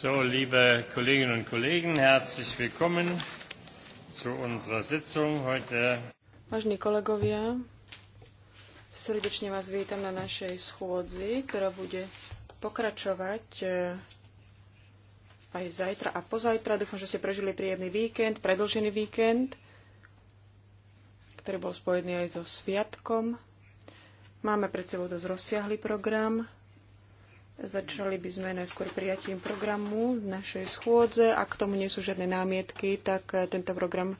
So, liebe Kolleginnen und Kollegen, herzlich willkommen zu unserer Sitzung heute. Vážení kolegovia, srdečne vás vítam na našej schôdzi, ktorá bude pokračovať eh, aj zajtra a pozajtra. Dúfam, že ste prežili príjemný víkend, predlžený víkend, ktorý bol spojený aj so sviatkom. Máme pred sebou dosť rozsiahly program. Začali by sme najskôr prijatím programu našej schôdze. Ak k tomu nie sú žiadne námietky, tak eh, tento program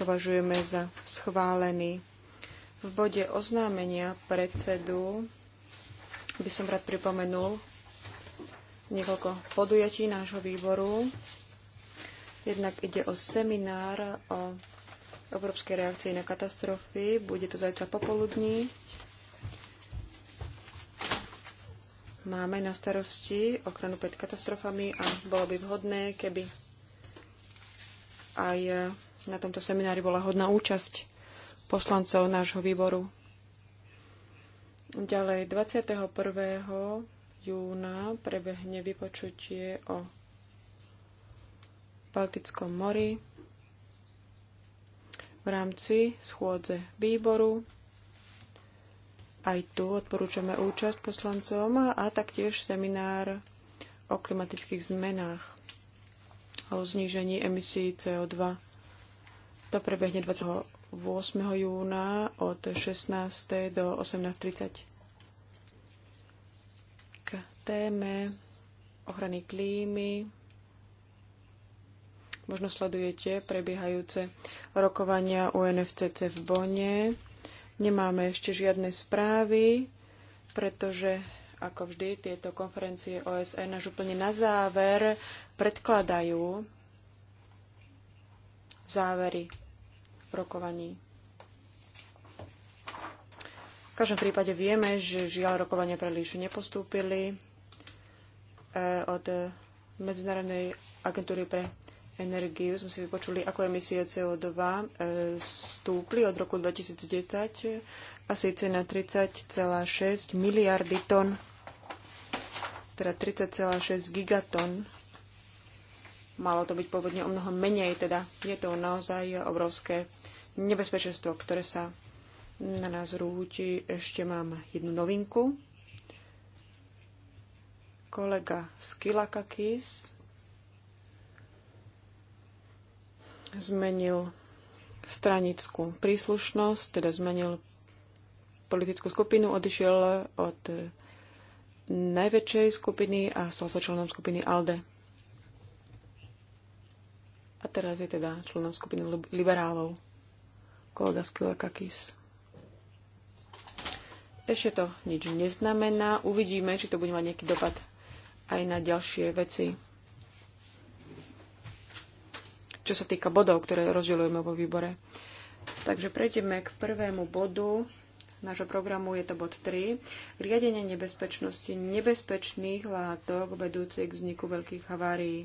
považujeme za schválený. V bode oznámenia predsedu by som rád pripomenul niekoľko podujatí nášho výboru. Jednak ide o seminár o európskej reakcii na katastrofy. Bude to zajtra popoludní máme na starosti ochranu pred katastrofami a bolo by vhodné, keby aj e, na tomto seminári bola hodná účasť poslancov nášho výboru. Ďalej 21. júna prebehne vypočutie o Baltickom mori v rámci schôdze výboru aj tu odporúčame účasť poslancom a taktiež seminár o klimatických zmenách a o znížení emisí CO2. To prebehne 28. júna od 16. do 18.30. K téme ochrany klímy možno sledujete prebiehajúce rokovania UNFCC v Bonne. Nemáme ešte žiadne správy, pretože ako vždy tieto konferencie OSN až úplne na záver predkladajú závery v rokovaní. V každom prípade vieme, že žiaľ rokovania príliš nepostúpili eh, od Medzinárodnej agentúry pre energiu sme si vypočuli, ako emisie CO2 e, stúpli od roku 2010 a síce na 30,6 miliardy tón, teda 30,6 gigaton. Malo to byť pôvodne o mnoho menej, teda je to naozaj obrovské nebezpečenstvo, ktoré sa na nás rúti. Ešte mám jednu novinku. Kolega Skilakakis zmenil stranickú príslušnosť, teda zmenil politickú skupinu, odišiel od najväčšej skupiny a stal sa členom skupiny ALDE. A teraz je teda členom skupiny liberálov, kolega Skilakakis. Ešte to nič neznamená. Uvidíme, či to bude mať nejaký dopad aj na ďalšie veci čo sa týka bodov, ktoré rozdielujeme vo výbore. Takže prejdeme k prvému bodu nášho programu, je to bod 3. Riadenie nebezpečnosti nebezpečných látok vedúcich k vzniku veľkých havárií.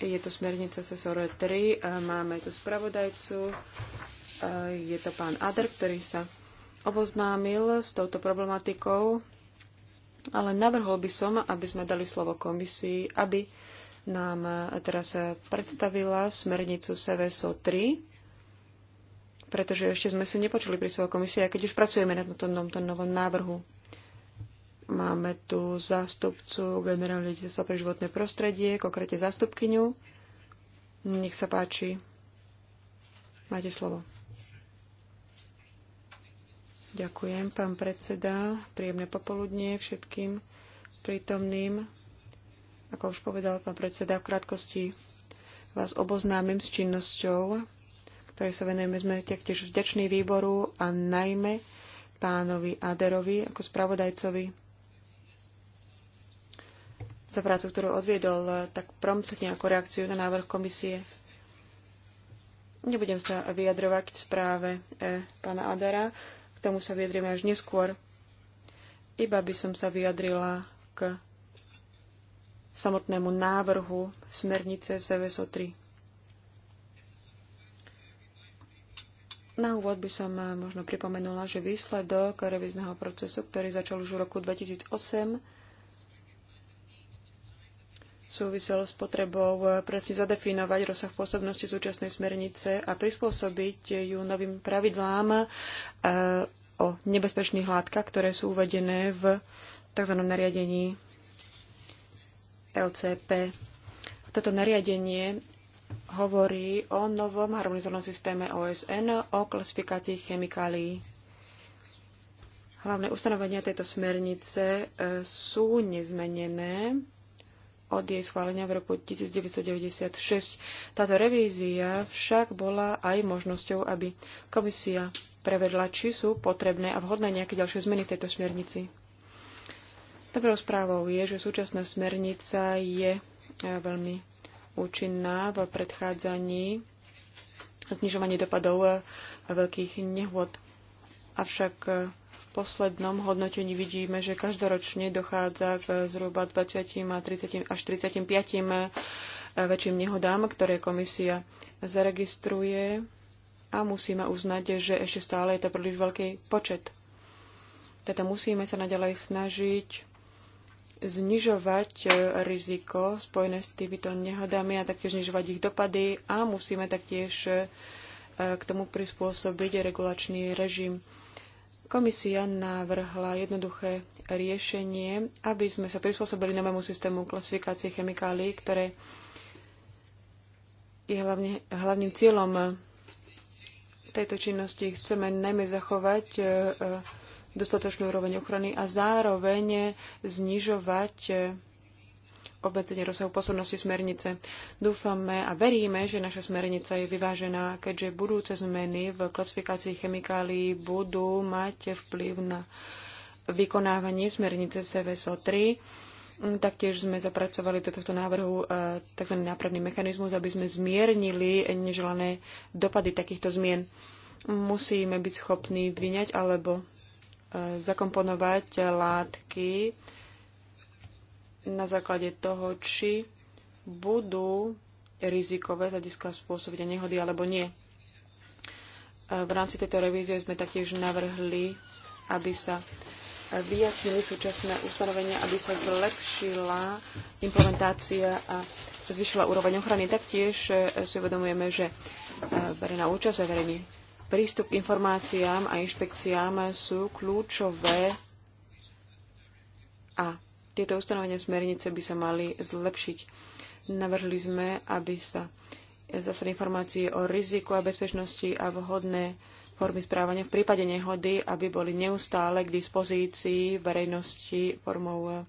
Je to smernica SSR 3, máme tu spravodajcu, je to pán Adr, ktorý sa oboznámil s touto problematikou, ale navrhol by som, aby sme dali slovo komisii, aby nám e, teraz e, predstavila smernicu SEVESO 3, pretože ešte sme si nepočuli pri svojej komisii, a keď už pracujeme na tomto novom návrhu. Máme tu zástupcu generálneho pre životné prostredie, konkrétne zástupkyňu. Nech sa páči. Máte slovo. Ďakujem, pán predseda. Príjemné popoludnie všetkým prítomným. Ako už povedal pán predseda, v krátkosti vás oboznámim s činnosťou, ktorej sa venujeme. Sme taktiež vďační výboru a najmä pánovi Aderovi ako spravodajcovi za prácu, ktorú odviedol tak promptne ako reakciu na návrh komisie. Nebudem sa vyjadrovať k správe e, pána Adera, k tomu sa vyjadrime až neskôr. Iba by som sa vyjadrila k samotnému návrhu smernice CVSO 3. Na úvod by som eh, možno pripomenula, že výsledok revizného procesu, ktorý začal už v roku 2008, súvisel s potrebou eh, presne zadefinovať rozsah pôsobnosti súčasnej smernice a prispôsobiť ju novým pravidlám eh, o nebezpečných látkach, ktoré sú uvedené v tzv. nariadení LCP. Toto nariadenie hovorí o novom harmonizovanom systéme OSN o klasifikácii chemikálií. Hlavné ustanovenia tejto smernice e, sú nezmenené od jej schválenia v roku 1996. Táto revízia však bola aj možnosťou, aby komisia prevedla, či sú potrebné a vhodné nejaké ďalšie zmeny v tejto smernici. Dobrou správou je, že súčasná smernica je e, veľmi účinná v predchádzaní znižovaní dopadov e, veľkých nehôd. Avšak e, v poslednom hodnotení vidíme, že každoročne dochádza k zhruba 20 a 30, až 35 väčším nehodám, ktoré komisia zaregistruje a musíme uznať, že ešte stále je to príliš veľký počet. Teda musíme sa naďalej snažiť znižovať e, riziko spojené s týmito nehodami a taktiež znižovať ich dopady a musíme taktiež e, k tomu prispôsobiť regulačný režim. Komisia navrhla jednoduché riešenie, aby sme sa prispôsobili novému systému klasifikácie chemikálií, ktoré je hlavne, hlavným cieľom tejto činnosti. Chceme najmä zachovať e, dostatočnú úroveň ochrany a zároveň znižovať eh, obmedzenie rozsahu posobnosti smernice. Dúfame a veríme, že naša smernica je vyvážená, keďže budúce zmeny v klasifikácii chemikálií budú mať vplyv na vykonávanie smernice CVSO 3. Taktiež sme zapracovali do tohto návrhu eh, tzv. nápravný mechanizmus, aby sme zmiernili neželané dopady takýchto zmien. Musíme byť schopní vyňať alebo zakomponovať látky na základe toho, či budú rizikové hľadiska spôsobenia nehody alebo nie. E, v rámci tejto revízie sme taktiež navrhli, aby sa vyjasnili súčasné ustanovenia, aby sa zlepšila implementácia a zvyšila úroveň ochrany. Taktiež e, si uvedomujeme, že e, verejná účasť a verejný Prístup k informáciám a inšpekciám sú kľúčové a tieto ustanovenia smernice by sa mali zlepšiť. Navrhli sme, aby sa zase informácie o riziku a bezpečnosti a vhodné formy správania v prípade nehody, aby boli neustále k dispozícii verejnosti formou eh,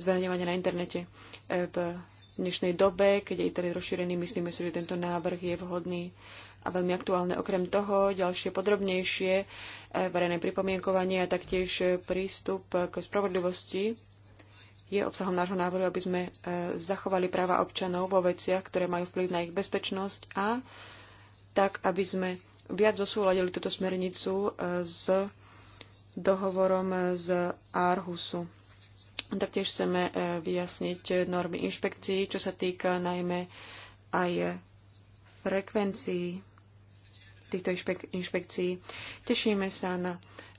zverejňovania na internete. Eh, v dnešnej dobe, keď je internet rozšírený, myslíme si, že tento návrh je vhodný a veľmi aktuálne. Okrem toho ďalšie podrobnejšie e, verejné pripomienkovanie a taktiež e, prístup e, k spravodlivosti je obsahom nášho návrhu, aby sme zachovali práva občanov vo veciach, ktoré majú vplyv na ich bezpečnosť a tak, aby sme viac zosúladili túto smernicu s dohovorom z Aarhusu. Taktiež chceme vyjasniť normy inšpekcií, čo sa týka najmä aj frekvencií týchto inšpek- inšpekcií. Tešíme sa na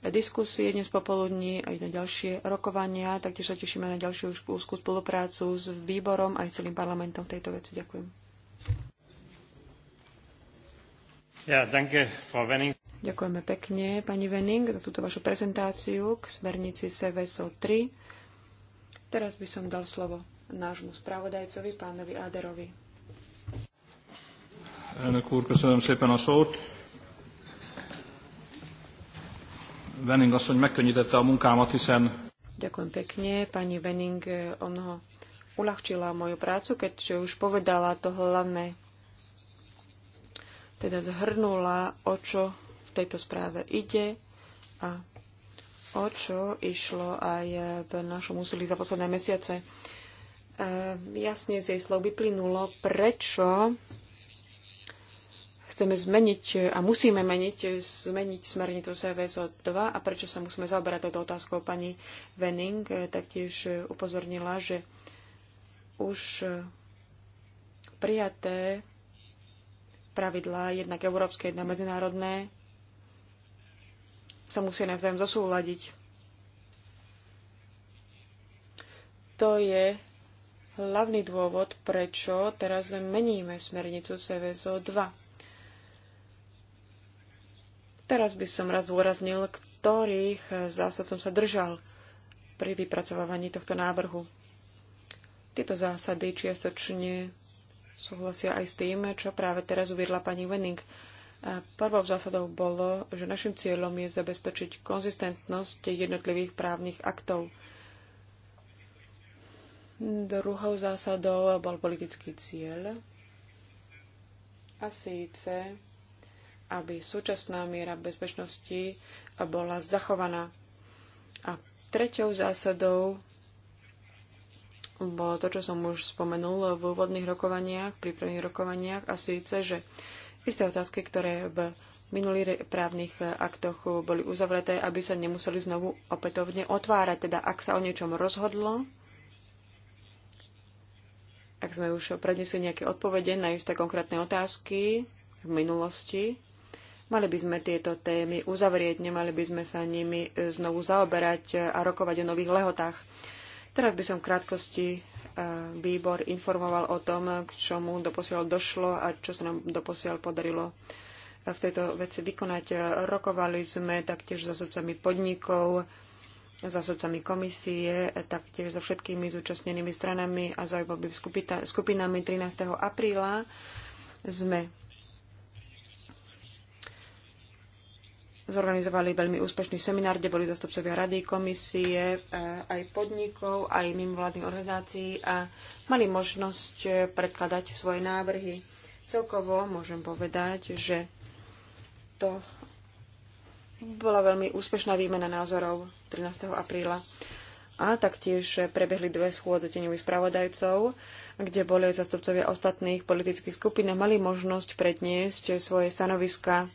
diskusie dnes popoludní aj na ďalšie rokovania, taktiež sa tešíme na ďalšiu úzkú spoluprácu s výborom aj celým parlamentom v tejto veci. Ďakujem. Ja, danke, Frau Wenning. Ďakujeme pekne, pani Wenning, za túto vašu prezentáciu k smernici CVSO 3. Teraz by som dal slovo nášmu spravodajcovi, pánovi Aderovi. Elnök úr, köszönöm szépen a szót. Venning asszony megkönnyítette a munkámat, hiszen... Ďakujem pekne. Pani Venning eh, onho uľahčila moju prácu, keď už povedala to hlavné. Teda zhrnula, o čo v tejto správe ide a o čo išlo aj v našom úsilí za posledné mesiace. E, jasne z jej slov vyplynulo, prečo chceme zmeniť eh, a musíme meniť, eh, zmeniť smernicu CVSO 2 a prečo sa musíme zaoberať touto otázkou. Pani Venning eh, taktiež upozornila, že už prijaté pravidlá, jednak európske, jednak medzinárodné, sa musia navzájom zosúľadiť. To je hlavný dôvod, prečo teraz meníme smernicu CVSO 2 Teraz by som raz zúraznil, ktorých zásad som sa držal pri vypracovávaní tohto návrhu. Tieto zásady čiastočne súhlasia aj s tým, čo práve teraz uviedla pani Wenning. Prvou zásadou bolo, že našim cieľom je zabezpečiť konzistentnosť jednotlivých právnych aktov. Druhou zásadou bol politický cieľ a síce aby súčasná miera bezpečnosti bola zachovaná. A treťou zásadou bolo to, čo som už spomenul v úvodných rokovaniach, prípravných rokovaniach, a síce, že isté otázky, ktoré v minulých právnych aktoch boli uzavreté, aby sa nemuseli znovu opätovne otvárať. Teda ak sa o niečom rozhodlo, ak sme už prednesli nejaké odpovede na isté konkrétne otázky v minulosti, Mali by sme tieto témy uzavrieť, nemali by sme sa nimi e, znovu zaoberať e, a rokovať o nových lehotách. Teraz by som v krátkosti e, výbor informoval o tom, k čomu doposiaľ došlo a čo sa nám doposiaľ podarilo v tejto veci vykonať. Rokovali sme taktiež s osobcami podnikov, osobcami komisie, taktiež so všetkými zúčastnenými stranami a zaujímavými skupinami 13. apríla sme zorganizovali veľmi úspešný seminár, kde boli zastupcovia rady, komisie, e, aj podnikov, aj mimovládnych organizácií a mali možnosť e, predkladať svoje návrhy. Celkovo môžem povedať, že to bola veľmi úspešná výmena názorov 13. apríla. A taktiež prebehli dve schôdze teňových spravodajcov, kde boli zastupcovia ostatných politických skupín a mali možnosť predniesť svoje stanoviska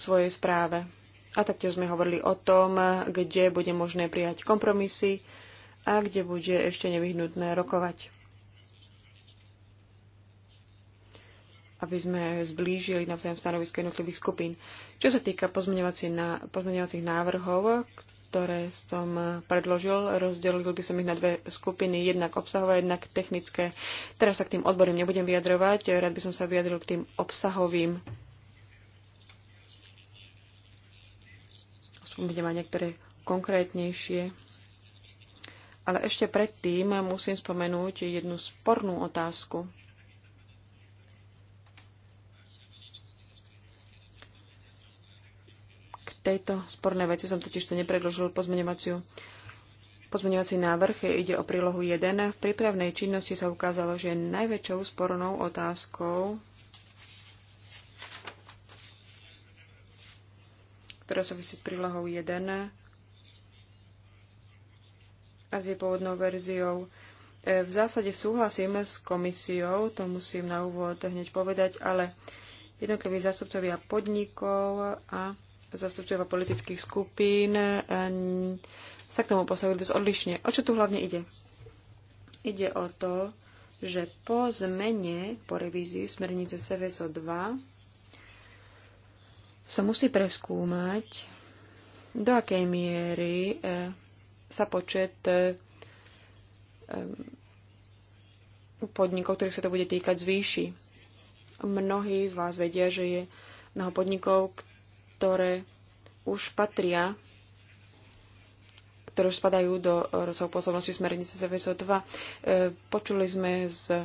svojej správe. A taktiež sme hovorili o tom, kde bude možné prijať kompromisy a kde bude ešte nevyhnutné rokovať. aby sme zblížili navzájom stanovisko jednotlivých skupín. Čo sa týka pozmeňovacích návrhov, ktoré som predložil, rozdelil by som ich na dve skupiny, jednak obsahové, jednak technické. Teraz sa k tým odborím nebudem vyjadrovať, rád by som sa vyjadril k tým obsahovým Budem mať niektoré konkrétnejšie. Ale ešte predtým musím spomenúť jednu spornú otázku. K tejto spornej veci som totiž to nepredložil pozmeňovaciu Pozmeňovací návrh ide o prílohu 1. V prípravnej činnosti sa ukázalo, že najväčšou spornou otázkou ktorá súvisí s prílohou 1 a s jej pôvodnou verziou. E, v zásade súhlasím s komisiou, to musím na úvod hneď povedať, ale jednotliví zastupcovia podnikov a zastupcovia politických skupín e, sa k tomu postavili dosť odlišne. O čo tu hlavne ide? Ide o to, že po zmene, po revízii smernice CVSO 2 sa musí preskúmať, do akej miery e, sa počet e, e, podnikov, ktorých sa to bude týkať, zvýši. Mnohí z vás vedia, že je mnoho podnikov, ktoré už patria, ktoré už spadajú do rozsahu pôsobnosti smernice CVSO 2. Počuli sme z,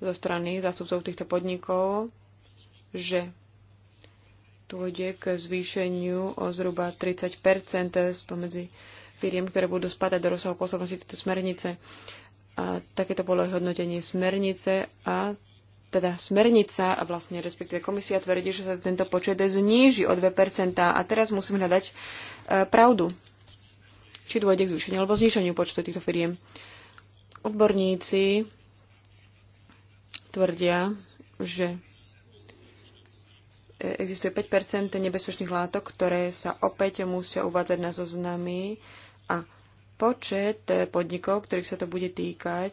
zo strany zástupcov týchto podnikov, že dôjde k zvýšeniu o zhruba 30 spomedzi firiem, ktoré budú spadať do rozsahu pôsobnosti tejto smernice. A takéto bolo hodnotenie smernice a teda smernica a vlastne respektíve komisia tvrdí, že sa tento počet zníži o 2 a teraz musím hľadať e, pravdu, či dôjde k zvýšeniu alebo zníženiu počtu týchto firiem. Odborníci tvrdia, že E, existuje 5 nebezpečných látok, ktoré sa opäť musia uvádzať na zoznamy a počet e, podnikov, ktorých sa to bude týkať,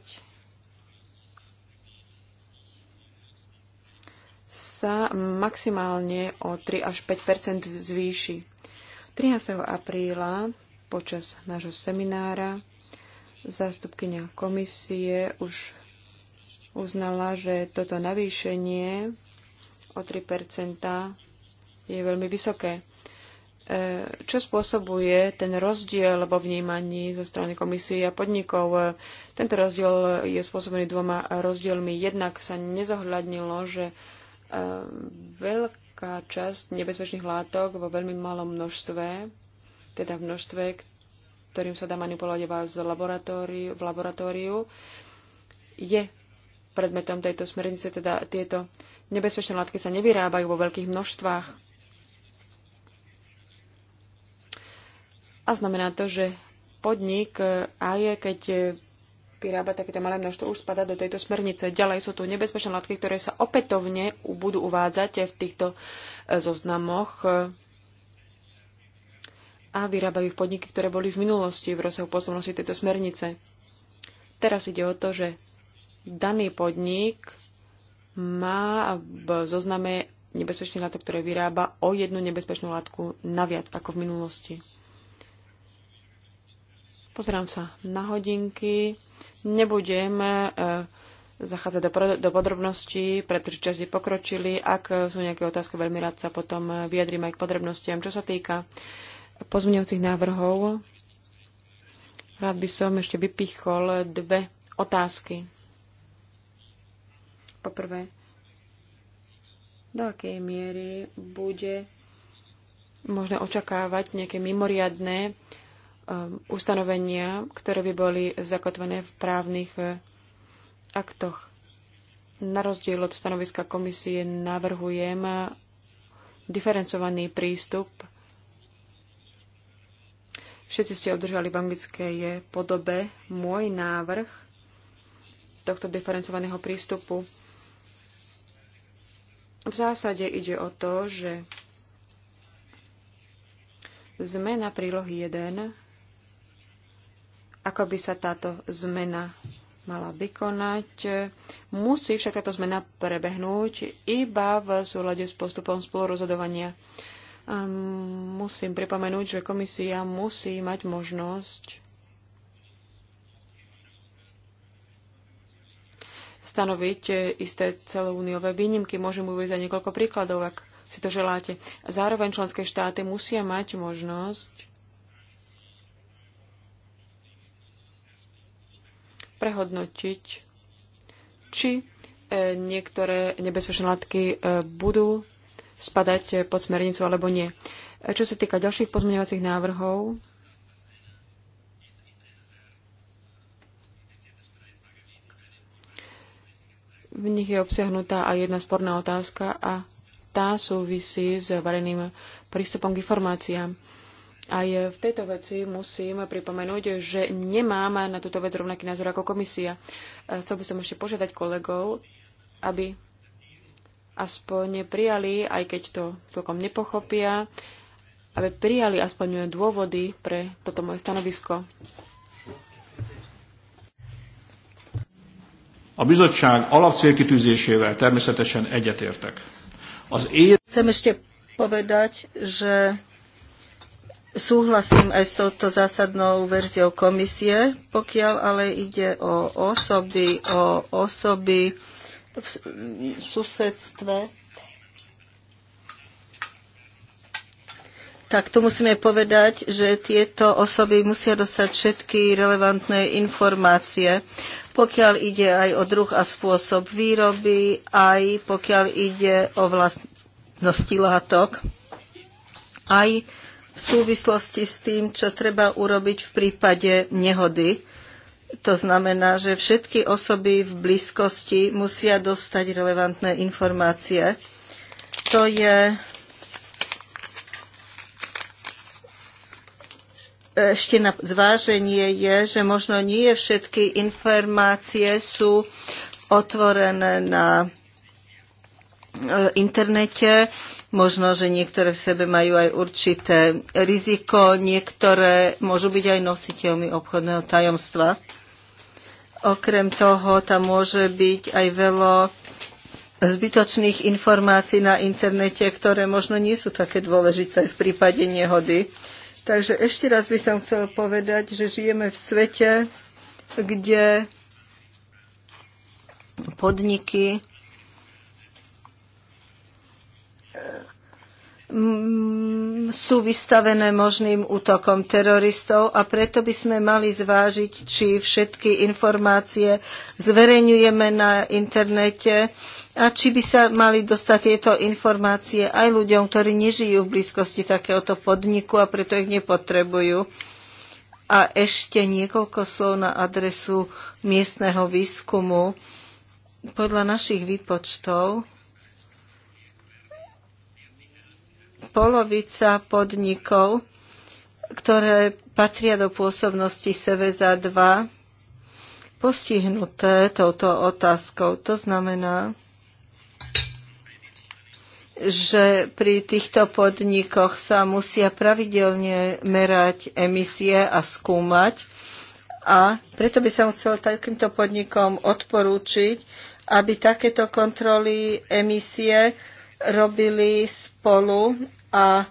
sa maximálne o 3 až 5 zvýši. 13. apríla počas nášho seminára zástupkynia komisie už uznala, že toto navýšenie o 3 je veľmi vysoké. E, čo spôsobuje ten rozdiel vo vnímaní zo strany komisie a podnikov? E, tento rozdiel je spôsobený dvoma rozdielmi. Jednak sa nezohľadnilo, že e, veľká časť nebezpečných látok vo veľmi malom množstve, teda v množstve, ktorým sa dá manipulovať z laboratóriu, v laboratóriu, je predmetom tejto smernice, teda tieto Nebezpečné látky sa nevyrábajú vo veľkých množstvách. A znamená to, že podnik, e, aj keď vyrába takéto malé množstvo, už spada do tejto smernice. Ďalej sú tu nebezpečné látky, ktoré sa opätovne budú uvádzať v týchto e, zoznamoch e, a vyrábajú ich podniky, ktoré boli v minulosti v rozsahu pôsobnosti tejto smernice. Teraz ide o to, že daný podnik má v zozname nebezpečných látok, ktoré vyrába, o jednu nebezpečnú látku naviac ako v minulosti. Pozerám sa na hodinky. Nebudem e, zachádzať do, do podrobností, pretože čas je pokročili. Ak sú nejaké otázky, veľmi rád sa potom vyjadrím aj k podrobnostiam. Čo sa týka pozmeňujúcich návrhov, rád by som ešte vypichol dve otázky. Poprvé, do akej miery bude možné očakávať nejaké mimoriadné um, ustanovenia, ktoré by boli zakotvené v právnych uh, aktoch. Na rozdiel od stanoviska komisie navrhujem diferencovaný prístup. Všetci ste obdržali v anglickej podobe môj návrh tohto diferencovaného prístupu v zásade ide o to, že zmena prílohy 1, ako by sa táto zmena mala vykonať. Musí však táto zmena prebehnúť iba v súlade s postupom spolurozhodovania. Musím pripomenúť, že komisia musí mať možnosť stanoviť isté celouniové výnimky. Môžem uvieť za niekoľko príkladov, ak si to želáte. Zároveň členské štáty musia mať možnosť prehodnotiť, či e, niektoré nebezpečné látky e, budú spadať pod smernicu alebo nie. E, čo sa týka ďalších pozmeňovacích návrhov, V nich je obsiahnutá aj jedna sporná otázka a tá súvisí s vareným prístupom k informáciám. Aj v tejto veci musím pripomenúť, že nemám na túto vec rovnaký názor ako komisia. Chcel by som ešte požiadať kolegov, aby aspoň prijali, aj keď to celkom nepochopia, aby prijali aspoň dôvody pre toto moje stanovisko. A bizottság alapcélkitűzésével természetesen egyetértek. Az ér... Chcem ešte povedať, že súhlasím aj s touto zásadnou verziou komisie, pokiaľ ale ide o osoby, o osoby v susedstve tak tu musíme povedať, že tieto osoby musia dostať všetky relevantné informácie, pokiaľ ide aj o druh a spôsob výroby, aj pokiaľ ide o vlastnosti látok, aj v súvislosti s tým, čo treba urobiť v prípade nehody. To znamená, že všetky osoby v blízkosti musia dostať relevantné informácie. To je ešte na zváženie je, že možno nie všetky informácie sú otvorené na e, internete. Možno, že niektoré v sebe majú aj určité riziko, niektoré môžu byť aj nositeľmi obchodného tajomstva. Okrem toho, tam môže byť aj veľa zbytočných informácií na internete, ktoré možno nie sú také dôležité v prípade nehody. Takže ešte raz by som chcel povedať, že žijeme v svete, kde podniky mm, sú vystavené možným útokom teroristov a preto by sme mali zvážiť, či všetky informácie zverejňujeme na internete a či by sa mali dostať tieto informácie aj ľuďom, ktorí nežijú v blízkosti takéhoto podniku a preto ich nepotrebujú. A ešte niekoľko slov na adresu miestneho výskumu. Podľa našich výpočtov polovica podnikov, ktoré patria do pôsobnosti Seveza 2, postihnuté touto otázkou. To znamená, že pri týchto podnikoch sa musia pravidelne merať emisie a skúmať. A preto by som chcel takýmto podnikom odporúčiť, aby takéto kontroly emisie robili spolu a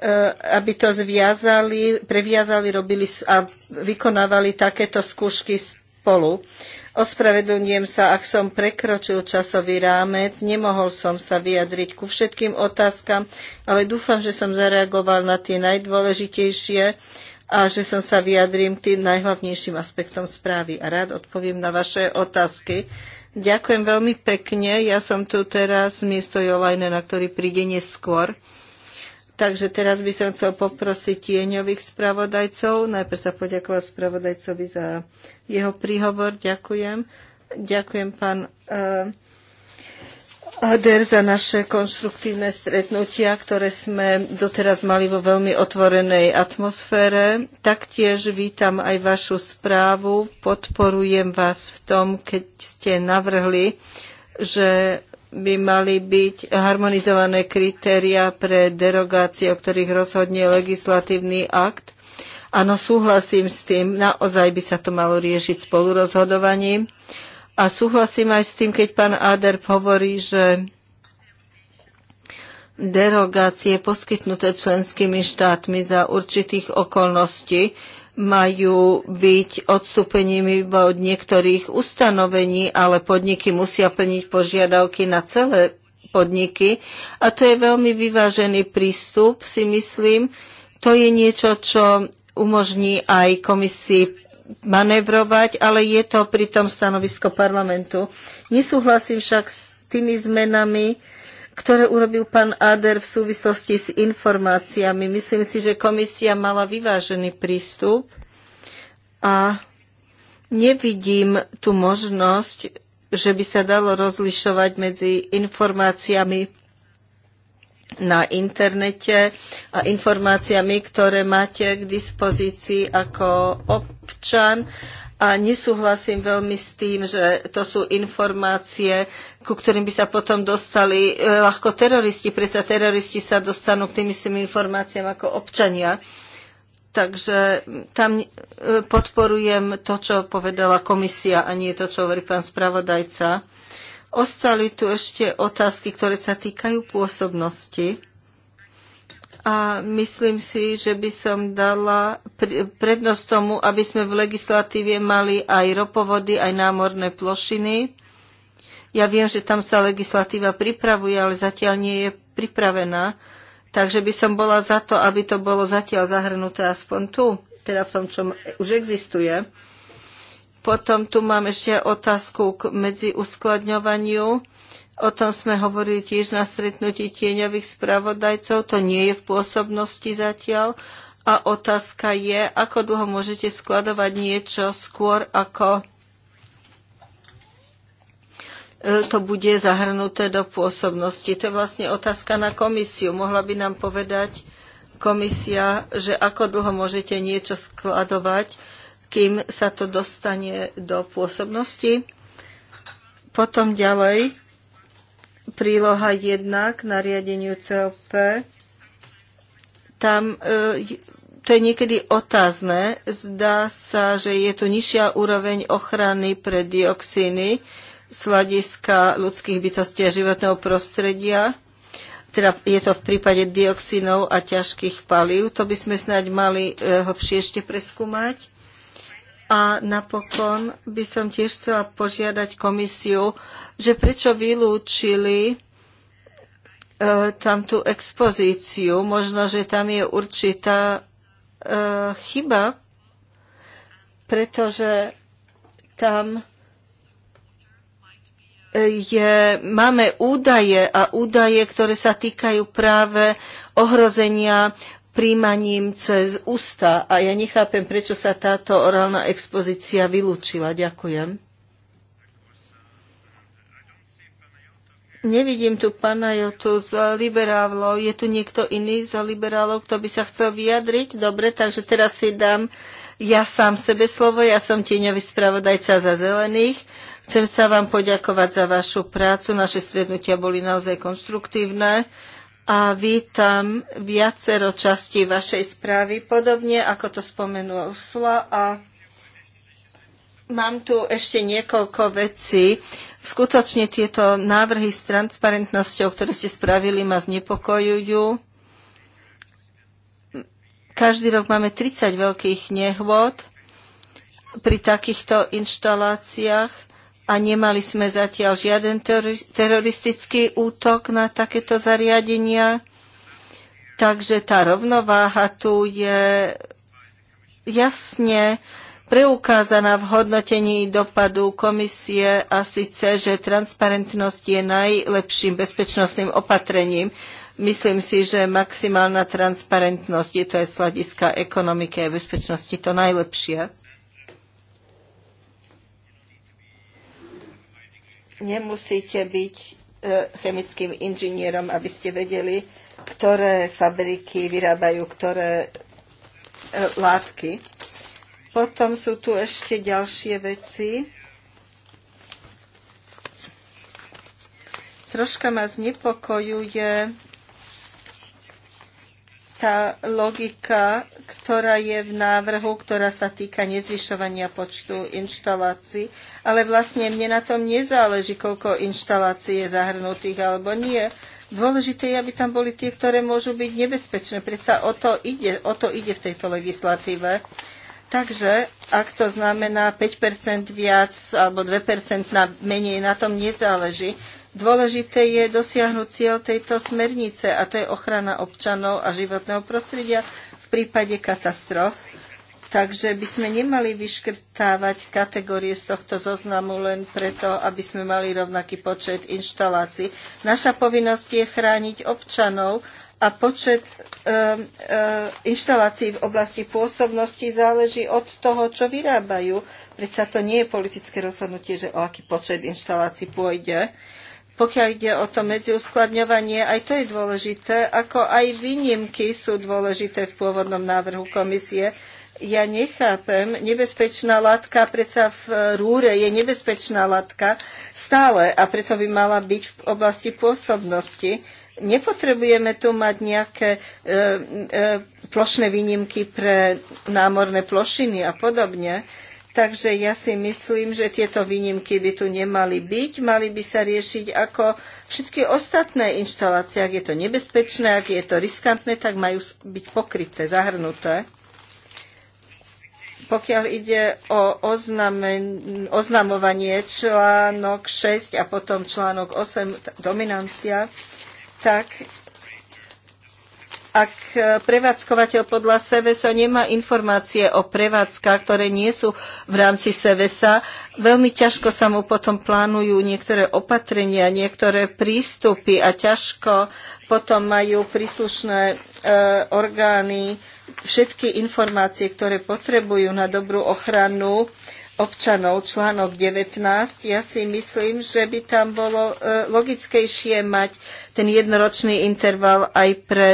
e, aby to zviazali, previazali, robili a vykonávali takéto skúšky spolu. Ospravedlňujem sa, ak som prekročil časový rámec. Nemohol som sa vyjadriť ku všetkým otázkam, ale dúfam, že som zareagoval na tie najdôležitejšie a že som sa vyjadrím k tým najhlavnejším aspektom správy. A rád odpoviem na vaše otázky. Ďakujem veľmi pekne. Ja som tu teraz miesto na ktorý príde neskôr. Takže teraz by som chcel poprosiť tieňových spravodajcov. Najprv sa poďakovať spravodajcovi za jeho príhovor. Ďakujem. Ďakujem pán eh, Ader za naše konštruktívne stretnutia, ktoré sme doteraz mali vo veľmi otvorenej atmosfére. Taktiež vítam aj vašu správu. Podporujem vás v tom, keď ste navrhli, že by mali byť harmonizované kritéria pre derogácie, o ktorých rozhodne legislatívny akt. Áno, súhlasím s tým, naozaj by sa to malo riešiť spolurozhodovaním. A súhlasím aj s tým, keď pán Ader hovorí, že derogácie poskytnuté členskými štátmi za určitých okolností majú byť odstúpeniami iba od niektorých ustanovení, ale podniky musia plniť požiadavky na celé podniky. A to je veľmi vyvážený prístup, si myslím. To je niečo, čo umožní aj komisii manevrovať, ale je to pritom stanovisko parlamentu. Nesúhlasím však s tými zmenami, ktoré urobil pán Ader v súvislosti s informáciami. Myslím si, že komisia mala vyvážený prístup a nevidím tu možnosť, že by sa dalo rozlišovať medzi informáciami na internete a informáciami, ktoré máte k dispozícii ako občan a nesúhlasím veľmi s tým, že to sú informácie, ku ktorým by sa potom dostali e, ľahko teroristi. Predsa teroristi sa dostanú k tým istým informáciám ako občania. Takže tam e, podporujem to, čo povedala komisia a nie to, čo hovorí pán spravodajca. Ostali tu ešte otázky, ktoré sa týkajú pôsobnosti a myslím si, že by som dala prednosť tomu, aby sme v legislatíve mali aj ropovody, aj námorné plošiny. Ja viem, že tam sa legislatíva pripravuje, ale zatiaľ nie je pripravená. Takže by som bola za to, aby to bolo zatiaľ zahrnuté aspoň tu, teda v tom, čo už existuje. Potom tu mám ešte otázku k medziuskladňovaniu. O tom sme hovorili tiež na stretnutí tieňových spravodajcov. To nie je v pôsobnosti zatiaľ. A otázka je, ako dlho môžete skladovať niečo skôr, ako e, to bude zahrnuté do pôsobnosti. To je vlastne otázka na komisiu. Mohla by nám povedať komisia, že ako dlho môžete niečo skladovať, kým sa to dostane do pôsobnosti. Potom ďalej príloha 1 k nariadeniu COP. Tam e, to je niekedy otázne. Zdá sa, že je tu nižšia úroveň ochrany pre dioxíny z hľadiska ľudských bytostí a životného prostredia. Teda je to v prípade dioxínov a ťažkých palív. To by sme snáď mali e, hlbšie ešte preskúmať. A napokon by som tiež chcela požiadať komisiu, že prečo vylúčili e, tam tú expozíciu. Možno, že tam je určitá e, chyba, pretože tam e, je, máme údaje a údaje, ktoré sa týkajú práve ohrozenia príjmaním cez ústa a ja nechápem, prečo sa táto orálna expozícia vylúčila. Ďakujem. Nevidím tu pana Jotu z liberálov. Je tu niekto iný za liberálov, kto by sa chcel vyjadriť? Dobre, takže teraz si dám ja sám sebe slovo. Ja som tieňový spravodajca za zelených. Chcem sa vám poďakovať za vašu prácu. Naše strednutia boli naozaj konštruktívne a vítam viacero častí vašej správy, podobne ako to spomenula Ursula a Mám tu ešte niekoľko vecí. Skutočne tieto návrhy s transparentnosťou, ktoré ste spravili, ma znepokojujú. Každý rok máme 30 veľkých nehôd pri takýchto inštaláciách a nemali sme zatiaľ žiaden teroristický útok na takéto zariadenia. Takže tá rovnováha tu je jasne preukázaná v hodnotení dopadu komisie a síce, že transparentnosť je najlepším bezpečnostným opatrením. Myslím si, že maximálna transparentnosť je to aj sladiska ekonomiky a bezpečnosti to najlepšie. Nemusíte byť e, chemickým inžinierom, aby ste vedeli, ktoré fabriky vyrábajú ktoré e, látky. Potom sú tu ešte ďalšie veci. Troška ma znepokojuje tá logika, ktorá je v návrhu, ktorá sa týka nezvyšovania počtu inštalácií, ale vlastne mne na tom nezáleží, koľko inštalácií je zahrnutých alebo nie. Dôležité je, aby tam boli tie, ktoré môžu byť nebezpečné. Predsa o to ide, o to ide v tejto legislatíve. Takže ak to znamená 5% viac alebo 2% na, menej, na tom nezáleží. Dôležité je dosiahnuť cieľ tejto smernice a to je ochrana občanov a životného prostredia v prípade katastrof. Takže by sme nemali vyškrtávať kategórie z tohto zoznamu len preto, aby sme mali rovnaký počet inštalácií. Naša povinnosť je chrániť občanov a počet e, e, inštalácií v oblasti pôsobnosti záleží od toho, čo vyrábajú. Predsa to nie je politické rozhodnutie, že o aký počet inštalácií pôjde. E, pokiaľ ide o to medziuskladňovanie, aj to je dôležité, ako aj výnimky sú dôležité v pôvodnom návrhu komisie. Ja nechápem, nebezpečná látka, predsa v rúre je nebezpečná látka stále a preto by mala byť v oblasti pôsobnosti. Nepotrebujeme tu mať nejaké e, e, plošné výnimky pre námorné plošiny a podobne. E, Takže ja si myslím, že tieto výnimky by tu nemali byť. Mali by sa riešiť ako všetky ostatné inštalácie. Ak je to nebezpečné, ak je to riskantné, tak majú byť pokryté, zahrnuté. Pokiaľ ide o oznamen, oznamovanie článok 6 a potom článok 8, dominancia, tak ak e, prevádzkovateľ podľa SEVESa nemá informácie o prevádzkach, ktoré nie sú v rámci SEVESa, veľmi ťažko sa mu potom plánujú niektoré opatrenia, niektoré prístupy a ťažko potom majú príslušné e, orgány všetky informácie, ktoré potrebujú na dobrú ochranu občanov, článok 19, ja si myslím, že by tam bolo e, logickejšie mať ten jednoročný interval aj pre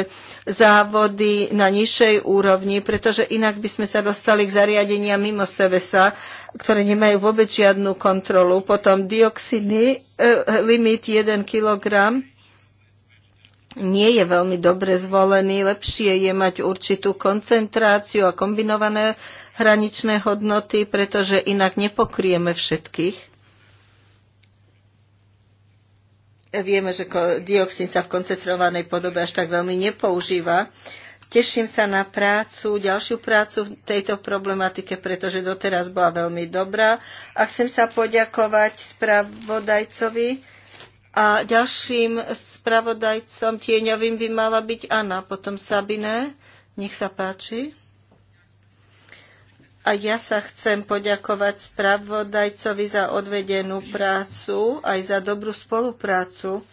závody na nižšej úrovni, pretože inak by sme sa dostali k zariadenia mimo SEVESA, ktoré nemajú vôbec žiadnu kontrolu. Potom dioxidný e, limit 1 kg nie je veľmi dobre zvolený. Lepšie je mať určitú koncentráciu a kombinované hraničné hodnoty, pretože inak nepokrieme všetkých. Vieme, že dioxín sa v koncentrovanej podobe až tak veľmi nepoužíva. Teším sa na prácu, ďalšiu prácu v tejto problematike, pretože doteraz bola veľmi dobrá. A chcem sa poďakovať spravodajcovi a ďalším spravodajcom tieňovým by mala byť Anna, potom Sabine. Nech sa páči. A ja sa chcem poďakovať spravodajcovi za odvedenú prácu, aj za dobrú spoluprácu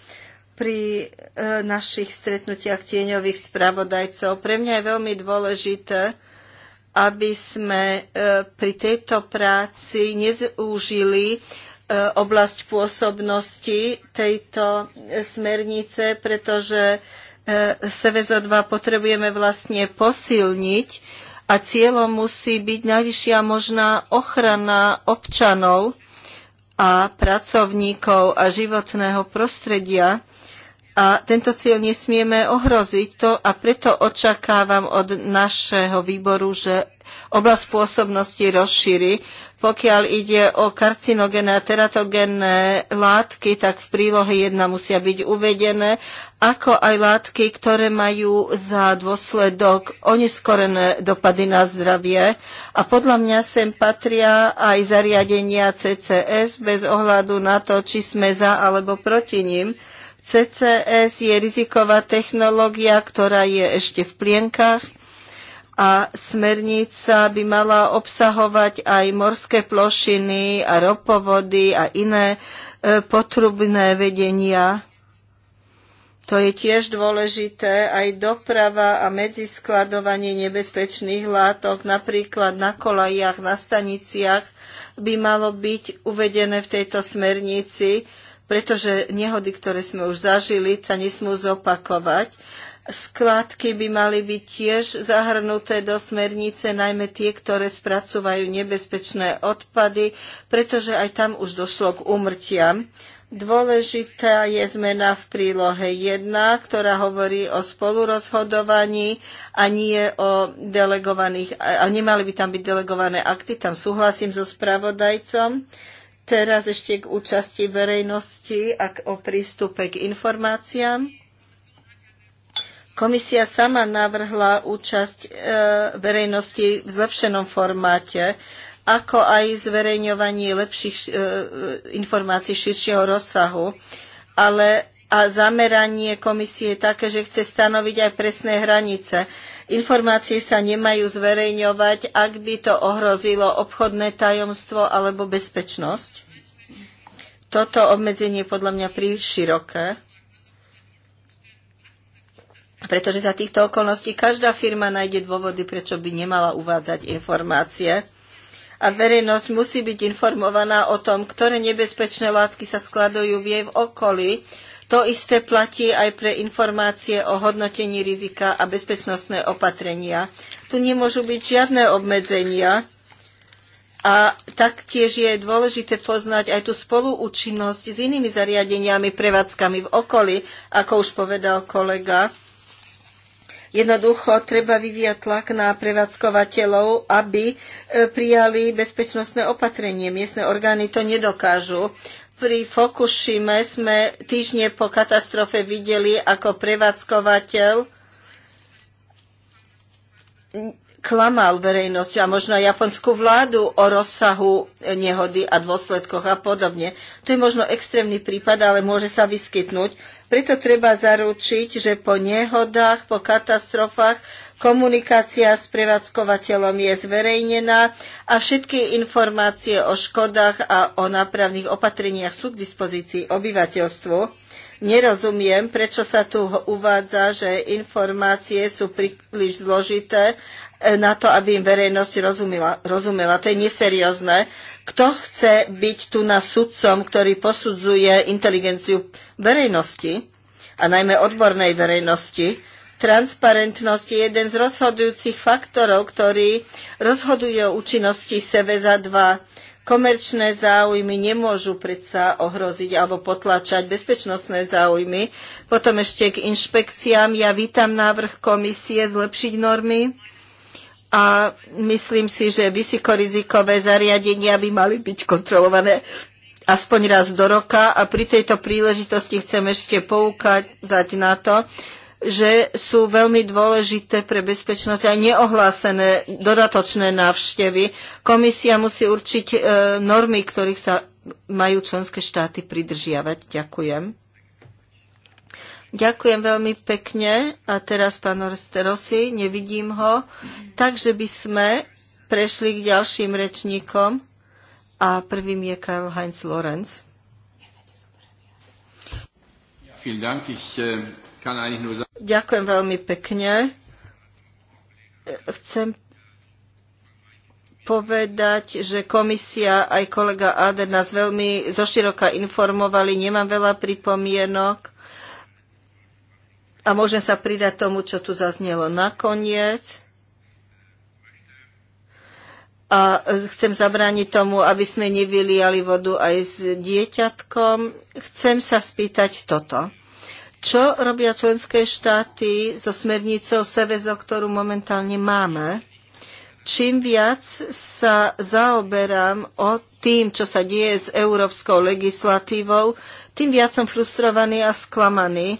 pri e, našich stretnutiach tieňových spravodajcov. Pre mňa je veľmi dôležité, aby sme e, pri tejto práci nezúžili e, oblasť pôsobnosti tejto smernice, pretože SVZO2 potrebujeme vlastne posilniť a cieľom musí byť najvyššia možná ochrana občanov a pracovníkov a životného prostredia. A tento cieľ nesmieme ohroziť to a preto očakávam od našeho výboru, že oblasť pôsobnosti rozšíri pokiaľ ide o karcinogénne a teratogénne látky, tak v prílohe 1 musia byť uvedené, ako aj látky, ktoré majú za dôsledok oneskorené dopady na zdravie. A podľa mňa sem patria aj zariadenia CCS bez ohľadu na to, či sme za alebo proti ním. CCS je riziková technológia, ktorá je ešte v plienkach a smernica by mala obsahovať aj morské plošiny a ropovody a iné e, potrubné vedenia. To je tiež dôležité, aj doprava a medziskladovanie nebezpečných látok, napríklad na kolajach, na staniciach, by malo byť uvedené v tejto smernici, pretože nehody, ktoré sme už zažili, sa nesmú zopakovať. Skladky by mali byť tiež zahrnuté do smernice, najmä tie, ktoré spracúvajú nebezpečné odpady, pretože aj tam už došlo k úmrtiam. Dôležitá je zmena v prílohe 1, ktorá hovorí o spolurozhodovaní a nie o delegovaných, a nemali by tam byť delegované akty, tam súhlasím so spravodajcom. Teraz ešte k účasti verejnosti a o prístupe k informáciám. Komisia sama navrhla účasť e, verejnosti v zlepšenom formáte, ako aj zverejňovanie lepších e, e, informácií širšieho rozsahu, ale a zameranie komisie je také, že chce stanoviť aj presné hranice. Informácie sa nemajú zverejňovať, ak by to ohrozilo obchodné tajomstvo alebo bezpečnosť. Toto obmedzenie je podľa mňa príliš široké pretože za týchto okolností každá firma nájde dôvody, prečo by nemala uvádzať informácie. A verejnosť musí byť informovaná o tom, ktoré nebezpečné látky sa skladujú v jej okolí. To isté platí aj pre informácie o hodnotení rizika a bezpečnostné opatrenia. Tu nemôžu byť žiadne obmedzenia. A taktiež je dôležité poznať aj tú spoluúčinnosť s inými zariadeniami, prevádzkami v okolí, ako už povedal kolega Jednoducho treba vyvíjať tlak na prevádzkovateľov, aby e, prijali bezpečnostné opatrenie. Miestne orgány to nedokážu. Pri Fokušime sme týždne po katastrofe videli, ako prevádzkovateľ klamal verejnosť a možno aj japonskú vládu o rozsahu nehody a dôsledkoch a podobne. To je možno extrémny prípad, ale môže sa vyskytnúť. Preto treba zaručiť, že po nehodách, po katastrofách komunikácia s prevádzkovateľom je zverejnená a všetky informácie o škodách a o nápravných opatreniach sú k dispozícii obyvateľstvu. Nerozumiem, prečo sa tu uvádza, že informácie sú príliš zložité na to, aby im verejnosť rozumela. rozumela. To je neseriózne. Kto chce byť tu na sudcom, ktorý posudzuje inteligenciu verejnosti a najmä odbornej verejnosti? Transparentnosť je jeden z rozhodujúcich faktorov, ktorý rozhoduje o účinnosti SEVEZA 2. Komerčné záujmy nemôžu predsa ohroziť alebo potlačať bezpečnostné záujmy. Potom ešte k inšpekciám. Ja vítam návrh komisie zlepšiť normy a myslím si, že vysokorizikové zariadenia by mali byť kontrolované aspoň raz do roka a pri tejto príležitosti chcem ešte poukázať na to, že sú veľmi dôležité pre bezpečnosť aj neohlásené dodatočné návštevy. Komisia musí určiť e, normy, ktorých sa majú členské štáty pridržiavať. Ďakujem. Ďakujem veľmi pekne. A teraz pán Orsterosi, nevidím ho. Takže by sme prešli k ďalším rečníkom. A prvým je Karl Heinz Lorenz. Äh, Ďakujem veľmi pekne. Chcem povedať, že komisia aj kolega Áder nás veľmi zoširoka informovali. Nemám veľa pripomienok. A môžem sa pridať tomu, čo tu zaznelo nakoniec. A chcem zabrániť tomu, aby sme nevyliali vodu aj s dieťatkom. Chcem sa spýtať toto. Čo robia členské štáty so smernicou SEVEZO, ktorú momentálne máme? Čím viac sa zaoberám o tým, čo sa deje s európskou legislatívou, tým viac som frustrovaný a sklamaný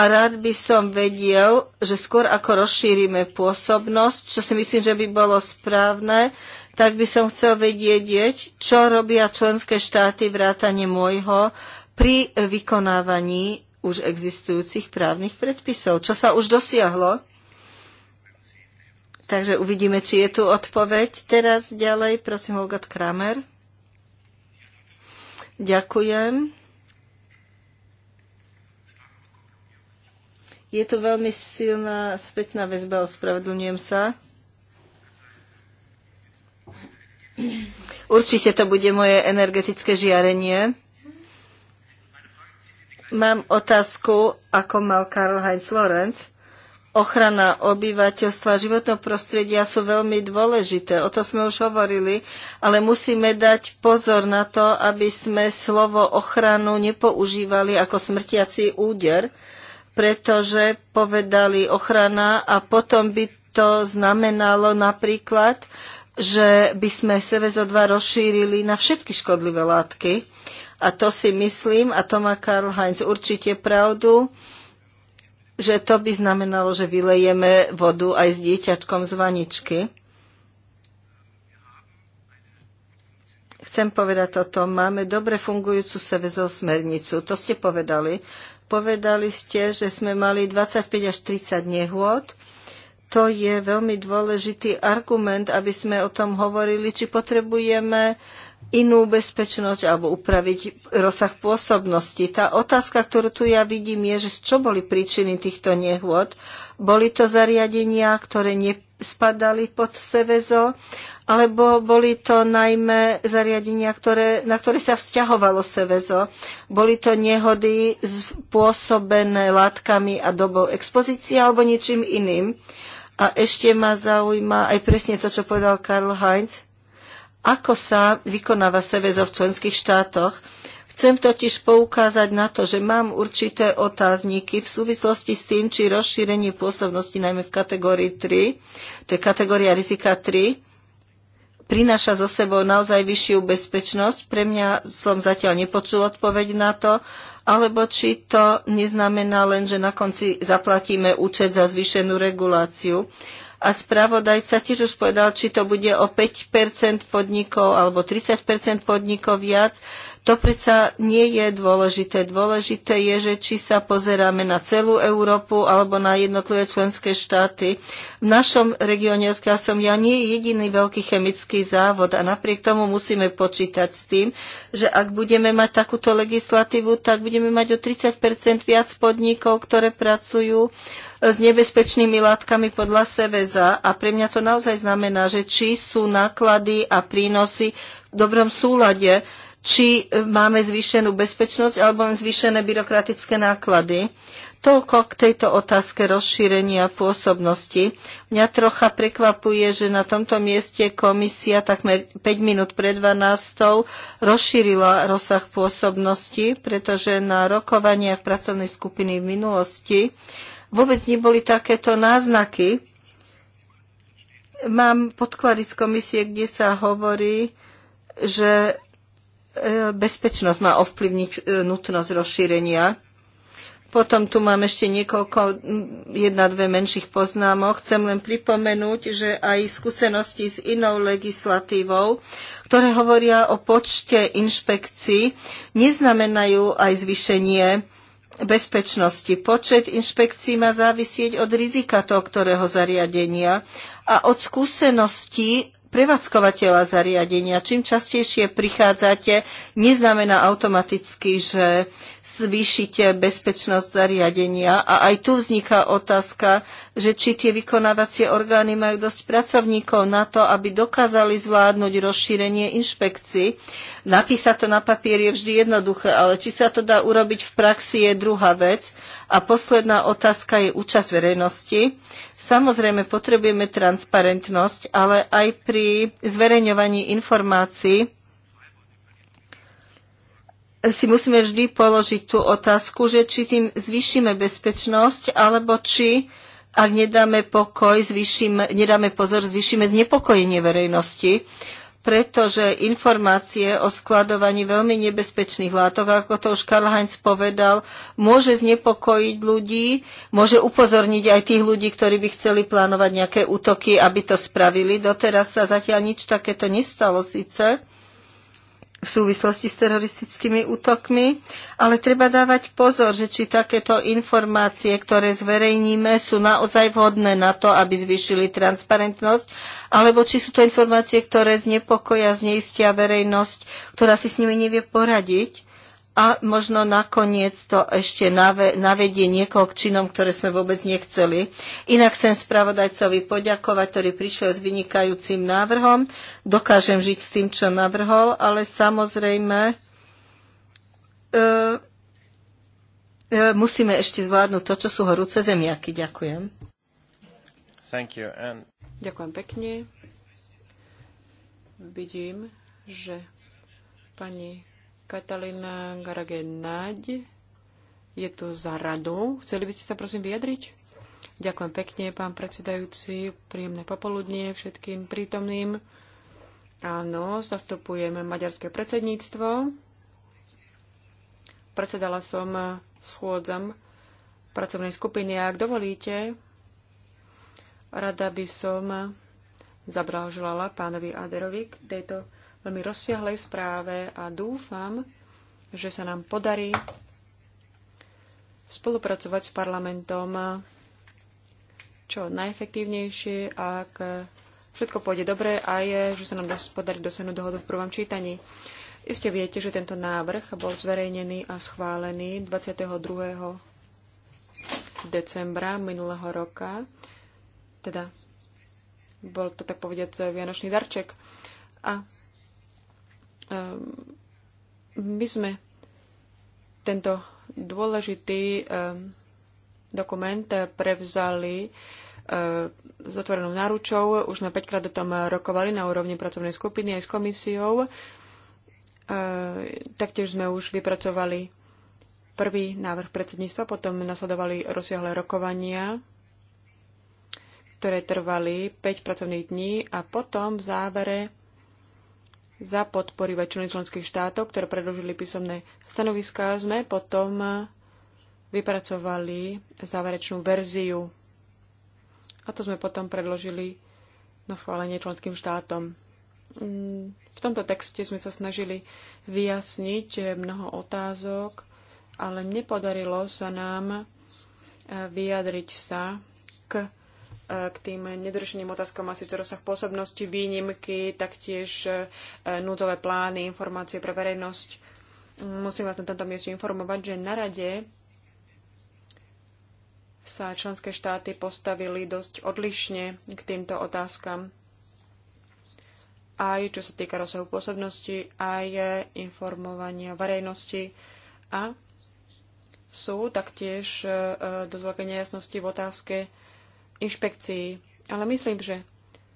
a rád by som vedel, že skôr ako rozšírime pôsobnosť, čo si myslím, že by bolo správne, tak by som chcel vedieť, čo robia členské štáty vrátane môjho pri vykonávaní už existujúcich právnych predpisov, čo sa už dosiahlo. Takže uvidíme, či je tu odpoveď. Teraz ďalej, prosím, Holgat Kramer. Ďakujem. Je tu veľmi silná spätná väzba, ospravedlňujem sa. Určite to bude moje energetické žiarenie. Mám otázku, ako mal Karl Heinz Lorenz. Ochrana obyvateľstva a životného prostredia sú veľmi dôležité. O to sme už hovorili, ale musíme dať pozor na to, aby sme slovo ochranu nepoužívali ako smrtiaci úder, pretože povedali ochrana a potom by to znamenalo napríklad, že by sme SVZO2 rozšírili na všetky škodlivé látky. A to si myslím, a to má Karl Heinz určite pravdu, že to by znamenalo, že vylejeme vodu aj s dieťatkom z vaničky. Chcem povedať toto. Máme dobre fungujúcu SVZO smernicu. To ste povedali. Povedali ste, že sme mali 25 až 30 nehôd. To je veľmi dôležitý argument, aby sme o tom hovorili, či potrebujeme inú bezpečnosť alebo upraviť rozsah pôsobnosti. Tá otázka, ktorú tu ja vidím, je, že čo boli príčiny týchto nehôd. Boli to zariadenia, ktoré ne, spadali pod Sevezo, alebo boli to najmä zariadenia, ktoré, na ktoré sa vzťahovalo Sevezo. Boli to nehody spôsobené látkami a dobou expozície alebo ničím iným. A ešte ma zaujíma aj presne to, čo povedal Karl Heinz. Ako sa vykonáva Sevezo v členských štátoch? Chcem totiž poukázať na to, že mám určité otázniky v súvislosti s tým, či rozšírenie pôsobnosti, najmä v kategórii 3, to je kategória rizika 3, prináša so sebou naozaj vyššiu bezpečnosť. Pre mňa som zatiaľ nepočul odpoveď na to, alebo či to neznamená len, že na konci zaplatíme účet za zvýšenú reguláciu. A spravodajca tiež už povedal, či to bude o 5 podnikov alebo 30 podnikov viac. To predsa nie je dôležité. Dôležité je, že či sa pozeráme na celú Európu alebo na jednotlivé členské štáty. V našom regióne, odkiaľ som ja, nie je jediný veľký chemický závod a napriek tomu musíme počítať s tým, že ak budeme mať takúto legislatívu, tak budeme mať o 30 viac podnikov, ktoré pracujú e, s nebezpečnými látkami podľa SEVEZA a pre mňa to naozaj znamená, že či sú náklady a prínosy v dobrom súlade či e, máme zvýšenú bezpečnosť alebo len zvýšené byrokratické náklady. Toľko k tejto otázke rozšírenia pôsobnosti. Mňa trocha prekvapuje, že na tomto mieste komisia takmer 5 minút pred 12. rozšírila rozsah pôsobnosti, pretože na rokovaniach pracovnej skupiny v minulosti vôbec neboli takéto náznaky. Mám podklady z komisie, kde sa hovorí, že E, bezpečnosť má ovplyvniť e, nutnosť rozšírenia. Potom tu mám ešte niekoľko, mm, jedna, dve menších poznámok. Chcem len pripomenúť, že aj skúsenosti s inou legislatívou, ktoré hovoria o počte inšpekcií, neznamenajú aj zvýšenie bezpečnosti. Počet inšpekcií má závisieť od rizika toho, ktorého zariadenia a od skúseností prevádzkovateľa zariadenia. Čím častejšie prichádzate, neznamená automaticky, že zvýšite bezpečnosť zariadenia. A aj tu vzniká otázka, že či tie vykonávacie orgány majú dosť pracovníkov na to, aby dokázali zvládnuť rozšírenie inšpekcií. Napísať to na papier je vždy jednoduché, ale či sa to dá urobiť v praxi je druhá vec. A posledná otázka je účasť verejnosti. Samozrejme, potrebujeme transparentnosť, ale aj pri zverejňovaní informácií si musíme vždy položiť tú otázku, že či tým zvýšime bezpečnosť, alebo či, ak nedáme pokoj, zvýšime, nedáme pozor, zvýšime znepokojenie verejnosti, pretože informácie o skladovaní veľmi nebezpečných látok, ako to už Karl Heinz povedal, môže znepokojiť ľudí, môže upozorniť aj tých ľudí, ktorí by chceli plánovať nejaké útoky, aby to spravili. Doteraz sa zatiaľ nič takéto nestalo síce, v súvislosti s teroristickými útokmi, ale treba dávať pozor, že či takéto informácie, ktoré zverejníme, sú naozaj vhodné na to, aby zvýšili transparentnosť, alebo či sú to informácie, ktoré znepokoja, zneistia verejnosť, ktorá si s nimi nevie poradiť a možno nakoniec to ešte navedie niekoho k činom, ktoré sme vôbec nechceli. Inak chcem spravodajcovi poďakovať, ktorý prišiel s vynikajúcim návrhom. Dokážem žiť s tým, čo navrhol, ale samozrejme e, e, musíme ešte zvládnuť to, čo sú horúce zemiaky. Ďakujem. Thank you. And... Ďakujem pekne. Vidím, že pani Katalina Garagenáď je tu za radu. Chceli by ste sa prosím vyjadriť? Ďakujem pekne, pán predsedajúci. Príjemné popoludnie všetkým prítomným. Áno, zastupujeme maďarské predsedníctvo. Predsedala som schôdzam pracovnej skupiny. Ak dovolíte, rada by som zablahoželala pánovi Aderovi k tejto veľmi rozsiahlej správe a dúfam, že sa nám podarí spolupracovať s parlamentom čo najefektívnejšie, ak všetko pôjde dobre a je, že sa nám podarí dosiahnuť dohodu v prvom čítaní. Iste viete, že tento návrh bol zverejnený a schválený 22. decembra minulého roka. Teda bol to tak povediať vianočný darček. A Ehm, my sme tento dôležitý ehm, dokument prevzali ehm, s otvorenou náručou. Už sme 5 krát o tom rokovali na úrovni pracovnej skupiny aj s komisiou. Taktiež sme už vypracovali prvý návrh predsedníctva, potom nasledovali rozsiahle rokovania, ktoré trvali 5 pracovných dní a potom v závere za podpory väčšiny členských štátov, ktoré predložili písomné stanoviská, sme potom vypracovali záverečnú verziu. A to sme potom predložili na schválenie členským štátom. Mm, v tomto texte sme sa snažili vyjasniť mnoho otázok, ale nepodarilo sa nám eh, vyjadriť sa k k tým nedorešeným otázkom síce rozsah pôsobnosti, výnimky, taktiež e, núdzové plány, informácie pre verejnosť. Musím vás na tomto mieste informovať, že na rade sa členské štáty postavili dosť odlišne k týmto otázkam. Aj čo sa týka rozsahu pôsobnosti, aj informovania verejnosti a sú taktiež e, e, dosť veľké nejasnosti v otázke inšpekcií. Ale myslím, že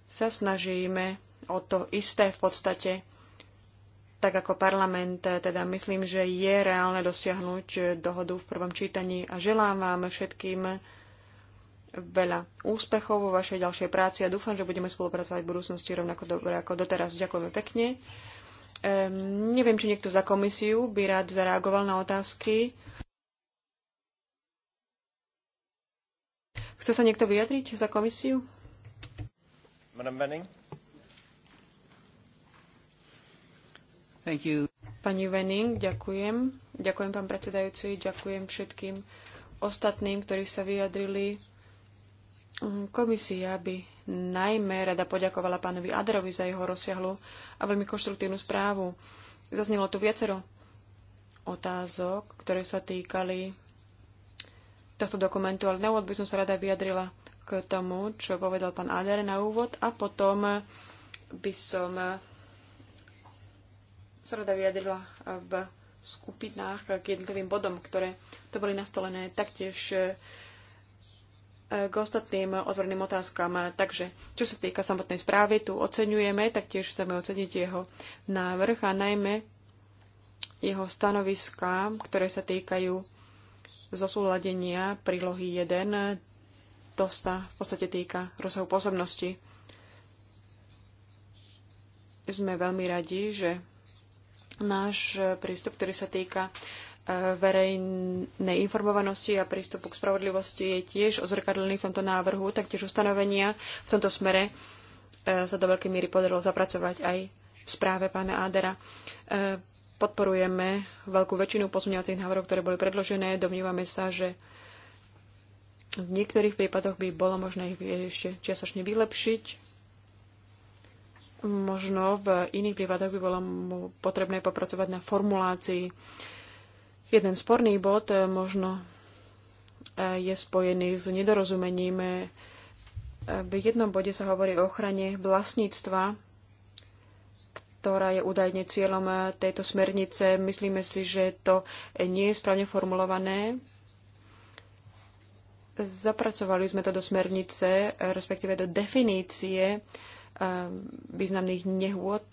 sa snažíme o to isté v podstate, tak ako parlament. Teda myslím, že je reálne dosiahnuť dohodu v prvom čítaní a želám vám všetkým veľa úspechov vo vašej ďalšej práci a dúfam, že budeme spolupracovať v budúcnosti rovnako dobre ako doteraz. Ďakujem pekne. Ehm, neviem, či niekto za komisiu by rád zareagoval na otázky. Chce sa niekto vyjadriť za komisiu? Pani Wenning, ďakujem. Ďakujem, pán predsedajúci, ďakujem všetkým ostatným, ktorí sa vyjadrili. Mm, komisia by najmä rada poďakovala pánovi Adrovi za jeho rozsiahlu a veľmi konštruktívnu správu. Zaznelo tu viacero otázok, ktoré sa týkali tohto dokumentu, ale na úvod by som sa rada vyjadrila k tomu, čo povedal pán Ader na úvod a potom by som sa rada vyjadrila v skupinách k jednotlivým bodom, ktoré to boli nastolené taktiež e, k ostatným otvoreným otázkam. Takže, čo sa týka samotnej správy, tu oceňujeme, taktiež chceme oceniť jeho návrh a najmä jeho stanoviská, ktoré sa týkajú zosúladenia prílohy 1. To sa v podstate týka rozsahu pôsobnosti. Sme veľmi radi, že náš prístup, ktorý sa týka e, verejnej informovanosti a prístupu k spravodlivosti je tiež ozrkadlený v tomto návrhu, taktiež ustanovenia v tomto smere e, sa do veľkej míry podarilo zapracovať aj v správe pána ádera. E, podporujeme veľkú väčšinu pozmeňovacích návrhov, ktoré boli predložené. Domnívame sa, že v niektorých prípadoch by bolo možné ich ešte čiastočne vylepšiť. Možno v iných prípadoch by bolo potrebné popracovať na formulácii. Jeden sporný bod e, možno e, je spojený s nedorozumením. E, v jednom bode sa hovorí o ochrane vlastníctva ktorá je údajne cieľom eh, tejto smernice. Myslíme si, že to nie je správne formulované. Zapracovali sme to do smernice, respektíve do definície eh, významných nehôd,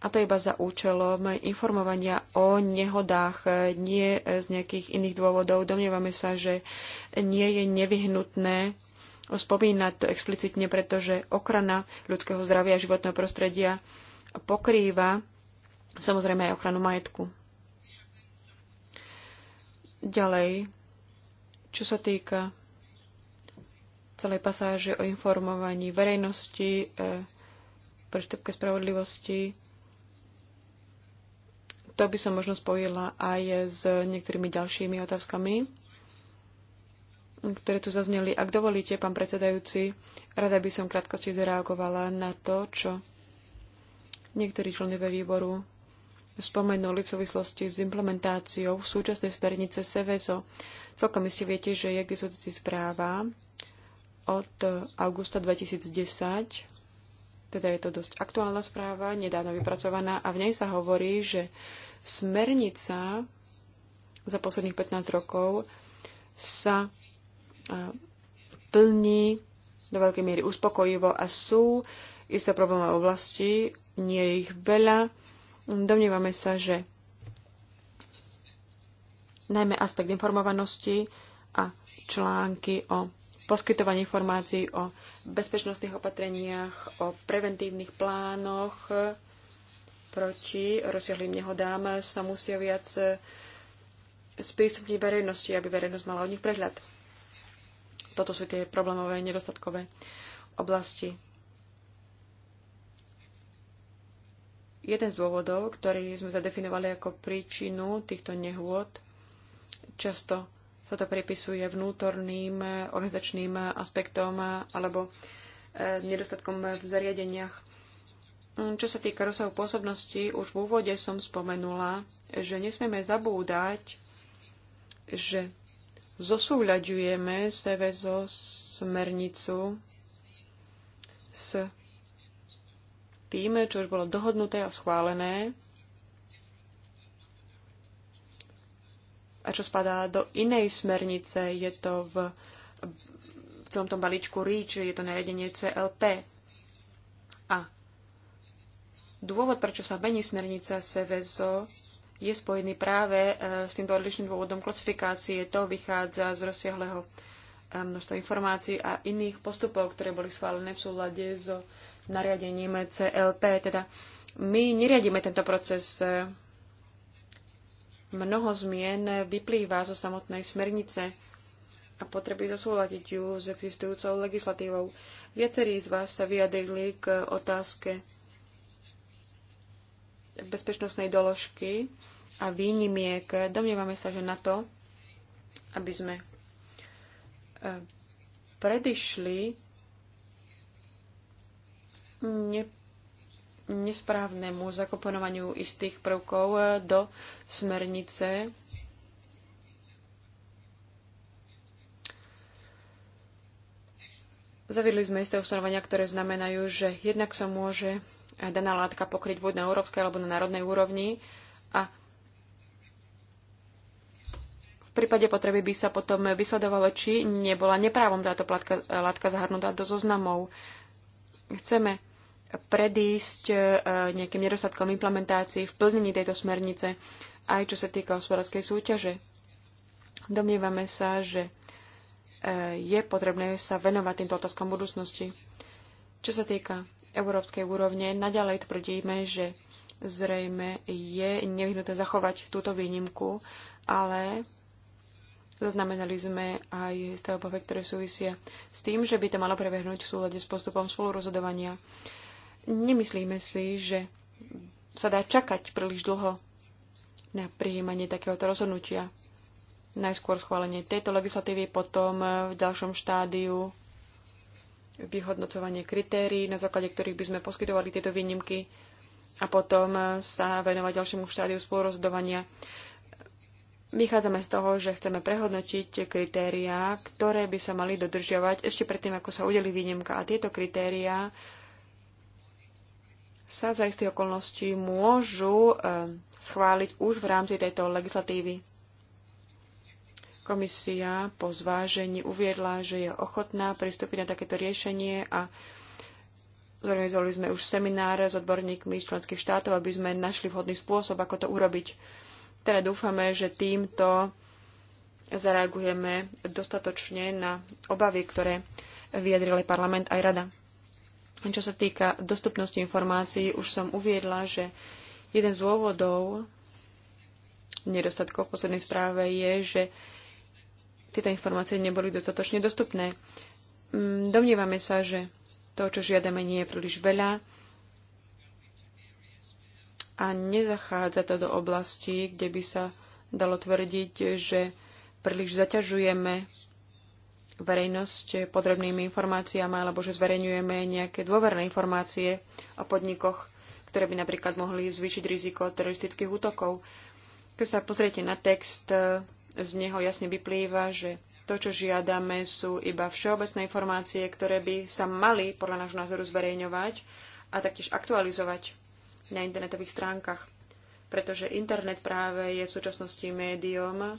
a to iba za účelom informovania o nehodách, eh, nie z nejakých iných dôvodov. Domnievame sa, že nie je nevyhnutné spomínať to explicitne, pretože okrana ľudského zdravia a životného prostredia pokrýva samozrejme aj ochranu majetku. Ďalej, čo sa týka celej pasáže o informovaní verejnosti, e, ke spravodlivosti, to by som možno spojila aj s niektorými ďalšími otázkami, ktoré tu zazneli. Ak dovolíte, pán predsedajúci, rada by som krátkosti zareagovala na to, čo Niektorí členové výboru spomenuli v súvislosti s implementáciou v súčasnej smernice SEVESO. Celkom si viete, že je k dispozícii správa od augusta 2010, teda je to dosť aktuálna správa, nedávno vypracovaná a v nej sa hovorí, že smernica za posledných 15 rokov sa plní do veľkej miery uspokojivo a sú isté problémové oblasti, nie je ich veľa. Domnievame sa, že najmä aspekt informovanosti a články o poskytovaní informácií o bezpečnostných opatreniach, o preventívnych plánoch proti rozsiahlým nehodám sa musia viac sprístupniť verejnosti, aby verejnosť mala od nich prehľad. Toto sú tie problémové nedostatkové oblasti. Jeden z dôvodov, ktorý sme zadefinovali ako príčinu týchto nehôd, často sa to pripisuje vnútorným organizačným aspektom alebo e, nedostatkom v zariadeniach. Mm, čo sa týka rozsahu pôsobnosti, už v úvode som spomenula, že nesmieme zabúdať, že zosúľaďujeme CVZO smernicu s tým, čo už bolo dohodnuté a schválené a čo spadá do inej smernice. Je to v, v celom tom balíčku REACH, je to nariadenie CLP. A dôvod, prečo sa mení smernica SEVEZO, je spojený práve e, s týmto odlišným dôvodom klasifikácie. To vychádza z rozsiahleho e, množstva informácií a iných postupov, ktoré boli schválené v súlade so nariadením CLP. Teda my neriadíme tento proces. Mnoho zmien vyplýva zo samotnej smernice a potreby zosúľadiť ju s existujúcou legislatívou. Viacerí z vás sa vyjadrili k otázke bezpečnostnej doložky a výnimiek. Domnievame sa, že na to, aby sme eh, predišli ne, nesprávnemu zakomponovaniu istých prvkov e, do smernice Zaviedli sme isté ustanovania, ktoré znamenajú, že jednak sa môže daná látka pokryť buď na európskej alebo na národnej úrovni a v prípade potreby by sa potom vysledovalo, či nebola neprávom táto látka zahrnutá do zoznamov. Chceme predísť e, nejakým nedostatkom implementácií v plnení tejto smernice, aj čo sa týka hospodárskej súťaže. Domnievame sa, že e, je potrebné sa venovať týmto otázkom budúcnosti. Čo sa týka európskej úrovne, naďalej tvrdíme, že zrejme je nevyhnuté zachovať túto výnimku, ale zaznamenali sme aj isté ktoré súvisia s tým, že by to malo prebehnúť v súlade s postupom spolurozhodovania. Nemyslíme si, že sa dá čakať príliš dlho na prijímanie takéhoto rozhodnutia. Najskôr schválenie tejto legislatívy, potom eh, v ďalšom štádiu vyhodnotovanie kritérií, na základe ktorých by sme poskytovali tieto výnimky a potom eh, sa venovať ďalšiemu štádiu spolurozhodovania. Vychádzame z toho, že chceme prehodnotiť kritériá, ktoré by sa mali dodržiavať ešte predtým, ako sa udeli výnimka. A tieto kritériá sa za istých okolností môžu eh, schváliť už v rámci tejto legislatívy. Komisia po zvážení uviedla, že je ochotná pristúpiť na takéto riešenie a zorganizovali sme už semináre s odborníkmi z členských štátov, aby sme našli vhodný spôsob, ako to urobiť. Teda dúfame, že týmto zareagujeme dostatočne na obavy, ktoré vyjadrili parlament aj rada. Čo sa týka dostupnosti informácií, už som uviedla, že jeden z dôvodov nedostatkov v poslednej správe je, že tieto informácie neboli dostatočne dostupné. Mm, domnievame sa, že to, čo žiadame, nie je príliš veľa a nezachádza to do oblasti, kde by sa dalo tvrdiť, že príliš zaťažujeme verejnosť podrobnými informáciami alebo že zverejňujeme nejaké dôverné informácie o podnikoch, ktoré by napríklad mohli zvýšiť riziko teroristických útokov. Keď sa pozriete na text, e, z neho jasne vyplýva, že to, čo žiadame, sú iba všeobecné informácie, ktoré by sa mali podľa nášho názoru zverejňovať a taktiež aktualizovať na internetových stránkach. Pretože internet práve je v súčasnosti médium,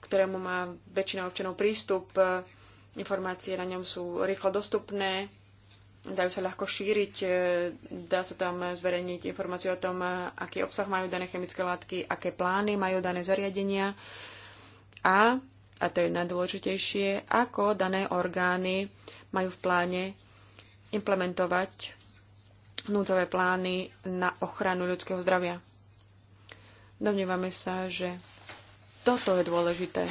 ktorému má väčšina občanov prístup. E, informácie na ňom sú rýchlo dostupné, dajú sa ľahko šíriť, e, dá sa tam zverejniť informácie o tom, e, aký obsah majú dané chemické látky, aké plány majú dané zariadenia a, a to je najdôležitejšie, ako dané orgány majú v pláne implementovať núdzové plány na ochranu ľudského zdravia. Domnievame sa, že toto je dôležité.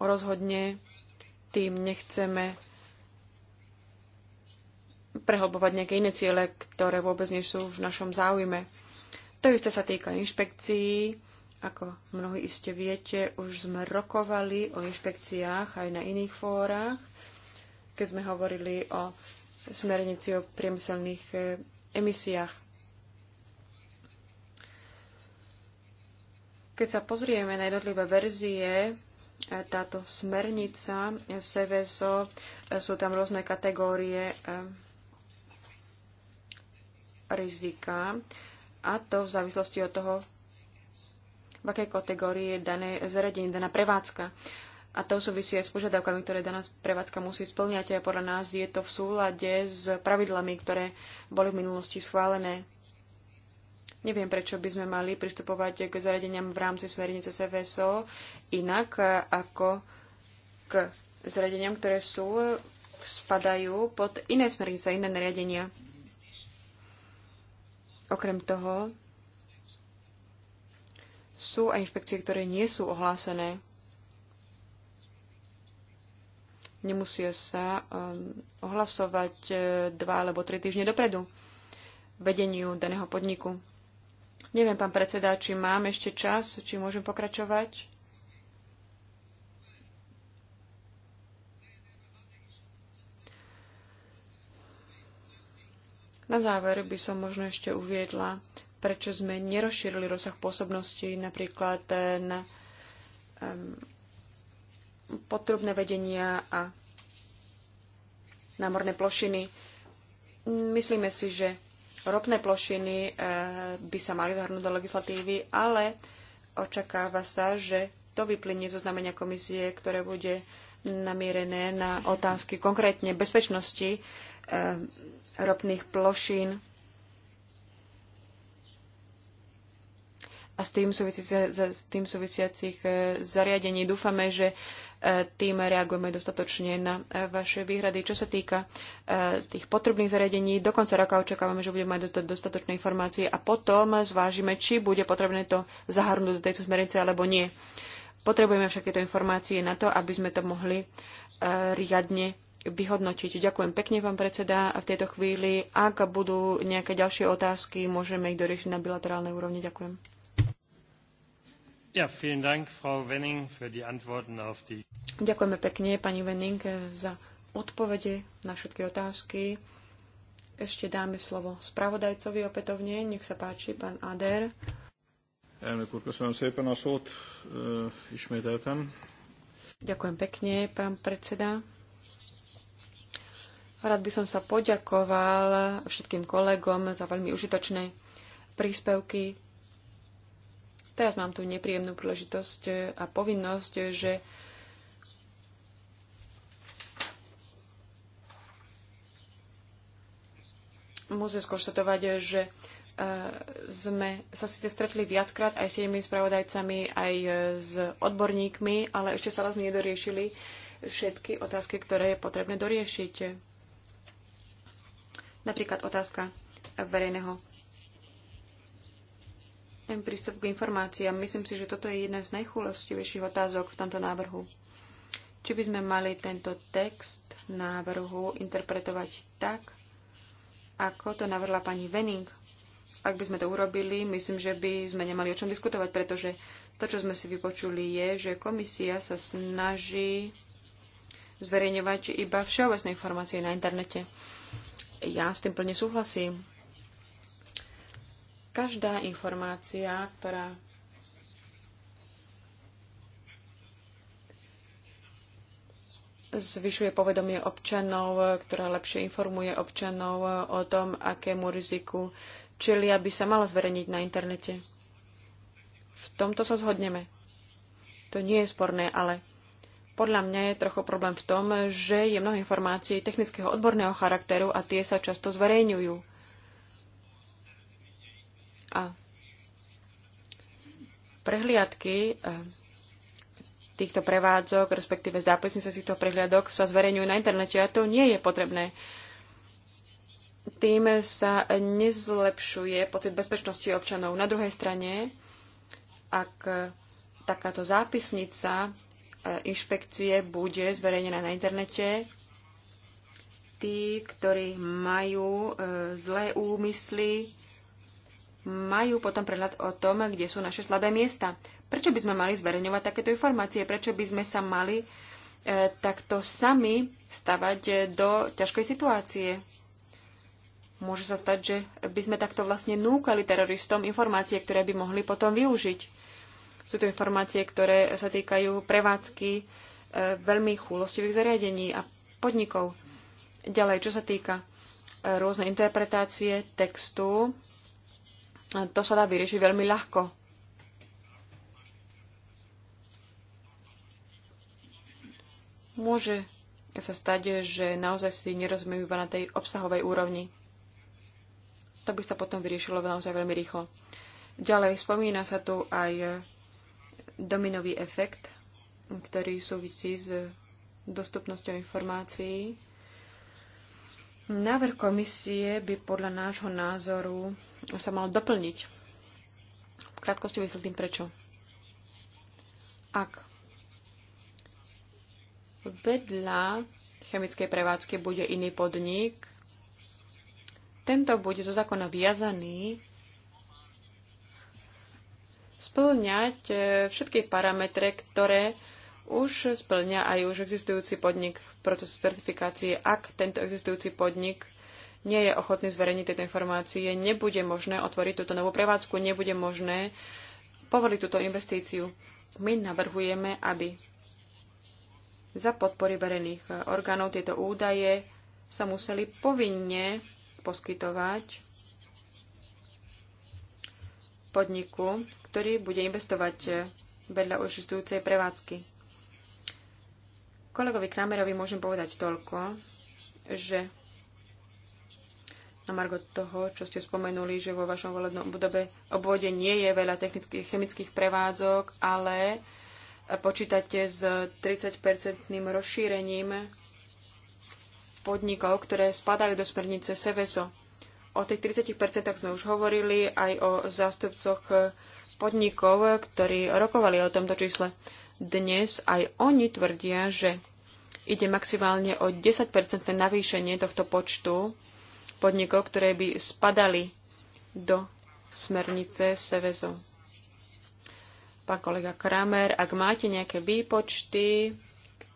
Rozhodne tým nechceme prehlbovať nejaké iné ciele, ktoré vôbec nie sú v našom záujme. To isté sa týka inšpekcií. Ako mnohí iste viete, už sme rokovali o inšpekciách aj na iných fórach, keď sme hovorili o smernici o priemyselných eh, emisiách. Keď sa pozrieme na jednotlivé verzie, e, táto smernica e, SEVESO, e, sú tam rôzne kategórie rizika a to v závislosti od toho, v akej kategórii je dané zariadenie, daná prevádzka. A to súvisí aj s požiadavkami, ktoré daná prevádzka musí splňať a podľa nás je to v súlade s pravidlami, ktoré boli v minulosti schválené. Neviem, prečo by sme mali pristupovať k zariadeniam v rámci smernice CVSO inak e, ako k zariadeniam, ktoré sú, e, spadajú pod iné smernice, iné nariadenia. Okrem toho sú aj inšpekcie, ktoré nie sú ohlásené. Nemusia sa um, ohlasovať e, dva alebo tri týždne dopredu vedeniu daného podniku. Neviem, pán predseda, či mám ešte čas, či môžem pokračovať. Na záver by som možno ešte uviedla, prečo sme nerozšírili rozsah pôsobnosti napríklad na um, potrubné vedenia a námorné plošiny. Myslíme si, že Ropné plošiny eh, by sa mali zahrnúť do legislatívy, ale očakáva sa, že to vyplynie zo znamenia komisie, ktoré bude namierené na otázky konkrétne bezpečnosti eh, ropných plošín a s tým, súvisiacich, eh, zariadení. Dúfame, že E, tým reagujeme dostatočne na e, vaše výhrady. Čo sa týka e, tých potrebných zariadení, do konca roka očakávame, že budeme mať dostatočné informácie a potom zvážime, či bude potrebné to zahrnúť do tejto smernice alebo nie. Potrebujeme však tieto informácie na to, aby sme to mohli riadne vyhodnotiť. Ďakujem pekne, pán predseda. A v tejto chvíli, ak budú nejaké ďalšie otázky, môžeme ich doriešiť na bilaterálnej úrovni. Ďakujem. Ja, vielen Dank, Frau Wenning, für die Antworten auf die... Ďakujeme pekne, pani Wenning, za odpovede na všetky otázky. Ešte dáme slovo spravodajcovi opätovne. Nech sa páči, pán Ader. Ďakujem pekne, pán predseda. Rád by som sa poďakoval všetkým kolegom za veľmi užitočné príspevky Teraz mám tu nepríjemnú príležitosť e, a povinnosť, e, že musím skonštatovať, e, že sme sa síce stretli viackrát aj s jednými spravodajcami, aj s odborníkmi, ale ešte sa sme vlastne nedoriešili všetky otázky, ktoré je potrebné doriešiť. Napríklad otázka verejného ten prístup k informáciám. Myslím si, že toto je jedna z najchulostivejších otázok v tomto návrhu. Či by sme mali tento text návrhu interpretovať tak, ako to navrhla pani Wenning? Ak by sme to urobili, myslím, že by sme nemali o čom diskutovať, pretože to, čo sme si vypočuli, je, že komisia sa snaží zverejňovať iba všeobecné informácie na internete. Ja s tým plne súhlasím. Každá informácia, ktorá zvyšuje povedomie občanov, ktorá lepšie informuje občanov o tom, akému riziku čili aby sa mala zverejniť na internete. V tomto sa zhodneme. To nie je sporné, ale podľa mňa je trochu problém v tom, že je mnoho informácií technického odborného charakteru a tie sa často zverejňujú. A prehliadky e, týchto prevádzok, respektíve zápisnice z týchto prehliadok sa zverejňujú na internete a to nie je potrebné. Tým sa nezlepšuje pocit bezpečnosti občanov. Na druhej strane, ak takáto zápisnica e, inšpekcie bude zverejnená na internete, tí, ktorí majú e, zlé úmysly, majú potom prehľad o tom, kde sú naše slabé miesta. Prečo by sme mali zverejňovať takéto informácie? Prečo by sme sa mali e, takto sami stavať do ťažkej situácie? Môže sa stať, že by sme takto vlastne núkali teroristom informácie, ktoré by mohli potom využiť. Sú to informácie, ktoré sa týkajú prevádzky e, veľmi chúlostivých zariadení a podnikov. Ďalej, čo sa týka e, rôzne interpretácie textu, a to sa dá vyriešiť veľmi ľahko. Môže sa stať, že naozaj si nerozumiem iba na tej obsahovej úrovni. To by sa potom vyriešilo naozaj veľmi rýchlo. Ďalej spomína sa tu aj dominový efekt, ktorý súvisí s dostupnosťou informácií. Návrh komisie by podľa nášho názoru sa mal doplniť. V krátkosti vysvetlím prečo. Ak vedľa chemickej prevádzky bude iný podnik, tento bude zo zákona viazaný splňať e, všetky parametre, ktoré už splňa aj už existujúci podnik v procesu certifikácie, ak tento existujúci podnik nie je ochotný zverejniť tieto informácie, nebude možné otvoriť túto novú prevádzku, nebude možné povoliť túto investíciu. My navrhujeme, aby za podpory verejných eh, orgánov tieto údaje sa museli povinne poskytovať podniku, ktorý bude investovať eh, vedľa už existujúcej prevádzky. Kolegovi Kramerovi môžem povedať toľko, že na margo toho, čo ste spomenuli, že vo vašom volebnom obdobe obvode nie je veľa technických chemických prevádzok, ale e, počítate s 30-percentným rozšírením podnikov, ktoré spadajú do smernice SEVESO. O tých 30% sme už hovorili aj o zástupcoch podnikov, ktorí rokovali o tomto čísle. Dnes aj oni tvrdia, že ide maximálne o 10% navýšenie tohto počtu podnikov, ktoré by spadali do smernice Sevezo. Pán kolega Kramer, ak máte nejaké výpočty,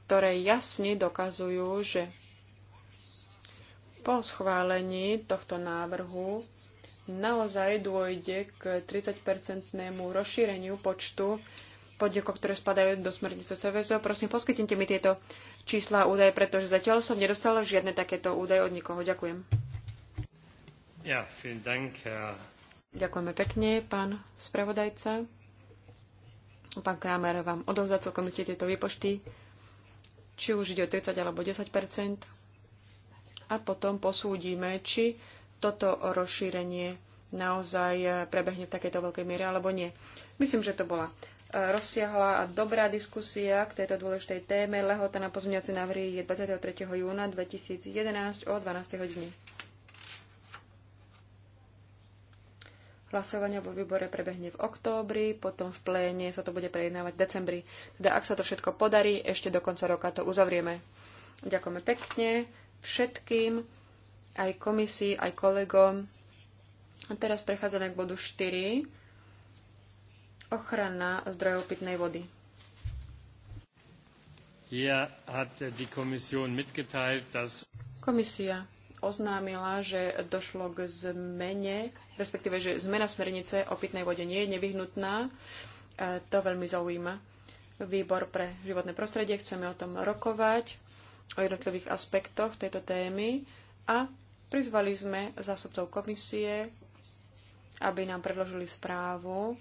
ktoré jasne dokazujú, že po schválení tohto návrhu naozaj dôjde k 30-percentnému rozšíreniu počtu podnikov, ktoré spadajú do smernice Sevezo. Prosím, poskytnite mi tieto čísla a údaje, pretože zatiaľ som nedostala žiadne takéto údaje od nikoho. Ďakujem. Ja, vielen Dank, Herr... Ďakujeme pekne, pán spravodajca. Pán Kramer vám odovzdá celkom ste tieto výpočty, či už ide o 30 alebo 10 a potom posúdime, či toto rozšírenie naozaj prebehne v takejto veľkej miere alebo nie. Myslím, že to bola e, rozsiahla a dobrá diskusia k tejto dôležitej téme. Lehota na pozmeňovacie návrhy je 23. júna 2011 o 12. hodine. Hlasovanie vo výbore prebehne v októbri, potom v pléne sa to bude prejednávať v decembri. Teda ak sa to všetko podarí, ešte do konca roka to uzavrieme. Ďakujeme pekne všetkým, aj komisii, aj kolegom. A teraz prechádzame k bodu 4. Ochrana zdrojov pitnej vody. Hier hat die Kommission mitgeteilt, dass Komisia oznámila, že došlo k zmene, respektíve, že zmena smernice o pitnej vode nie je nevyhnutná. E, to veľmi zaujíma výbor pre životné prostredie. Chceme o tom rokovať, o jednotlivých aspektoch tejto témy a prizvali sme zástupcov komisie, aby nám predložili správu.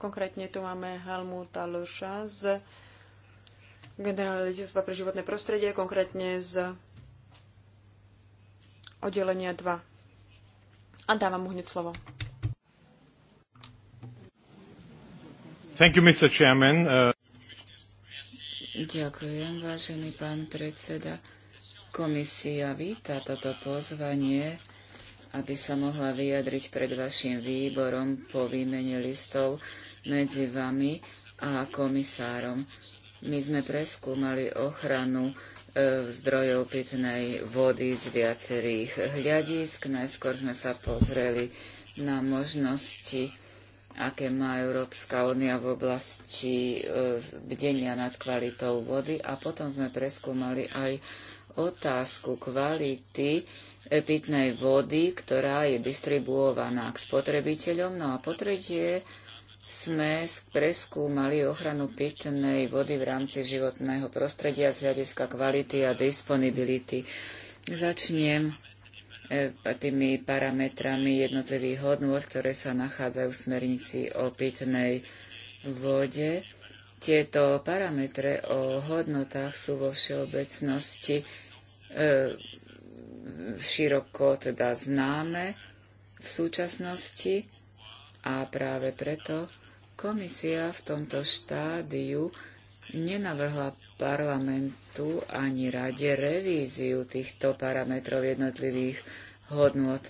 Konkrétne tu máme Helmuta Luša z Generálne pre životné prostredie, konkrétne z oddelenia 2. A dávam mu hneď slovo. Thank you, Mr. Chairman. Uh... Ďakujem, vážený pán predseda. Komisia víta toto pozvanie, aby sa mohla vyjadriť pred vašim výborom po výmene listov medzi vami a komisárom. My sme preskúmali ochranu E, zdrojov pitnej vody z viacerých hľadisk. Najskôr sme sa pozreli na možnosti, aké má Európska únia v oblasti e, bdenia nad kvalitou vody a potom sme preskúmali aj otázku kvality e, pitnej vody, ktorá je distribuovaná k spotrebiteľom. No a po tretie, sme preskúmali ochranu pitnej vody v rámci životného prostredia z hľadiska kvality a disponibility. Začnem e, tými parametrami jednotlivých hodnôt, ktoré sa nachádzajú v smernici o pitnej vode. Tieto parametre o hodnotách sú vo všeobecnosti e, široko teda známe v súčasnosti a práve preto Komisia v tomto štádiu nenavrhla parlamentu ani rade revíziu týchto parametrov jednotlivých hodnot.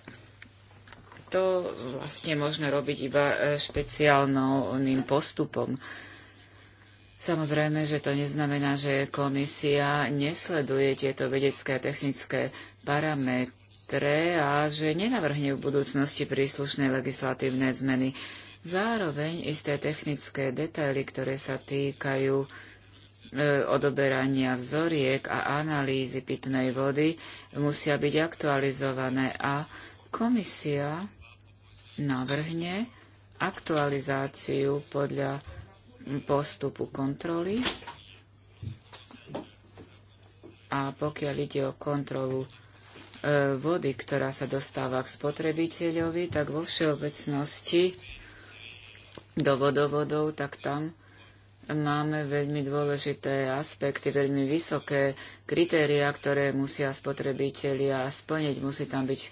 To vlastne možno robiť iba e, špeciálnym postupom. Samozrejme, že to neznamená, že komisia nesleduje tieto vedecké a technické parametre a že nenavrhne v budúcnosti príslušné legislatívne zmeny. Zároveň isté technické detaily, ktoré sa týkajú e, odoberania vzoriek a analýzy pitnej vody, musia byť aktualizované a komisia navrhne aktualizáciu podľa postupu kontroly a pokiaľ ide o kontrolu e, vody, ktorá sa dostáva k spotrebiteľovi, tak vo všeobecnosti do vodovodov, tak tam máme veľmi dôležité aspekty, veľmi vysoké kritériá, ktoré musia spotrebitelia splniť. Musí tam byť e,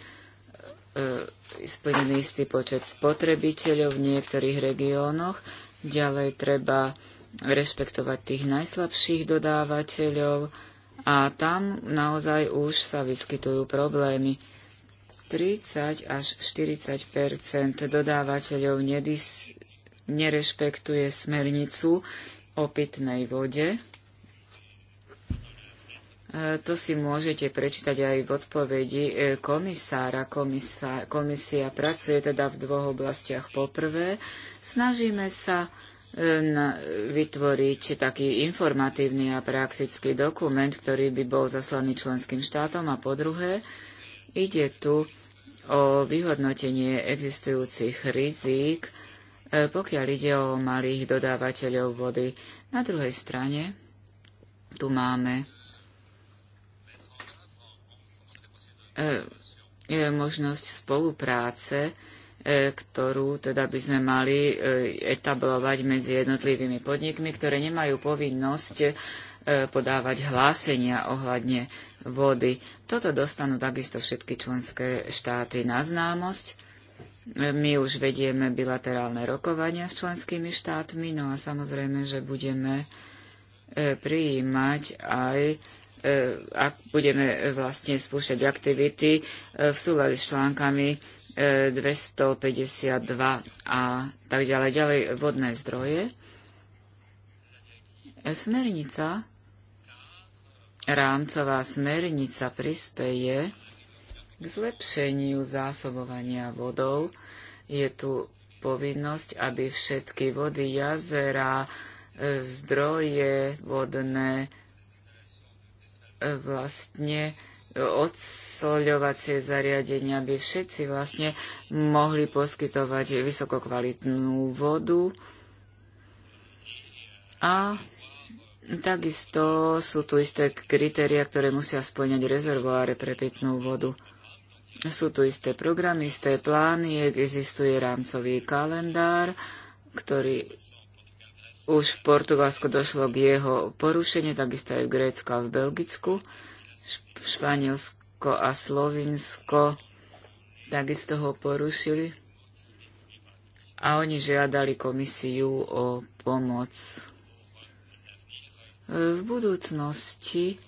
splnený istý počet spotrebiteľov v niektorých regiónoch. Ďalej treba rešpektovať tých najslabších dodávateľov a tam naozaj už sa vyskytujú problémy. 30 až 40 dodávateľov nedis- nerešpektuje smernicu o pitnej vode. E, to si môžete prečítať aj v odpovedi e, komisára. Komisa, komisia pracuje teda v dvoch oblastiach. Poprvé, snažíme sa e, vytvoriť taký informatívny a praktický dokument, ktorý by bol zaslaný členským štátom. A po druhé, ide tu o vyhodnotenie existujúcich rizík E, pokiaľ ide o malých dodávateľov vody. Na druhej strane tu máme e, e, možnosť spolupráce, ktorú teda by sme mali etablovať medzi jednotlivými podnikmi, ktoré nemajú povinnosť podávať hlásenia ohľadne vody. Toto dostanú takisto všetky členské štáty na známosť my už vedieme bilaterálne rokovania s členskými štátmi, no a samozrejme, že budeme e, prijímať aj e, ak budeme vlastne spúšťať aktivity e, v súlade s článkami 252 a tak ďalej, ďalej vodné zdroje. Smernica, rámcová smernica prispeje k zlepšeniu zásobovania vodou je tu povinnosť, aby všetky vody, jazera, e, zdroje vodné, e, vlastne e, odsoľovacie zariadenia aby všetci vlastne mohli poskytovať vysokokvalitnú vodu. A takisto sú tu isté kritéria, ktoré musia splňať rezervoáre pre pitnú vodu. Sú tu isté programy, isté plány, existuje rámcový kalendár, ktorý už v Portugalsku došlo k jeho porušeniu, takisto aj v Grécku a v Belgicku, Španielsko a Slovinsko takisto ho porušili a oni žiadali komisiu o pomoc. V budúcnosti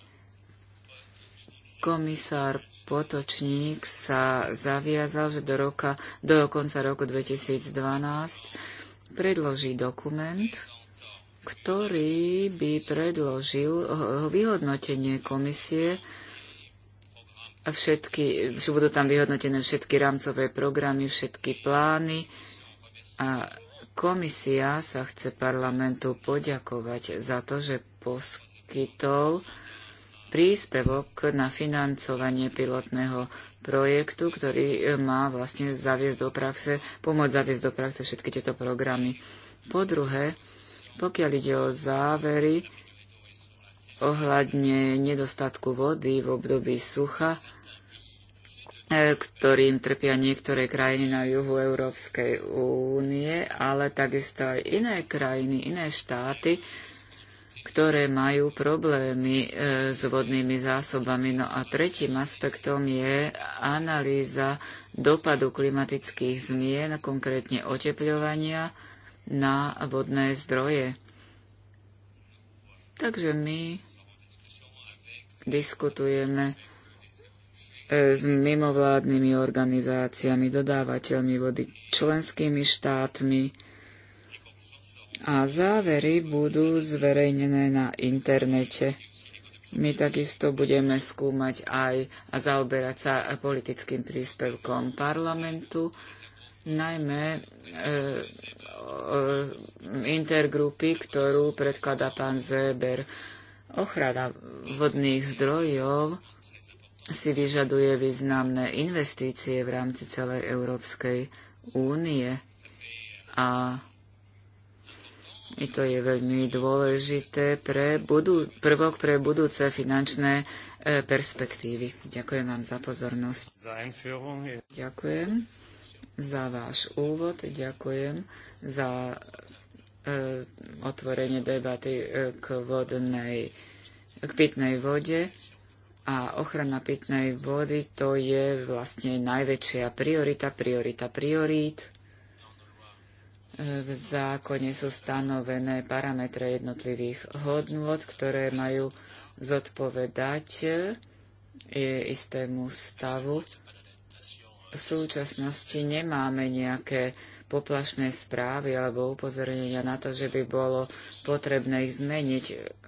Komisár Potočník sa zaviazal, že do, roka, do konca roku 2012 predloží dokument, ktorý by predložil eh, vyhodnotenie komisie a všetky, že budú tam vyhodnotené všetky rámcové programy, všetky plány a komisia sa chce parlamentu poďakovať za to, že poskytol príspevok na financovanie pilotného projektu, ktorý e, má vlastne zaviesť do praxe, pomôcť zaviesť do praxe všetky tieto programy. Po druhé, pokiaľ ide o závery ohľadne nedostatku vody v období sucha, e, ktorým trpia niektoré krajiny na juhu Európskej únie, ale takisto aj iné krajiny, iné štáty, ktoré majú problémy e, s vodnými zásobami. No a tretím aspektom je analýza dopadu klimatických zmien, konkrétne oteplovania na vodné zdroje. Takže my diskutujeme e, s mimovládnymi organizáciami, dodávateľmi vody, členskými štátmi, a závery budú zverejnené na internete. My takisto budeme skúmať aj a zaoberať sa politickým príspevkom parlamentu, najmä e, e, intergrupy, ktorú predkladá pán Zéber. Ochrana vodných zdrojov si vyžaduje významné investície v rámci celej Európskej únie a i to je veľmi dôležité pre budú, prvok pre budúce finančné e, perspektívy. Ďakujem vám za pozornosť. Ďakujem za váš úvod, ďakujem za e, otvorenie debaty e, k vodnej, k pitnej vode. A ochrana pitnej vody to je vlastne najväčšia priorita, priorita priorít v zákone sú stanovené parametre jednotlivých hodnôt, ktoré majú zodpovedať e, istému stavu. V súčasnosti nemáme nejaké poplašné správy alebo upozornenia na to, že by bolo potrebné ich zmeniť,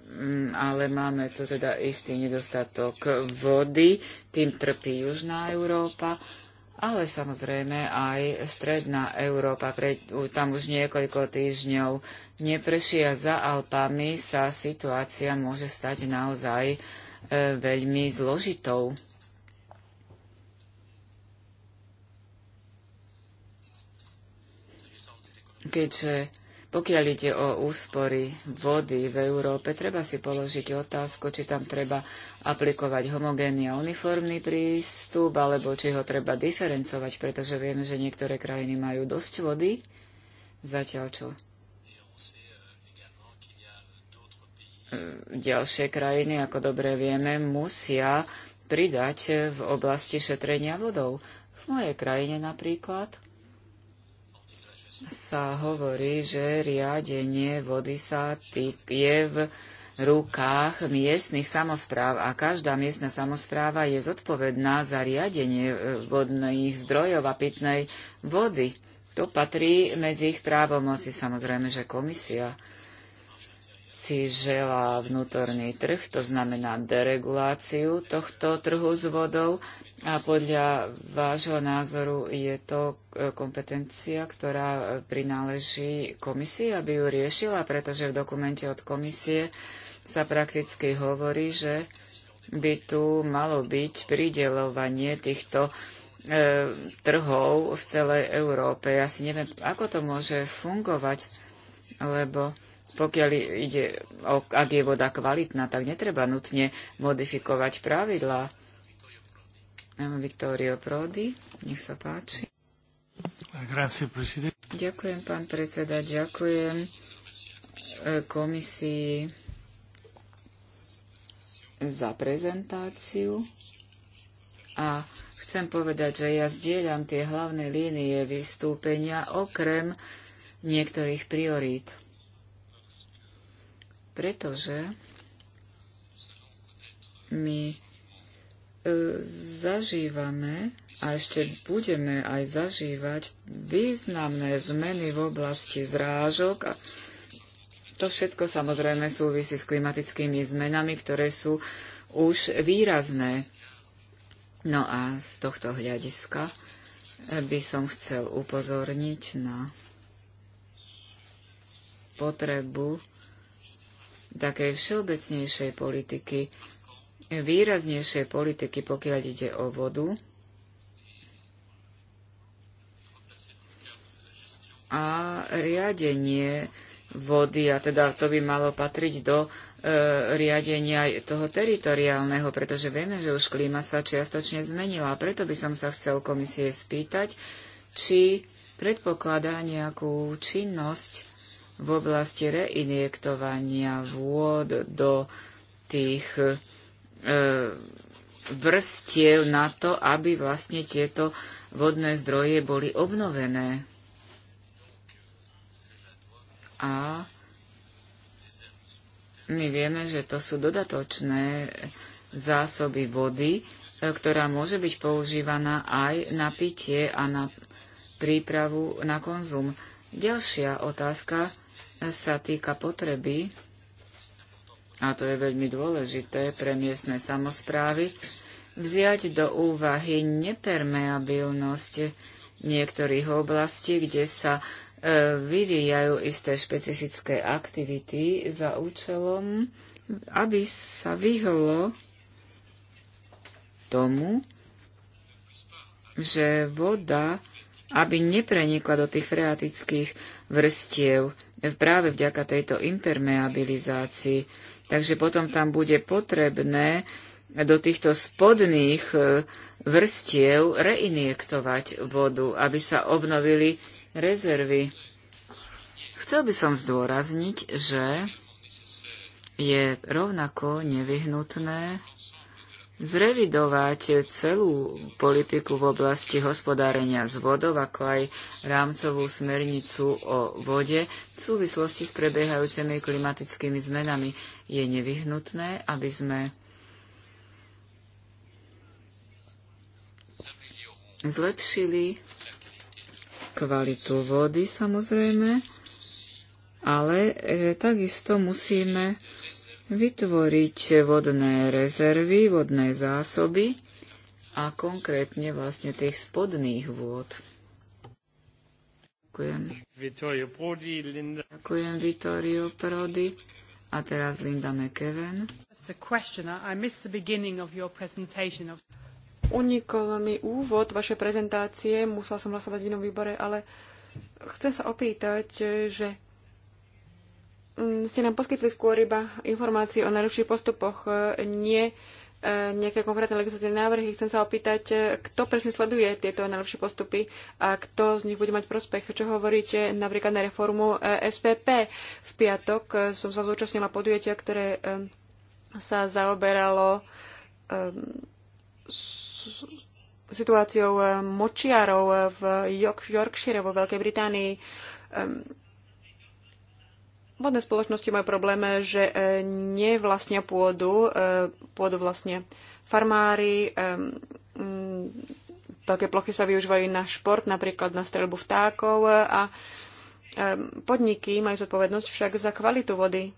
mm, ale máme tu teda istý nedostatok vody, tým trpí Južná Európa ale samozrejme aj stredná Európa. Pre, tam už niekoľko týždňov nepršia za Alpami, sa situácia môže stať naozaj e, veľmi zložitou. Keďže pokiaľ ide o úspory vody v Európe, treba si položiť otázku, či tam treba aplikovať homogénny a uniformný prístup, alebo či ho treba diferencovať, pretože vieme, že niektoré krajiny majú dosť vody, zatiaľ čo ďalšie krajiny, ako dobre vieme, musia pridať v oblasti šetrenia vodou. V mojej krajine napríklad sa hovorí, že riadenie vody sa týk, je v rukách miestnych samozpráv a každá miestna samozpráva je zodpovedná za riadenie e, vodných zdrojov a pitnej vody. To patrí medzi ich právomoci. Samozrejme, že komisia si želá vnútorný trh, to znamená dereguláciu tohto trhu s vodou a podľa vášho názoru je to e, kompetencia, ktorá e, prináleží komisii, aby ju riešila, pretože v dokumente od komisie sa prakticky hovorí, že by tu malo byť pridelovanie týchto e, trhov v celej Európe. Ja si neviem, ako to môže fungovať, lebo pokiaľ ide ak je voda kvalitná, tak netreba nutne modifikovať pravidlá. Viktorio Prodi, nech sa páči. ďakujem, pán predseda, ďakujem eh, komisii za prezentáciu a chcem povedať, že ja zdieľam tie hlavné línie vystúpenia okrem niektorých priorít pretože my e, zažívame a ešte budeme aj zažívať významné zmeny v oblasti zrážok a to všetko samozrejme súvisí s klimatickými zmenami, ktoré sú už výrazné. No a z tohto hľadiska e, by som chcel upozorniť na potrebu takej všeobecnejšej politiky, výraznejšej politiky, pokiaľ ide o vodu. A riadenie vody, a teda to by malo patriť do e, riadenia toho teritoriálneho, pretože vieme, že už klíma sa čiastočne zmenila. A preto by som sa chcel komisie spýtať, či predpokladá nejakú činnosť v oblasti reinjektovania vôd do tých e, vrstiev na to, aby vlastne tieto vodné zdroje boli obnovené. A my vieme, že to sú dodatočné zásoby vody, e, ktorá môže byť používaná aj na pitie a na prípravu na konzum. Ďalšia otázka sa týka potreby, a to je veľmi dôležité pre miestne samozprávy, vziať do úvahy nepermeabilnosť niektorých oblastí, kde sa e, vyvíjajú isté špecifické aktivity za účelom, aby sa vyhlo tomu, že voda, aby neprenikla do tých freatických vrstiev práve vďaka tejto impermeabilizácii. Takže potom tam bude potrebné do týchto spodných e, vrstiev reinjektovať vodu, aby sa obnovili rezervy. Chcel by som zdôrazniť, že je rovnako nevyhnutné zrevidovať celú politiku v oblasti hospodárenia s vodou, ako aj rámcovú smernicu o vode v súvislosti s prebiehajúcimi klimatickými zmenami. Je nevyhnutné, aby sme zlepšili kvalitu vody samozrejme, ale e, takisto musíme vytvoriť vodné rezervy, vodné zásoby a konkrétne vlastne tých spodných vôd. Ďakujem. Vittorio Prodi, Linda. Ďakujem Vittorio Prodi. A teraz Linda McKeven. Unikol mi úvod vašej prezentácie, musela som hlasovať v inom výbore, ale chcem sa opýtať, že Mm, ste nám poskytli skôr iba informácie o najlepších postupoch, e, nie e, nejaké konkrétne legislatívne návrhy. Chcem sa opýtať, e, kto presne sleduje tieto najlepšie postupy a kto z nich bude mať prospech. Čo hovoríte napríklad na reformu SPP? V piatok som sa zúčastnila podujatia, ktoré sa zaoberalo situáciou močiarov v Yorkshire vo Veľkej Británii Vodné spoločnosti majú problém, že e, nevlastnia pôdu, e, pôdu vlastne farmári, také e, mm, plochy sa využívajú na šport, napríklad na streľbu vtákov a podniky majú zodpovednosť však za kvalitu vody.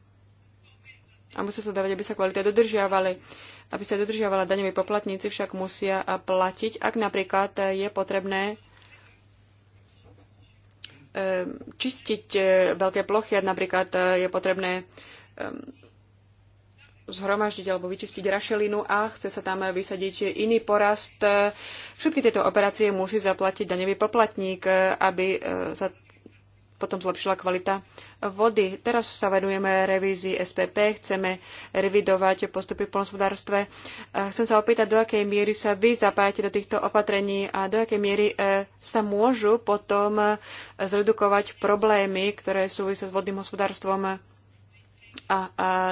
A musia sa dávať, aby sa kvalita dodržiavali. Aby sa dodržiavala daňoví poplatníci, však musia platiť, ak napríklad je potrebné Eh, čistiť eh, veľké plochy, napríklad eh, je potrebné ehm, zhromaždiť alebo vyčistiť rašelinu a chce sa tam vysadiť iný porast. Všetky tieto operácie musí zaplatiť daňový poplatník, aby sa potom zlepšila kvalita vody. Teraz sa venujeme revízii SPP, chceme revidovať postupy v polnospodárstve. E, chcem sa opýtať, do akej miery sa vy zapájate do týchto opatrení a do akej miery e, sa môžu potom e, zredukovať problémy, ktoré súvisia s vodným hospodárstvom a, a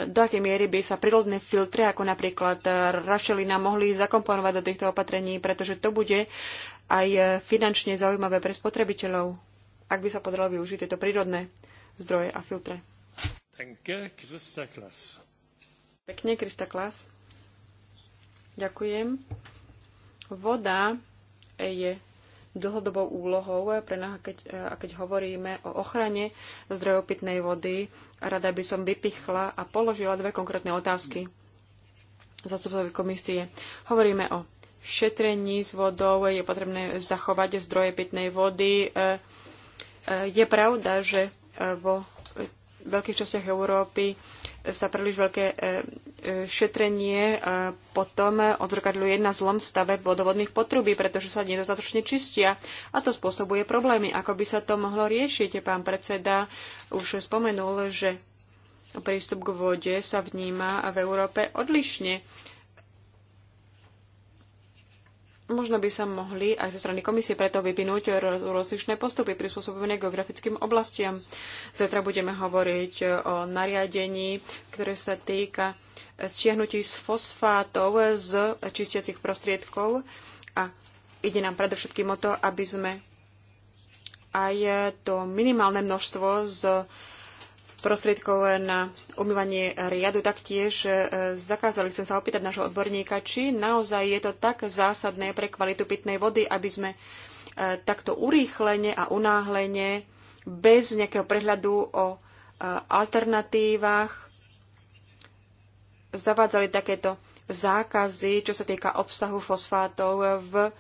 do akej miery by sa prírodné filtre, ako napríklad rašelina, mohli zakomponovať do týchto opatrení, pretože to bude aj finančne zaujímavé pre spotrebiteľov ak by sa podarilo využiť tieto prírodné zdroje a filtre. Danke, Klas. Pekne, Krista Klas. Ďakujem. Voda je dlhodobou úlohou pre nás, keď, a keď hovoríme o ochrane zdrojov pitnej vody. Rada by som vypichla a položila dve konkrétne otázky zastupcovi komisie. Hovoríme o šetrení s vodou, je potrebné zachovať zdroje pitnej vody, e, je pravda, že e, vo veľkých častiach Európy sa príliš veľké e, e, šetrenie potom odzrkadľuje na zlom stave vodovodných potrubí, pretože sa nedostatočne čistia a to spôsobuje problémy. Ako by sa to mohlo riešiť? Pán predseda už spomenul, že prístup k vode sa vníma v Európe odlišne. Možno by sa mohli aj zo strany komisie preto vyvinúť rozlišné postupy prispôsobené geografickým oblastiam. Zajtra budeme hovoriť o nariadení, ktoré sa týka stiahnutí z fosfátov z čistiacich prostriedkov a ide nám predovšetkým o to, aby sme aj to minimálne množstvo z prostriedkov na umývanie riadu taktiež e, zakázali. Chcem sa opýtať nášho odborníka, či naozaj je to tak zásadné pre kvalitu pitnej vody, aby sme e, takto urýchlene a unáhlene, bez nejakého prehľadu o e, alternatívach, zavádzali takéto zákazy, čo sa týka obsahu fosfátov v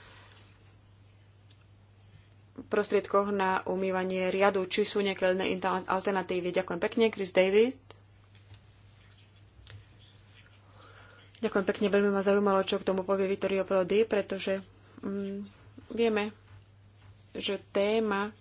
prostriedkoch na umývanie riadu, či sú nejaké alternatívy. Ďakujem pekne, Chris David. Ďakujem pekne, veľmi ma zaujímalo, čo k tomu povie Vittorio Prodi, pretože mm, vieme, že téma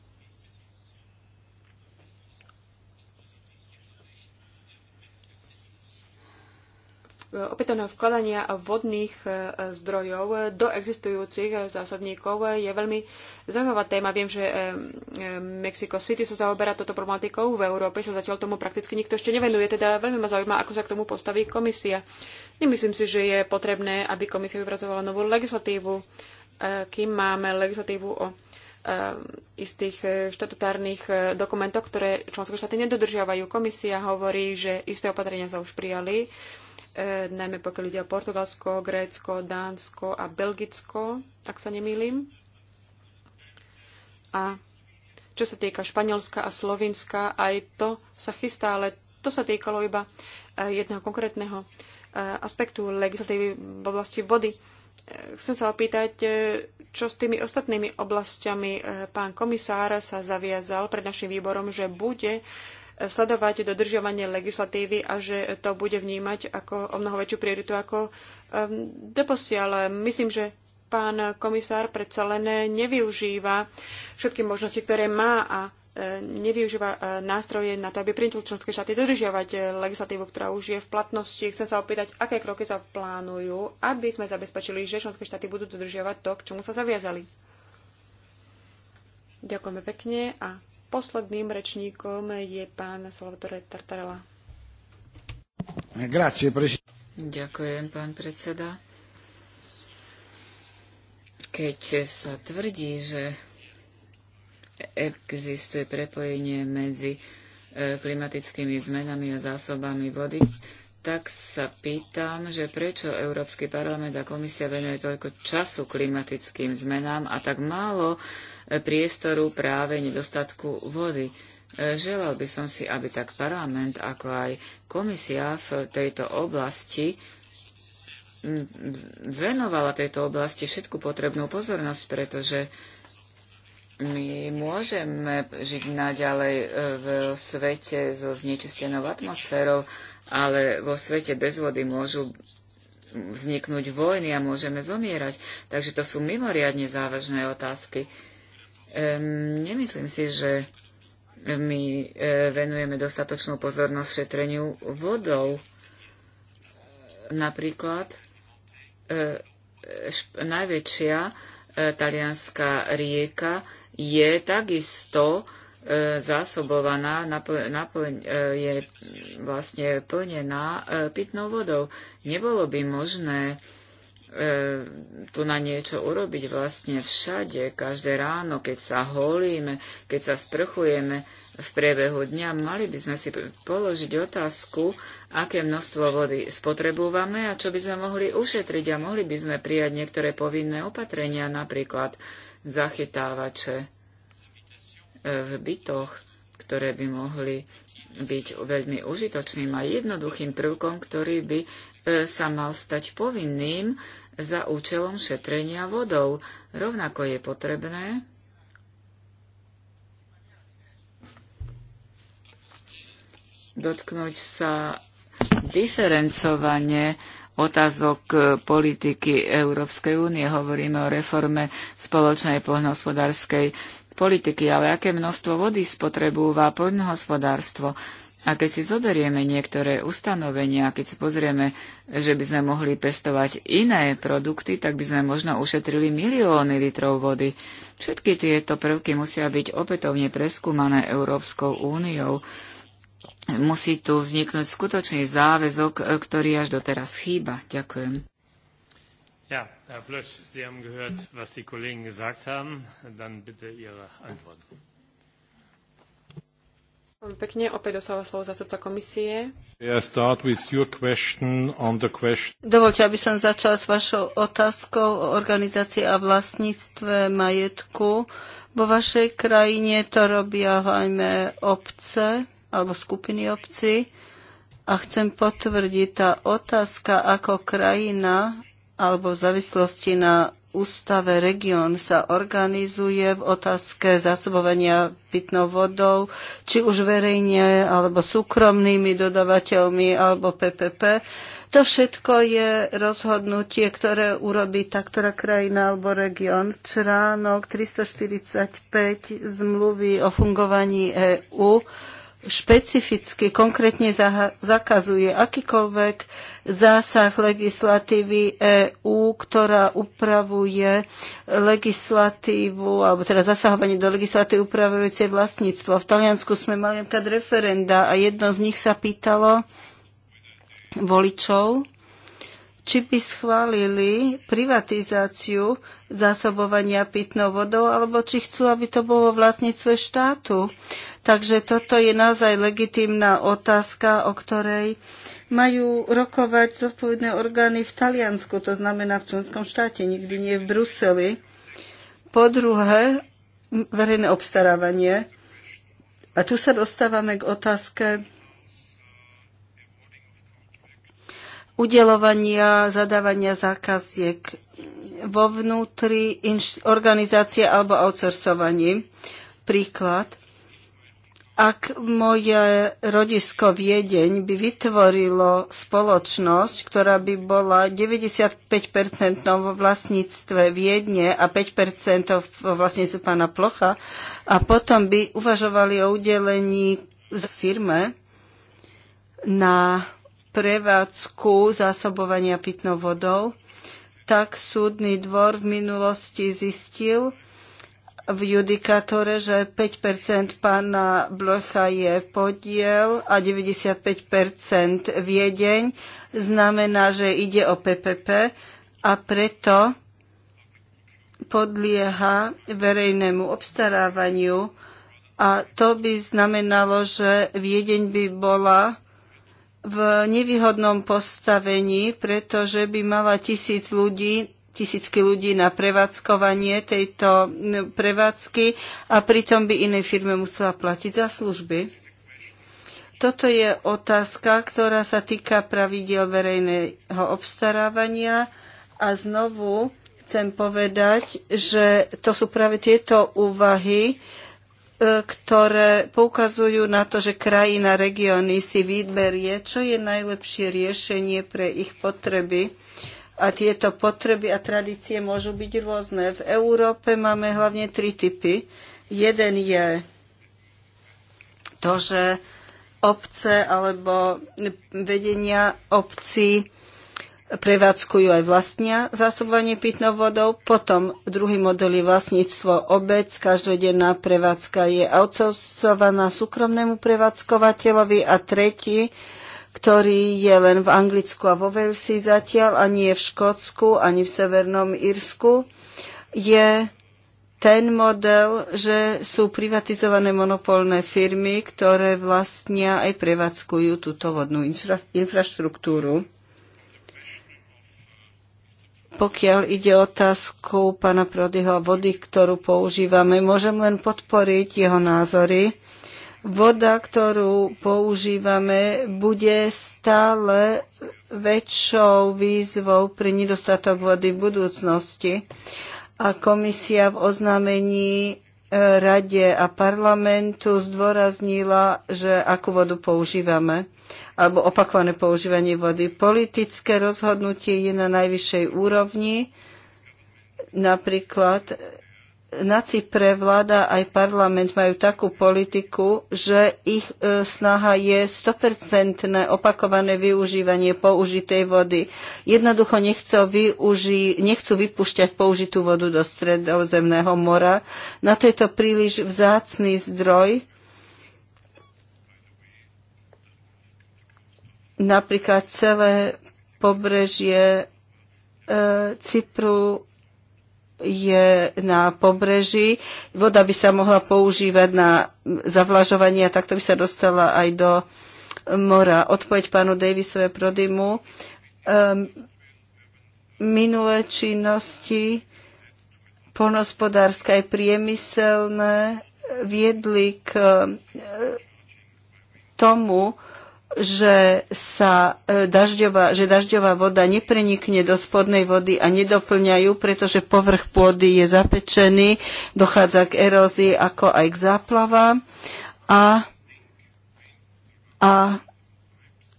opätovného vkladania vodných e, zdrojov do existujúcich e, zásobníkov je veľmi zaujímavá téma. Viem, že e, Mexico City sa zaoberá toto problematikou. V Európe sa zatiaľ tomu prakticky nikto ešte nevenuje. Teda veľmi ma zaujíma, ako sa k tomu postaví komisia. Nemyslím si, že je potrebné, aby komisia vypracovala novú legislatívu, kým máme legislatívu o istých štatutárnych dokumentov, ktoré členské štáty nedodržiavajú. Komisia hovorí, že isté opatrenia sa už prijali E, najmä pokiaľ ide o Portugalsko, Grécko, Dánsko a Belgicko, ak sa nemýlim. A čo sa týka Španielska a Slovinska, aj to sa chystá, ale to sa týkalo iba e, jedného konkrétneho e, aspektu legislatívy v oblasti vody. Chcem sa opýtať, čo s tými ostatnými oblastiami pán komisár sa zaviazal pred našim výborom, že bude sledovať dodržiavanie legislatívy a že to bude vnímať ako o mnoho väčšiu prioritu ako um, doposiaľ. Myslím, že pán komisár predsa len nevyužíva všetky možnosti, ktoré má a e, nevyužíva e, nástroje na to, aby prinútil členské štáty dodržiavať e, legislatívu, ktorá už je v platnosti. Chcem sa opýtať, aké kroky sa plánujú, aby sme zabezpečili, že členské štáty budú dodržiavať to, k čomu sa zaviazali. Ďakujeme pekne a Posledným rečníkom je pán Salvatore Tartarela. Grazie, Ďakujem, pán predseda. Keď sa tvrdí, že existuje prepojenie medzi e, klimatickými zmenami a zásobami vody, tak sa pýtam, že prečo Európsky parlament a komisia venuje toľko času klimatickým zmenám a tak málo priestoru práve nedostatku vody. E, želal by som si, aby tak parlament, ako aj komisia v tejto oblasti venovala tejto oblasti všetku potrebnú pozornosť, pretože my môžeme žiť naďalej e, v svete so znečistenou atmosférou, ale vo svete bez vody môžu vzniknúť vojny a môžeme zomierať. Takže to sú mimoriadne závažné otázky nemyslím si, že my e, venujeme dostatočnú pozornosť šetreniu vodou. Napríklad e, najväčšia e, talianská rieka je takisto zásobovaná, je vlastne plnená pitnou vodou. Nebolo by možné E, tu na niečo urobiť vlastne všade, každé ráno, keď sa holíme, keď sa sprchujeme v priebehu dňa, mali by sme si položiť otázku, aké množstvo vody spotrebujeme a čo by sme mohli ušetriť a mohli by sme prijať niektoré povinné opatrenia, napríklad zachytávače e, v bytoch, ktoré by mohli byť veľmi užitočným a jednoduchým prvkom, ktorý by e, sa mal stať povinným za účelom šetrenia vodou. Rovnako je potrebné dotknúť sa diferencovanie otázok e, politiky Európskej únie. Hovoríme o reforme spoločnej poľnohospodárskej politiky, ale aké množstvo vody spotrebúva poľnohospodárstvo. A keď si zoberieme niektoré ustanovenia, keď si pozrieme, že by sme mohli pestovať iné produkty, tak by sme možno ušetrili milióny litrov vody. Všetky tieto prvky musia byť opätovne preskúmané Európskou úniou. Musí tu vzniknúť skutočný záväzok, ktorý až doteraz chýba. Ďakujem. Ja, Herr Blösch, Sie haben gehört, was die Kollegen gesagt haben. Dann bitte Ihre Antworten pekne, opäť slovo komisie. Dovolte, aby som začal s vašou otázkou o organizácii a vlastníctve majetku. Vo vašej krajine to robia hlavne obce alebo skupiny obci. A chcem potvrdiť, tá otázka ako krajina alebo v závislosti na ústave región sa organizuje v otázke zásobovania pitnou vodou, či už verejne, alebo súkromnými dodavateľmi, alebo PPP. To všetko je rozhodnutie, ktoré urobí tá ktorá krajina alebo región. Článok 345 zmluvy o fungovaní EÚ špecificky, konkrétne zakazuje akýkoľvek zásah legislatívy EÚ, ktorá upravuje legislatívu, alebo teda zasahovanie do legislatívy upravujúcej vlastníctvo. V Taliansku sme mali napríklad referenda a jedno z nich sa pýtalo voličov, či by schválili privatizáciu zásobovania pitnou vodou, alebo či chcú, aby to bolo vlastníctve štátu. Takže toto je naozaj legitimná otázka, o ktorej majú rokovať zodpovedné orgány v Taliansku, to znamená v členskom štáte, nikdy nie v Bruseli. Po druhé, verejné obstarávanie. A tu sa dostávame k otázke udelovania, zadávania zákaziek vo vnútri organizácie alebo outsourcovaní. Príklad. Ak moje rodisko Viedeň by vytvorilo spoločnosť, ktorá by bola 95% vo vlastníctve Viedne a 5% vo vlastníctve pána Plocha a potom by uvažovali o udelení z firme na prevádzku zásobovania pitnou vodou, tak súdny dvor v minulosti zistil, v judikatore, že 5% pána Blocha je podiel a 95% Viedeň. Znamená, že ide o PPP a preto podlieha verejnému obstarávaniu a to by znamenalo, že Viedeň by bola v nevýhodnom postavení, pretože by mala tisíc ľudí tisícky ľudí na prevádzkovanie tejto prevádzky a pritom by inej firme musela platiť za služby? Toto je otázka, ktorá sa týka pravidiel verejného obstarávania a znovu chcem povedať, že to sú práve tieto úvahy, e, ktoré poukazujú na to, že krajina, regióny si vyberie, čo je najlepšie riešenie pre ich potreby a tieto potreby a tradície môžu byť rôzne. V Európe máme hlavne tri typy. Jeden je to, že obce alebo vedenia obcí prevádzkujú aj vlastnia zásobovanie pitnou vodou. Potom druhý model je vlastníctvo obec. Každodenná prevádzka je outsourcovaná súkromnému prevádzkovateľovi a tretí ktorý je len v Anglicku a vo Velsi zatiaľ, a nie v Škótsku, ani v Severnom Írsku, je ten model, že sú privatizované monopolné firmy, ktoré vlastnia aj prevádzkujú túto vodnú infra- infraštruktúru. Pokiaľ ide o otázku pána Prodyho vody, ktorú používame, môžem len podporiť jeho názory voda, ktorú používame, bude stále väčšou výzvou pre nedostatok vody v budúcnosti. A komisia v oznámení e, rade a parlamentu zdôraznila, že akú vodu používame, alebo opakované používanie vody. Politické rozhodnutie je na najvyššej úrovni. Napríklad na Cypre vláda aj parlament majú takú politiku, že ich e, snaha je 100% opakované využívanie použitej vody. Jednoducho nechcú, využi- nechcú vypúšťať použitú vodu do stredozemného mora. Na to je to príliš vzácný zdroj. Napríklad celé pobrežie e, Cypru je na pobreží. Voda by sa mohla používať na zavlažovanie a takto by sa dostala aj do mora. Odpoveď pánu Davisove Prodymu. Ehm, minulé činnosti polnospodárske aj priemyselné viedli k e, tomu, že, sa e, dažďová, že dažďová voda neprenikne do spodnej vody a nedoplňajú, pretože povrch pôdy je zapečený, dochádza k erózii ako aj k záplavám a, a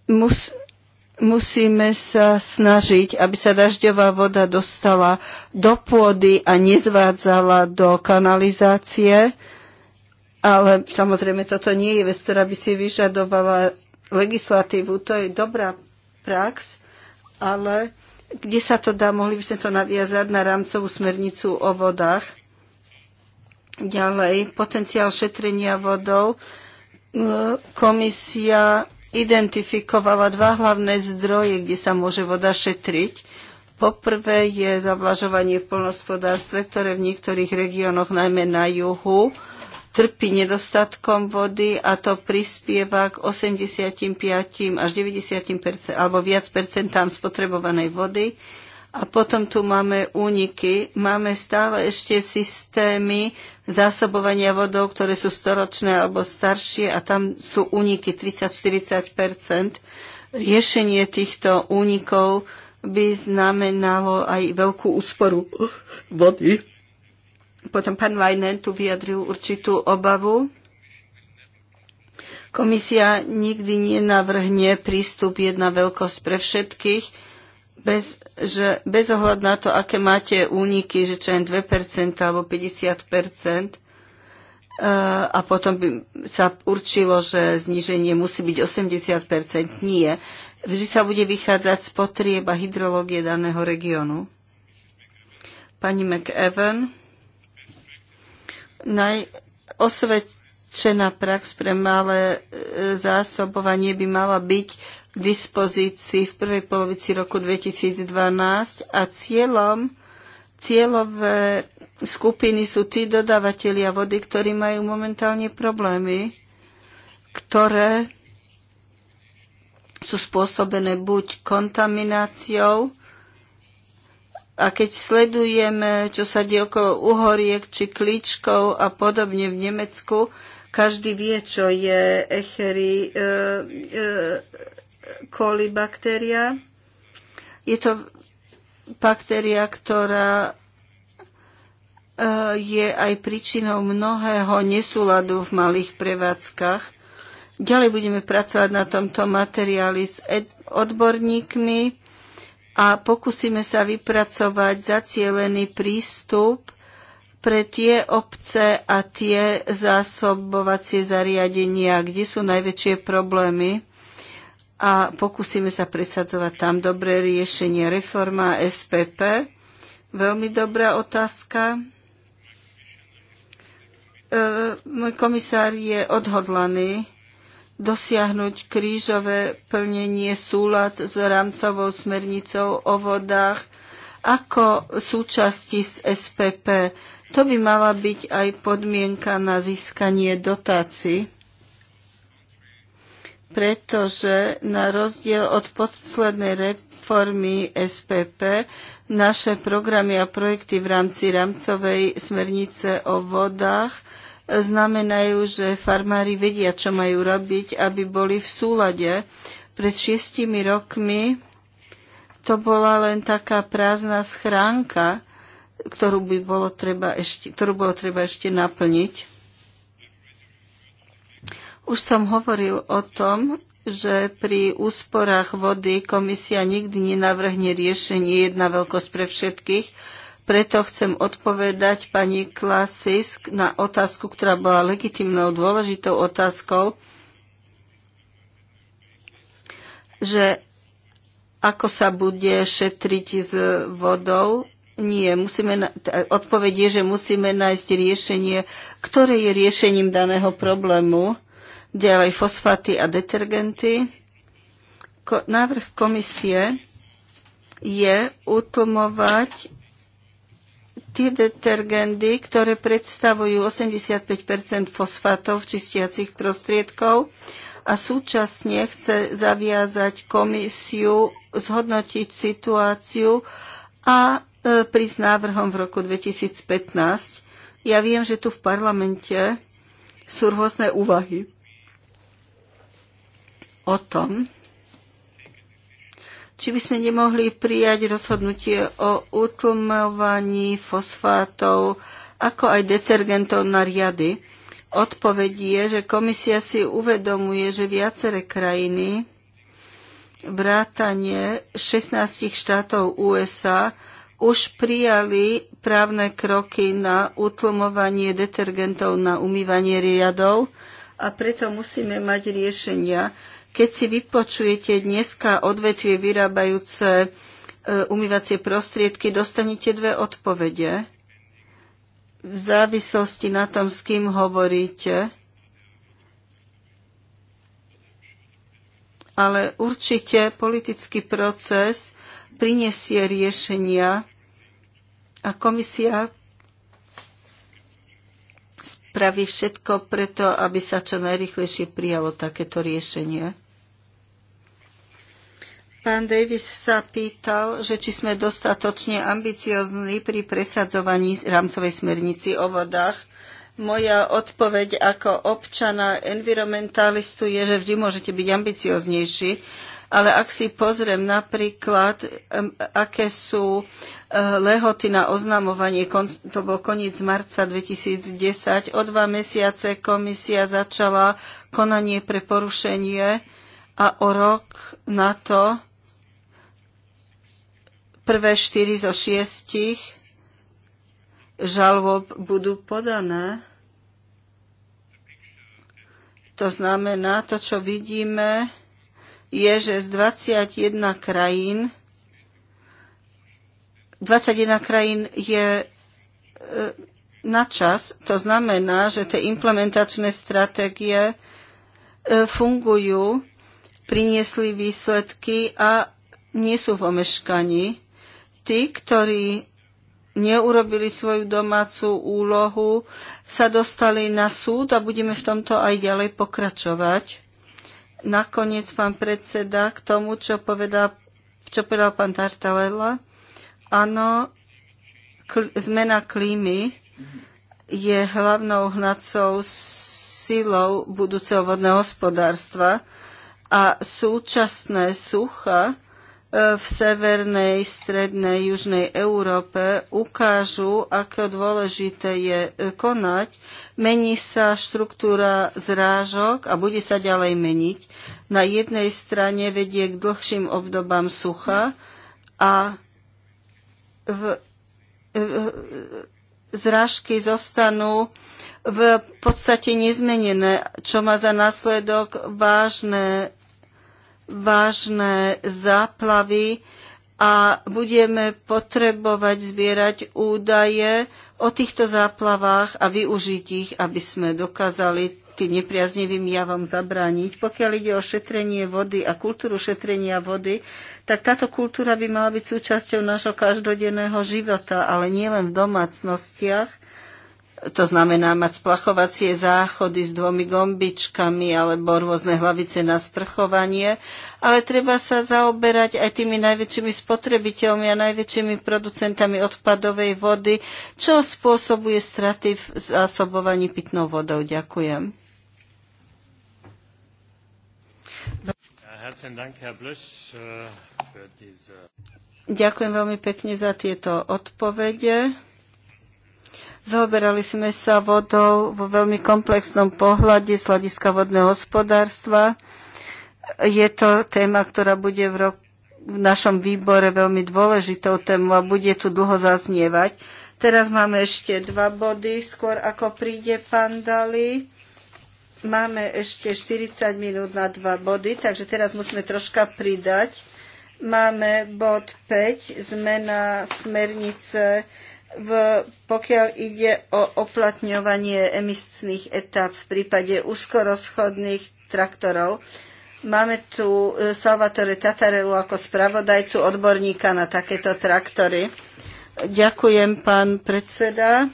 mus, musíme sa snažiť, aby sa dažďová voda dostala do pôdy a nezvádzala do kanalizácie. Ale samozrejme, toto nie je vec, ktorá by si vyžadovala legislatívu. To je dobrá prax, ale kde sa to dá, mohli by sme to naviazať na rámcovú smernicu o vodách. Ďalej, potenciál šetrenia vodou. Komisia identifikovala dva hlavné zdroje, kde sa môže voda šetriť. Poprvé je zavlažovanie v polnospodárstve, ktoré v niektorých regiónoch, najmä na juhu, trpí nedostatkom vody a to prispieva k 85 až 90 alebo viac percentám spotrebovanej vody. A potom tu máme úniky. Máme stále ešte systémy zásobovania vodou, ktoré sú storočné alebo staršie a tam sú úniky 30-40 Riešenie týchto únikov by znamenalo aj veľkú úsporu vody potom pán Leinen tu vyjadril určitú obavu. Komisia nikdy nenavrhne prístup jedna veľkosť pre všetkých, bez, že, bez ohľadu na to, aké máte úniky, že čo len 2% alebo 50%, a potom by sa určilo, že zníženie musí byť 80%. Nie. Vždy sa bude vychádzať z potrieba hydrológie daného regiónu. Pani McEwen. Najosvedčená prax pre malé e, zásobovanie by mala byť k dispozícii v prvej polovici roku 2012 a cieľom cieľové skupiny sú tí dodávateľia vody, ktorí majú momentálne problémy, ktoré sú spôsobené buď kontamináciou, a keď sledujeme, čo sa deje okolo uhoriek či klíčkov a podobne v Nemecku, každý vie, čo je Echery e, e, baktéria. Je to baktéria, ktorá e, je aj príčinou mnohého nesúladu v malých prevádzkach. Ďalej budeme pracovať na tomto materiáli s odborníkmi a pokúsime sa vypracovať zacielený prístup pre tie obce a tie zásobovacie zariadenia, kde sú najväčšie problémy a pokúsime sa predsadzovať tam dobré riešenie. Reforma SPP, veľmi dobrá otázka. E, môj komisár je odhodlaný dosiahnuť krížové plnenie súlad s rámcovou smernicou o vodách ako súčasti z SPP. To by mala byť aj podmienka na získanie dotácií, pretože na rozdiel od poslednej reformy SPP naše programy a projekty v rámci rámcovej smernice o vodách znamenajú, že farmári vedia, čo majú robiť, aby boli v súlade. Pred šiestimi rokmi to bola len taká prázdna schránka, ktorú, by bolo treba ešte, ktorú bolo treba ešte naplniť. Už som hovoril o tom, že pri úsporách vody komisia nikdy nenavrhne riešenie jedna veľkosť pre všetkých, preto chcem odpovedať pani Klasisk na otázku, ktorá bola legitimnou, dôležitou otázkou, že ako sa bude šetriť s vodou. Nie, musíme, odpoveď je, že musíme nájsť riešenie, ktoré je riešením daného problému. Ďalej fosfáty a detergenty. Ko, návrh komisie je utlmovať tie detergendy, ktoré predstavujú 85 fosfátov v čistiacich prostriedkov a súčasne chce zaviazať komisiu zhodnotiť situáciu a e, prísť návrhom v roku 2015. Ja viem, že tu v parlamente sú rôzne úvahy o tom, či by sme nemohli prijať rozhodnutie o utlmovaní fosfátov, ako aj detergentov na riady. Odpoveď je, že komisia si uvedomuje, že viaceré krajiny, vrátanie 16 štátov USA, už prijali právne kroky na utlmovanie detergentov na umývanie riadov a preto musíme mať riešenia, keď si vypočujete dneska odvetvie vyrábajúce e, umývacie prostriedky, dostanete dve odpovede. V závislosti na tom, s kým hovoríte, ale určite politický proces prinesie riešenia a komisia spraví všetko preto, aby sa čo najrychlejšie prijalo takéto riešenie. Pán Davis sa pýtal, že či sme dostatočne ambiciozní pri presadzovaní rámcovej smernici o vodách. Moja odpoveď ako občana environmentalistu je, že vždy môžete byť ambicioznejší, ale ak si pozriem napríklad, aké sú e, lehoty na oznamovanie, to bol koniec marca 2010, o dva mesiace komisia začala konanie pre porušenie a o rok na to prvé štyri zo šiestich žalob budú podané. To znamená, to, čo vidíme, je, že z 21 krajín 21 krajín je e, na čas. To znamená, že tie implementačné stratégie e, fungujú, priniesli výsledky a nie sú v omeškaní tí, ktorí neurobili svoju domácu úlohu, sa dostali na súd a budeme v tomto aj ďalej pokračovať. Nakoniec pán predseda k tomu, čo, povedal, čo povedal pán Tartalella. Áno, kl- zmena klímy je hlavnou hnacou silou budúceho vodného hospodárstva a súčasné sucha v severnej, strednej, južnej Európe ukážu, ako dôležité je e, konať. Mení sa štruktúra zrážok a bude sa ďalej meniť. Na jednej strane vedie k dlhším obdobám sucha a v, e, e, zrážky zostanú v podstate nezmenené, čo má za následok vážne vážne záplavy a budeme potrebovať zbierať údaje o týchto záplavách a využiť ich, aby sme dokázali tým nepriaznivým javom zabrániť. Pokiaľ ide o šetrenie vody a kultúru šetrenia vody, tak táto kultúra by mala byť súčasťou nášho každodenného života, ale nielen v domácnostiach, to znamená mať splachovacie záchody s dvomi gombičkami alebo rôzne hlavice na sprchovanie, ale treba sa zaoberať aj tými najväčšími spotrebiteľmi a najväčšími producentami odpadovej vody, čo spôsobuje straty v zásobovaní pitnou vodou. Ďakujem. Ďakujem veľmi pekne za tieto odpovede. Zaoberali sme sa vodou vo veľmi komplexnom pohľade z hľadiska vodného hospodárstva. Je to téma, ktorá bude v, rok, v našom výbore veľmi dôležitou témou a bude tu dlho zaznievať. Teraz máme ešte dva body, skôr ako príde pán Dali. Máme ešte 40 minút na dva body, takže teraz musíme troška pridať. Máme bod 5, zmena smernice v, pokiaľ ide o oplatňovanie emisných etap v prípade úzkorozchodných traktorov. Máme tu e, Salvatore Tatarelu ako spravodajcu odborníka na takéto traktory. Ďakujem, pán predseda.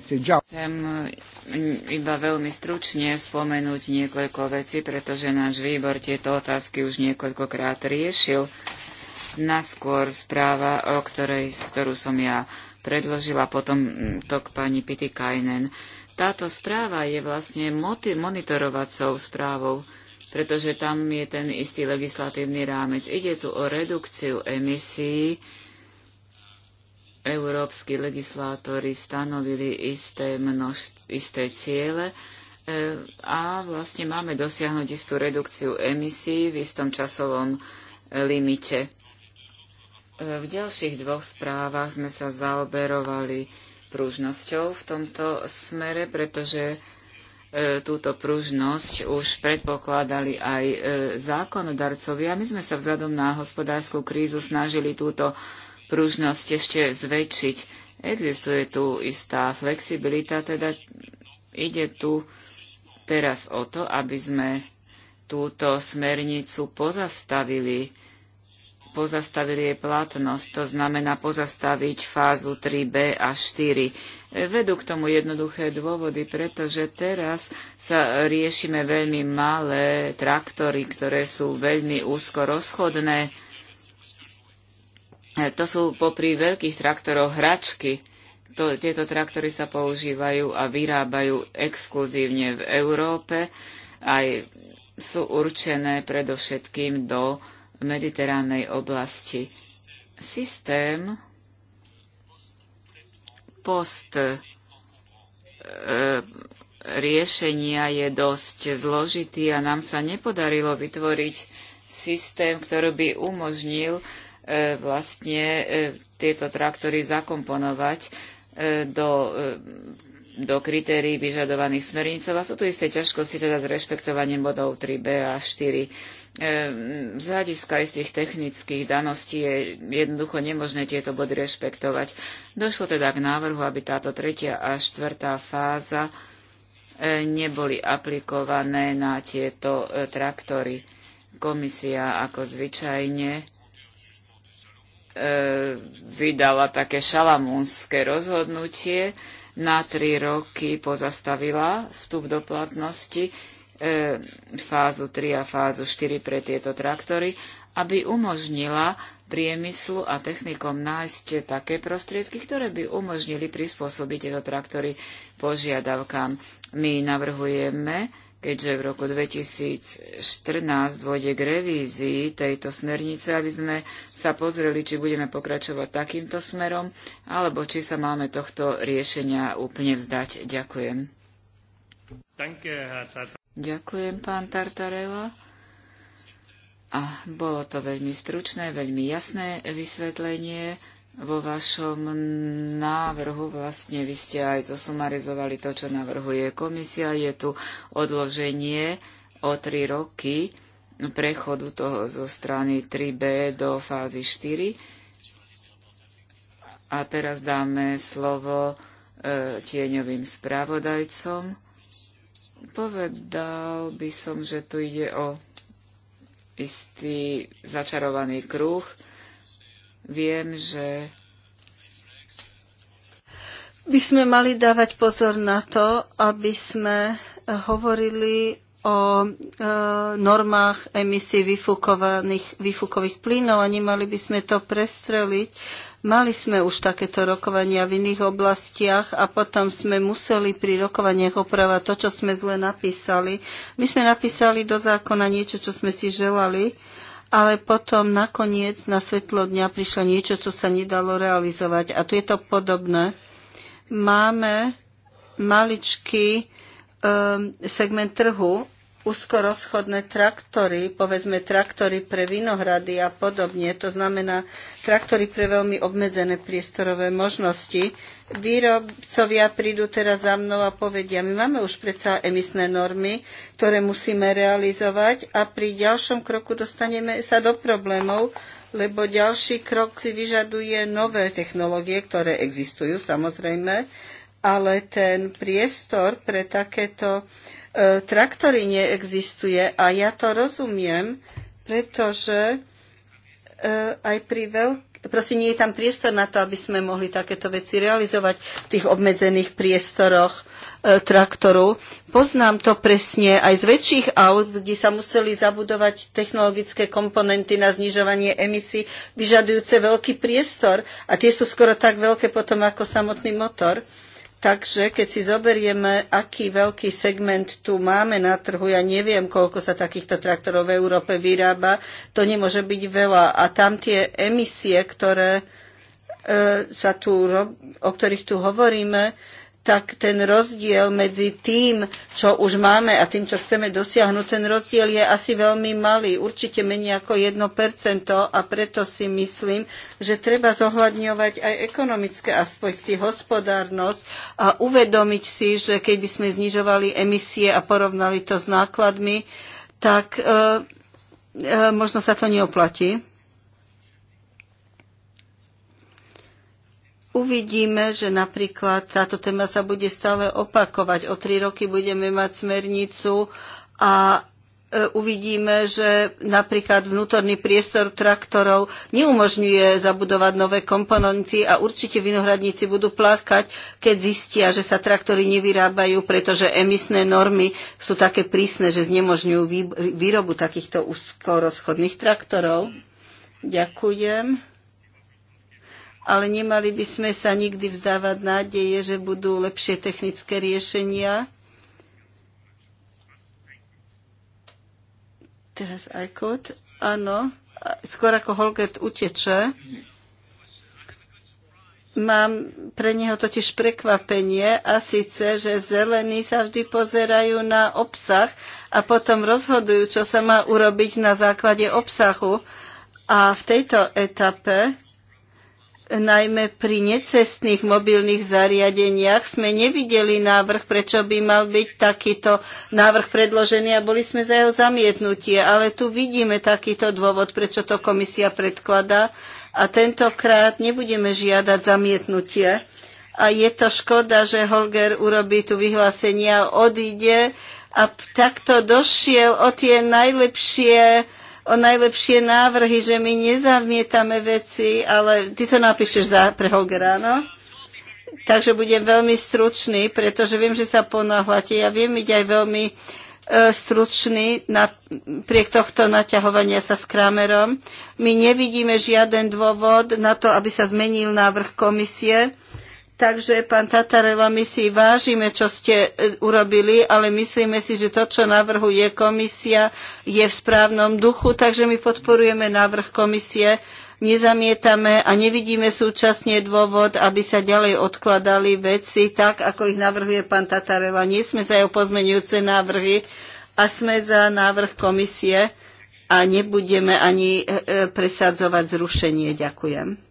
Chcem iba veľmi stručne spomenúť niekoľko vecí, pretože náš výbor tieto otázky už niekoľkokrát riešil. Naskôr správa, o ktorej, ktorú som ja predložila potom mm, to k pani Pity Kajnen. Táto správa je vlastne monitorovacou správou, pretože tam je ten istý legislatívny rámec. Ide tu o redukciu emisí. Európsky legislátori stanovili isté, množ, isté ciele e, a vlastne máme dosiahnuť istú redukciu emisí v istom časovom e, limite. V ďalších dvoch správach sme sa zaoberovali pružnosťou v tomto smere, pretože e, túto pružnosť už predpokladali aj e, zákonodarcovia. My sme sa vzhľadom na hospodárskú krízu snažili túto pružnosť ešte zväčšiť. Existuje tu istá flexibilita, teda ide tu teraz o to, aby sme túto smernicu pozastavili pozastavili jej platnosť, to znamená pozastaviť fázu 3b a 4. Vedú k tomu jednoduché dôvody, pretože teraz sa riešime veľmi malé traktory, ktoré sú veľmi úzko rozchodné. To sú popri veľkých traktoroch hračky. To, tieto traktory sa používajú a vyrábajú exkluzívne v Európe. Aj sú určené predovšetkým do mediteránnej oblasti. Systém post e, riešenia je dosť zložitý a nám sa nepodarilo vytvoriť systém, ktorý by umožnil e, vlastne e, tieto traktory zakomponovať e, do, e, do kritérií vyžadovaných smernicov. A sú tu isté ťažkosti teda s rešpektovaním bodov 3b a 4. Ehm, z hľadiska istých technických daností je jednoducho nemožné tieto body rešpektovať. Došlo teda k návrhu, aby táto tretia a štvrtá fáza e, neboli aplikované na tieto e, traktory. Komisia ako zvyčajne e, vydala také šalamúnske rozhodnutie, na tri roky pozastavila vstup do platnosti E, fázu 3 a fázu 4 pre tieto traktory, aby umožnila priemyslu a technikom nájsť také prostriedky, ktoré by umožnili prispôsobiť tieto traktory požiadavkám. My navrhujeme, keďže v roku 2014 dôjde k revízii tejto smernice, aby sme sa pozreli, či budeme pokračovať takýmto smerom, alebo či sa máme tohto riešenia úplne vzdať. Ďakujem. Ďakujem, pán Tartarela. A bolo to veľmi stručné, veľmi jasné vysvetlenie. Vo vašom návrhu vlastne vy ste aj zosumarizovali to, čo navrhuje komisia. Je tu odloženie o tri roky prechodu toho zo strany 3B do fázy 4. A teraz dáme slovo e, tieňovým spravodajcom. Povedal by som, že tu ide o istý začarovaný kruh. Viem, že by sme mali dávať pozor na to, aby sme hovorili o e, normách emisí vyfukovaných, vyfukových plynov a nemali by sme to prestreliť, Mali sme už takéto rokovania v iných oblastiach a potom sme museli pri rokovaniach opravať to, čo sme zle napísali. My sme napísali do zákona niečo, čo sme si želali, ale potom nakoniec na svetlo dňa prišlo niečo, čo sa nedalo realizovať. A tu je to podobné. Máme maličký um, segment trhu úzkorozchodné traktory, povedzme traktory pre vinohrady a podobne, to znamená traktory pre veľmi obmedzené priestorové možnosti. Výrobcovia prídu teraz za mnou a povedia, my máme už predsa emisné normy, ktoré musíme realizovať a pri ďalšom kroku dostaneme sa do problémov, lebo ďalší krok vyžaduje nové technológie, ktoré existujú samozrejme, ale ten priestor pre takéto uh, E, traktory neexistuje a ja to rozumiem, pretože e, aj pri veľk... Proste nie je tam priestor na to, aby sme mohli takéto veci realizovať v tých obmedzených priestoroch e, traktoru. Poznám to presne aj z väčších aut, kde sa museli zabudovať technologické komponenty na znižovanie emisí, vyžadujúce veľký priestor a tie sú skoro tak veľké potom ako samotný motor. Takže keď si zoberieme, aký veľký segment tu máme na trhu, ja neviem, koľko sa takýchto traktorov v Európe vyrába, to nemôže byť veľa. A tam tie emisie, ktoré e, sa tu, o ktorých tu hovoríme, tak ten rozdiel medzi tým, čo už máme a tým, čo chceme dosiahnuť, ten rozdiel je asi veľmi malý, určite menej ako 1% a preto si myslím, že treba zohľadňovať aj ekonomické aspekty, hospodárnosť a uvedomiť si, že keď by sme znižovali emisie a porovnali to s nákladmi, tak e, e, možno sa to neoplatí. Uvidíme, že napríklad táto téma sa bude stále opakovať. O tri roky budeme mať smernicu a e, uvidíme, že napríklad vnútorný priestor traktorov neumožňuje zabudovať nové komponenty a určite vinohradníci budú plakať, keď zistia, že sa traktory nevyrábajú, pretože emisné normy sú také prísne, že znemožňujú výrobu takýchto úzkorozchodných traktorov. Ďakujem ale nemali by sme sa nikdy vzdávať nádeje, že budú lepšie technické riešenia. Teraz aj kód. Áno, skôr ako Holget uteče. Mám pre neho totiž prekvapenie a síce, že zelení sa vždy pozerajú na obsah a potom rozhodujú, čo sa má urobiť na základe obsahu. A v tejto etape najmä pri necestných mobilných zariadeniach sme nevideli návrh, prečo by mal byť takýto návrh predložený a boli sme za jeho zamietnutie. Ale tu vidíme takýto dôvod, prečo to komisia predkladá a tentokrát nebudeme žiadať zamietnutie. A je to škoda, že Holger urobí tu vyhlásenie a odíde a takto došiel o tie najlepšie o najlepšie návrhy, že my nezamietame veci, ale ty to napíšeš za pre Hogera, no? Takže budem veľmi stručný, pretože viem, že sa ponáhľate. Ja viem byť aj veľmi e, stručný napriek tohto naťahovania sa s Kramerom. My nevidíme žiaden dôvod na to, aby sa zmenil návrh komisie Takže, pán Tatarela, my si vážime, čo ste e, urobili, ale myslíme si, že to, čo navrhuje komisia, je v správnom duchu, takže my podporujeme návrh komisie, nezamietame a nevidíme súčasne dôvod, aby sa ďalej odkladali veci tak, ako ich navrhuje pán Tatarela. Nie sme za jeho pozmenujúce návrhy a sme za návrh komisie a nebudeme ani e, e, presadzovať zrušenie. Ďakujem.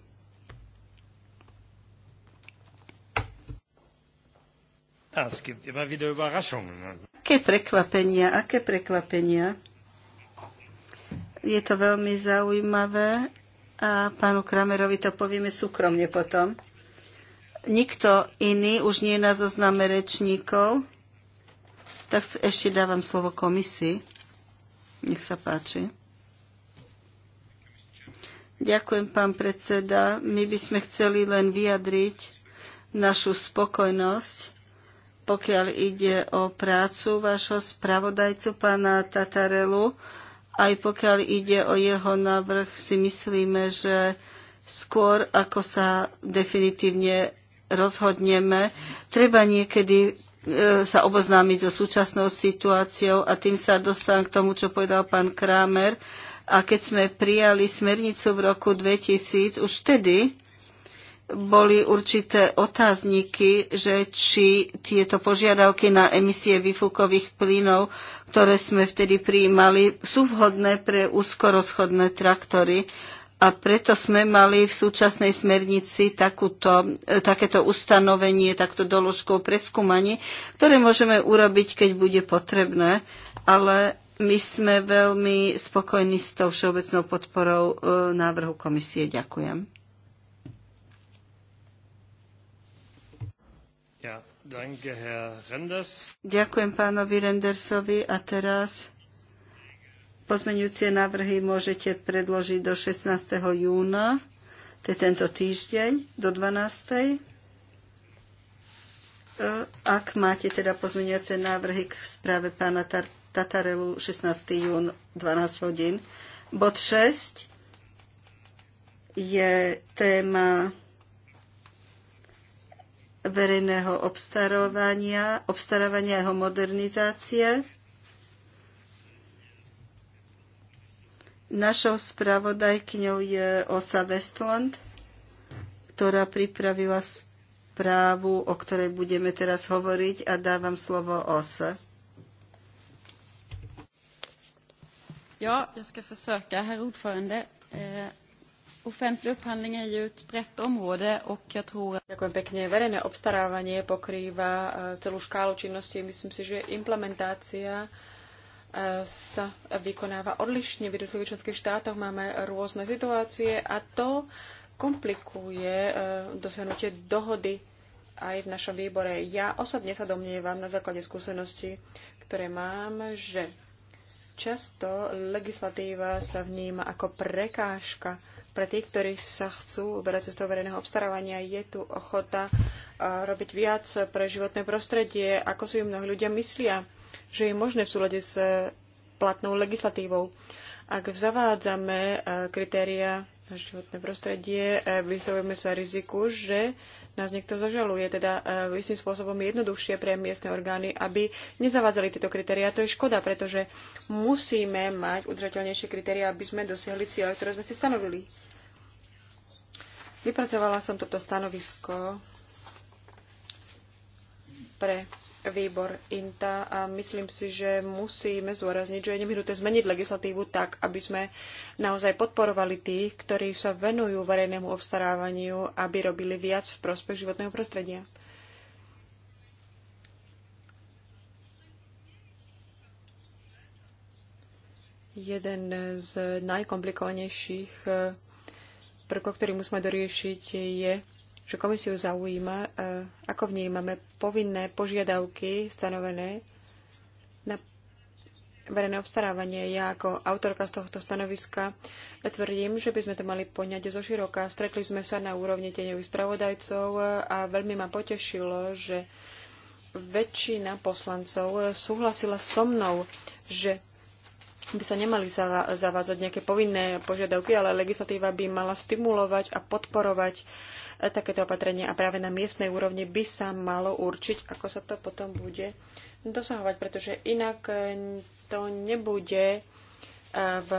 Ah, es gibt immer wieder Überraschungen. Aké prekvapenia, aké prekvapenia. Je to veľmi zaujímavé a pánu Kramerovi to povieme súkromne potom. Nikto iný už nie je na zozname rečníkov, tak ešte dávam slovo komisii. Nech sa páči. Ďakujem, pán predseda. My by sme chceli len vyjadriť našu spokojnosť pokiaľ ide o prácu vášho spravodajcu pána Tatarelu, aj pokiaľ ide o jeho návrh, si myslíme, že skôr ako sa definitívne rozhodneme, treba niekedy e, sa oboznámiť so súčasnou situáciou a tým sa dostávam k tomu, čo povedal pán Kramer. A keď sme prijali smernicu v roku 2000, už vtedy boli určité otázniky, že či tieto požiadavky na emisie výfukových plynov, ktoré sme vtedy prijímali, sú vhodné pre úzkorozchodné traktory. A preto sme mali v súčasnej smernici takúto, e, takéto ustanovenie, takto o preskúmaní, ktoré môžeme urobiť, keď bude potrebné. Ale my sme veľmi spokojní s tou všeobecnou podporou e, návrhu komisie. Ďakujem. Ďakujem pánovi Rendersovi a teraz pozmeňujúce návrhy môžete predložiť do 16. júna, to je tento týždeň, do 12. E, ak máte teda pozmeňujúce návrhy k správe pána Tatarelu 16. jún 12 hodín. Bod 6 je téma verejného obstarávania, obstarávania a jeho modernizácie. Našou spravodajkňou je Osa Westland, ktorá pripravila správu, o ktorej budeme teraz hovoriť a dávam slovo Ose. Ja, ja ska försöka, er herr ordförande. Eh... Offentlig upphandling är ju ett brett område och jag tror... Ďakujem pekne. Verejné obstarávanie pokrýva eh, celú škálu činností. Myslím si, že implementácia eh, sa vykonáva odlišne. V jednotlivých členských štátoch máme rôzne situácie a to komplikuje eh, dosiahnutie dohody aj v našom výbore. Ja osobne sa domnievam na základe skúseností, ktoré mám, že často legislatíva sa vníma ako prekážka pre tých, ktorí sa chcú uberať toho verejného obstarávania, je tu ochota e, robiť viac pre životné prostredie, ako si mnohí ľudia myslia, že je možné v súlade s e, platnou legislatívou. Ak zavádzame e, kritéria na životné prostredie, vystavujeme sa riziku, že nás niekto zažaluje. Teda uh, istým spôsobom je jednoduchšie pre miestne orgány, aby nezavádzali tieto kritéria. To je škoda, pretože musíme mať udržateľnejšie kritéria, aby sme dosiahli cieľe, ktoré sme si stanovili. Vypracovala som toto stanovisko pre výbor INTA a myslím si, že musíme zdôrazniť, že je nevyhnuté zmeniť legislatívu tak, aby sme naozaj podporovali tých, ktorí sa venujú verejnému obstarávaniu, aby robili viac v prospech životného prostredia. Jeden z najkomplikovanejších eh, prvkov, ktorý musíme doriešiť, je že komisiu zaujíma, e, ako vnímame povinné požiadavky stanovené na verejné obstarávanie. Ja ako autorka z tohto stanoviska tvrdím, že by sme to mali poňať zo široka. Stretli sme sa na úrovni teňových spravodajcov a veľmi ma potešilo, že väčšina poslancov súhlasila so mnou, že by sa nemali zavádzať nejaké povinné požiadavky, ale legislatíva by mala stimulovať a podporovať e, takéto opatrenia a práve na miestnej úrovni by sa malo určiť, ako sa to potom bude dosahovať, pretože inak e, to nebude e, v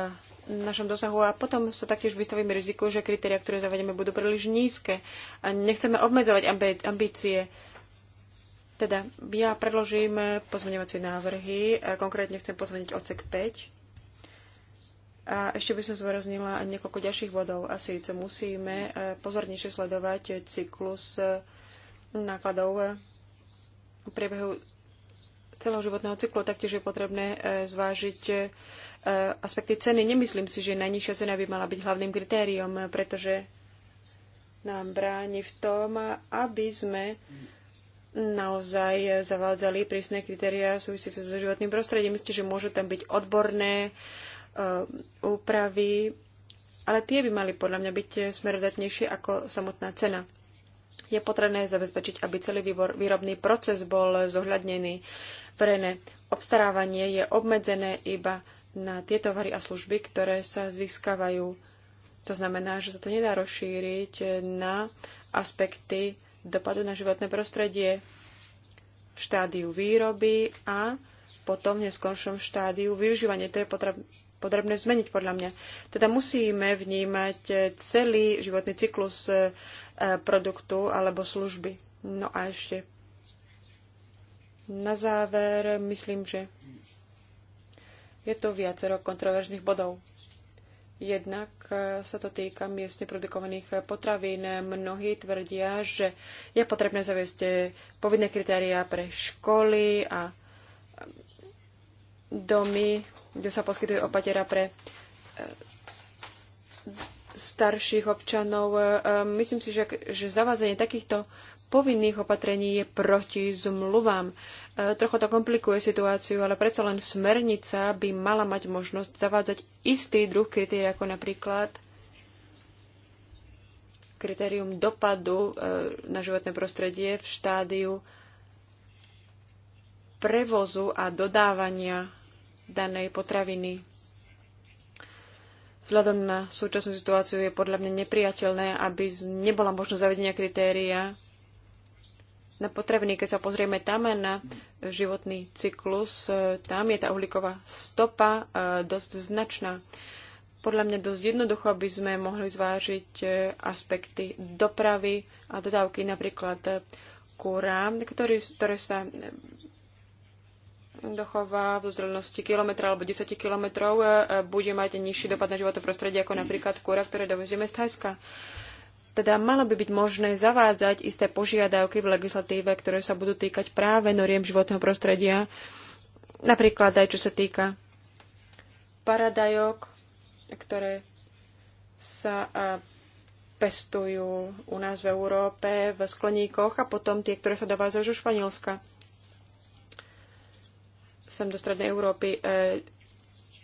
našom dosahu a potom sa taktiež vystavíme riziku, že kritéria, ktoré zavedieme, budú príliš nízke a nechceme obmedzovať ambície teda ja predložím pozmeňovacie návrhy. Konkrétne chcem pozmeniť odsek 5. A ešte by som zvoraznila niekoľko ďalších bodov. A síce musíme e, pozornejšie sledovať cyklus e, nákladov e, v priebehu celého životného cyklu. Taktiež je potrebné zvážiť aspekty ceny. Nemyslím si, že najnižšia cena by mala byť hlavným kritériom, pretože nám bráni v tom, aby sme naozaj zavádzali prísne kritéria súvisiace so životným prostredím. Myslím, že môže tam byť odborné Eh, úpravy, ale tie by mali podľa mňa byť smerodatnejšie ako samotná cena. Je potrebné zabezpečiť, aby celý výbor, výrobný proces bol zohľadnený. Verejné obstarávanie je obmedzené iba na tie tovary a služby, ktoré sa získavajú. To znamená, že sa to nedá rozšíriť na aspekty dopadu na životné prostredie v štádiu výroby a potom v neskončnom štádiu využívania. To je, potrebné zmeniť podľa mňa. Teda musíme vnímať celý životný cyklus e, produktu alebo služby. No a ešte na záver myslím, že je to viacero kontroverzných bodov. Jednak e, sa to týka miestne produkovaných potravín. Mnohí tvrdia, že je potrebné zaviesť e, povinné kritériá pre školy a domy kde sa poskytuje opatera pre e, starších občanov. E, e, myslím si, že, že zavádzanie takýchto povinných opatrení je proti zmluvám. Trochu to komplikuje situáciu, ale predsa len smernica by mala mať možnosť zavádzať istý druh kritérií, ako napríklad kritérium dopadu na životné prostredie v štádiu prevozu a dodávania danej potraviny. Vzhľadom na súčasnú situáciu je podľa mňa nepriateľné, aby nebola možnosť zavedenia kritéria na potraviny. Keď sa pozrieme tam na životný cyklus, e, tam je tá uhlíková stopa e, dosť značná. Podľa mňa dosť jednoducho by sme mohli zvážiť e, aspekty dopravy a dodávky napríklad kúra, ktoré, ktoré sa dochová vzdialenosti kilometra alebo 10 kilometrov e, e, bude mať nižší dopad na životné prostredie ako napríklad kura, ktoré dovezieme z Thajska. Teda malo by byť možné zavádzať isté požiadavky v legislatíve, ktoré sa budú týkať práve noriem životného prostredia, napríklad aj čo sa týka paradajok, ktoré sa e, pestujú u nás v Európe v skleníkoch a potom tie, ktoré sa dovázajú zo Španielska sem do Strednej Európy. E,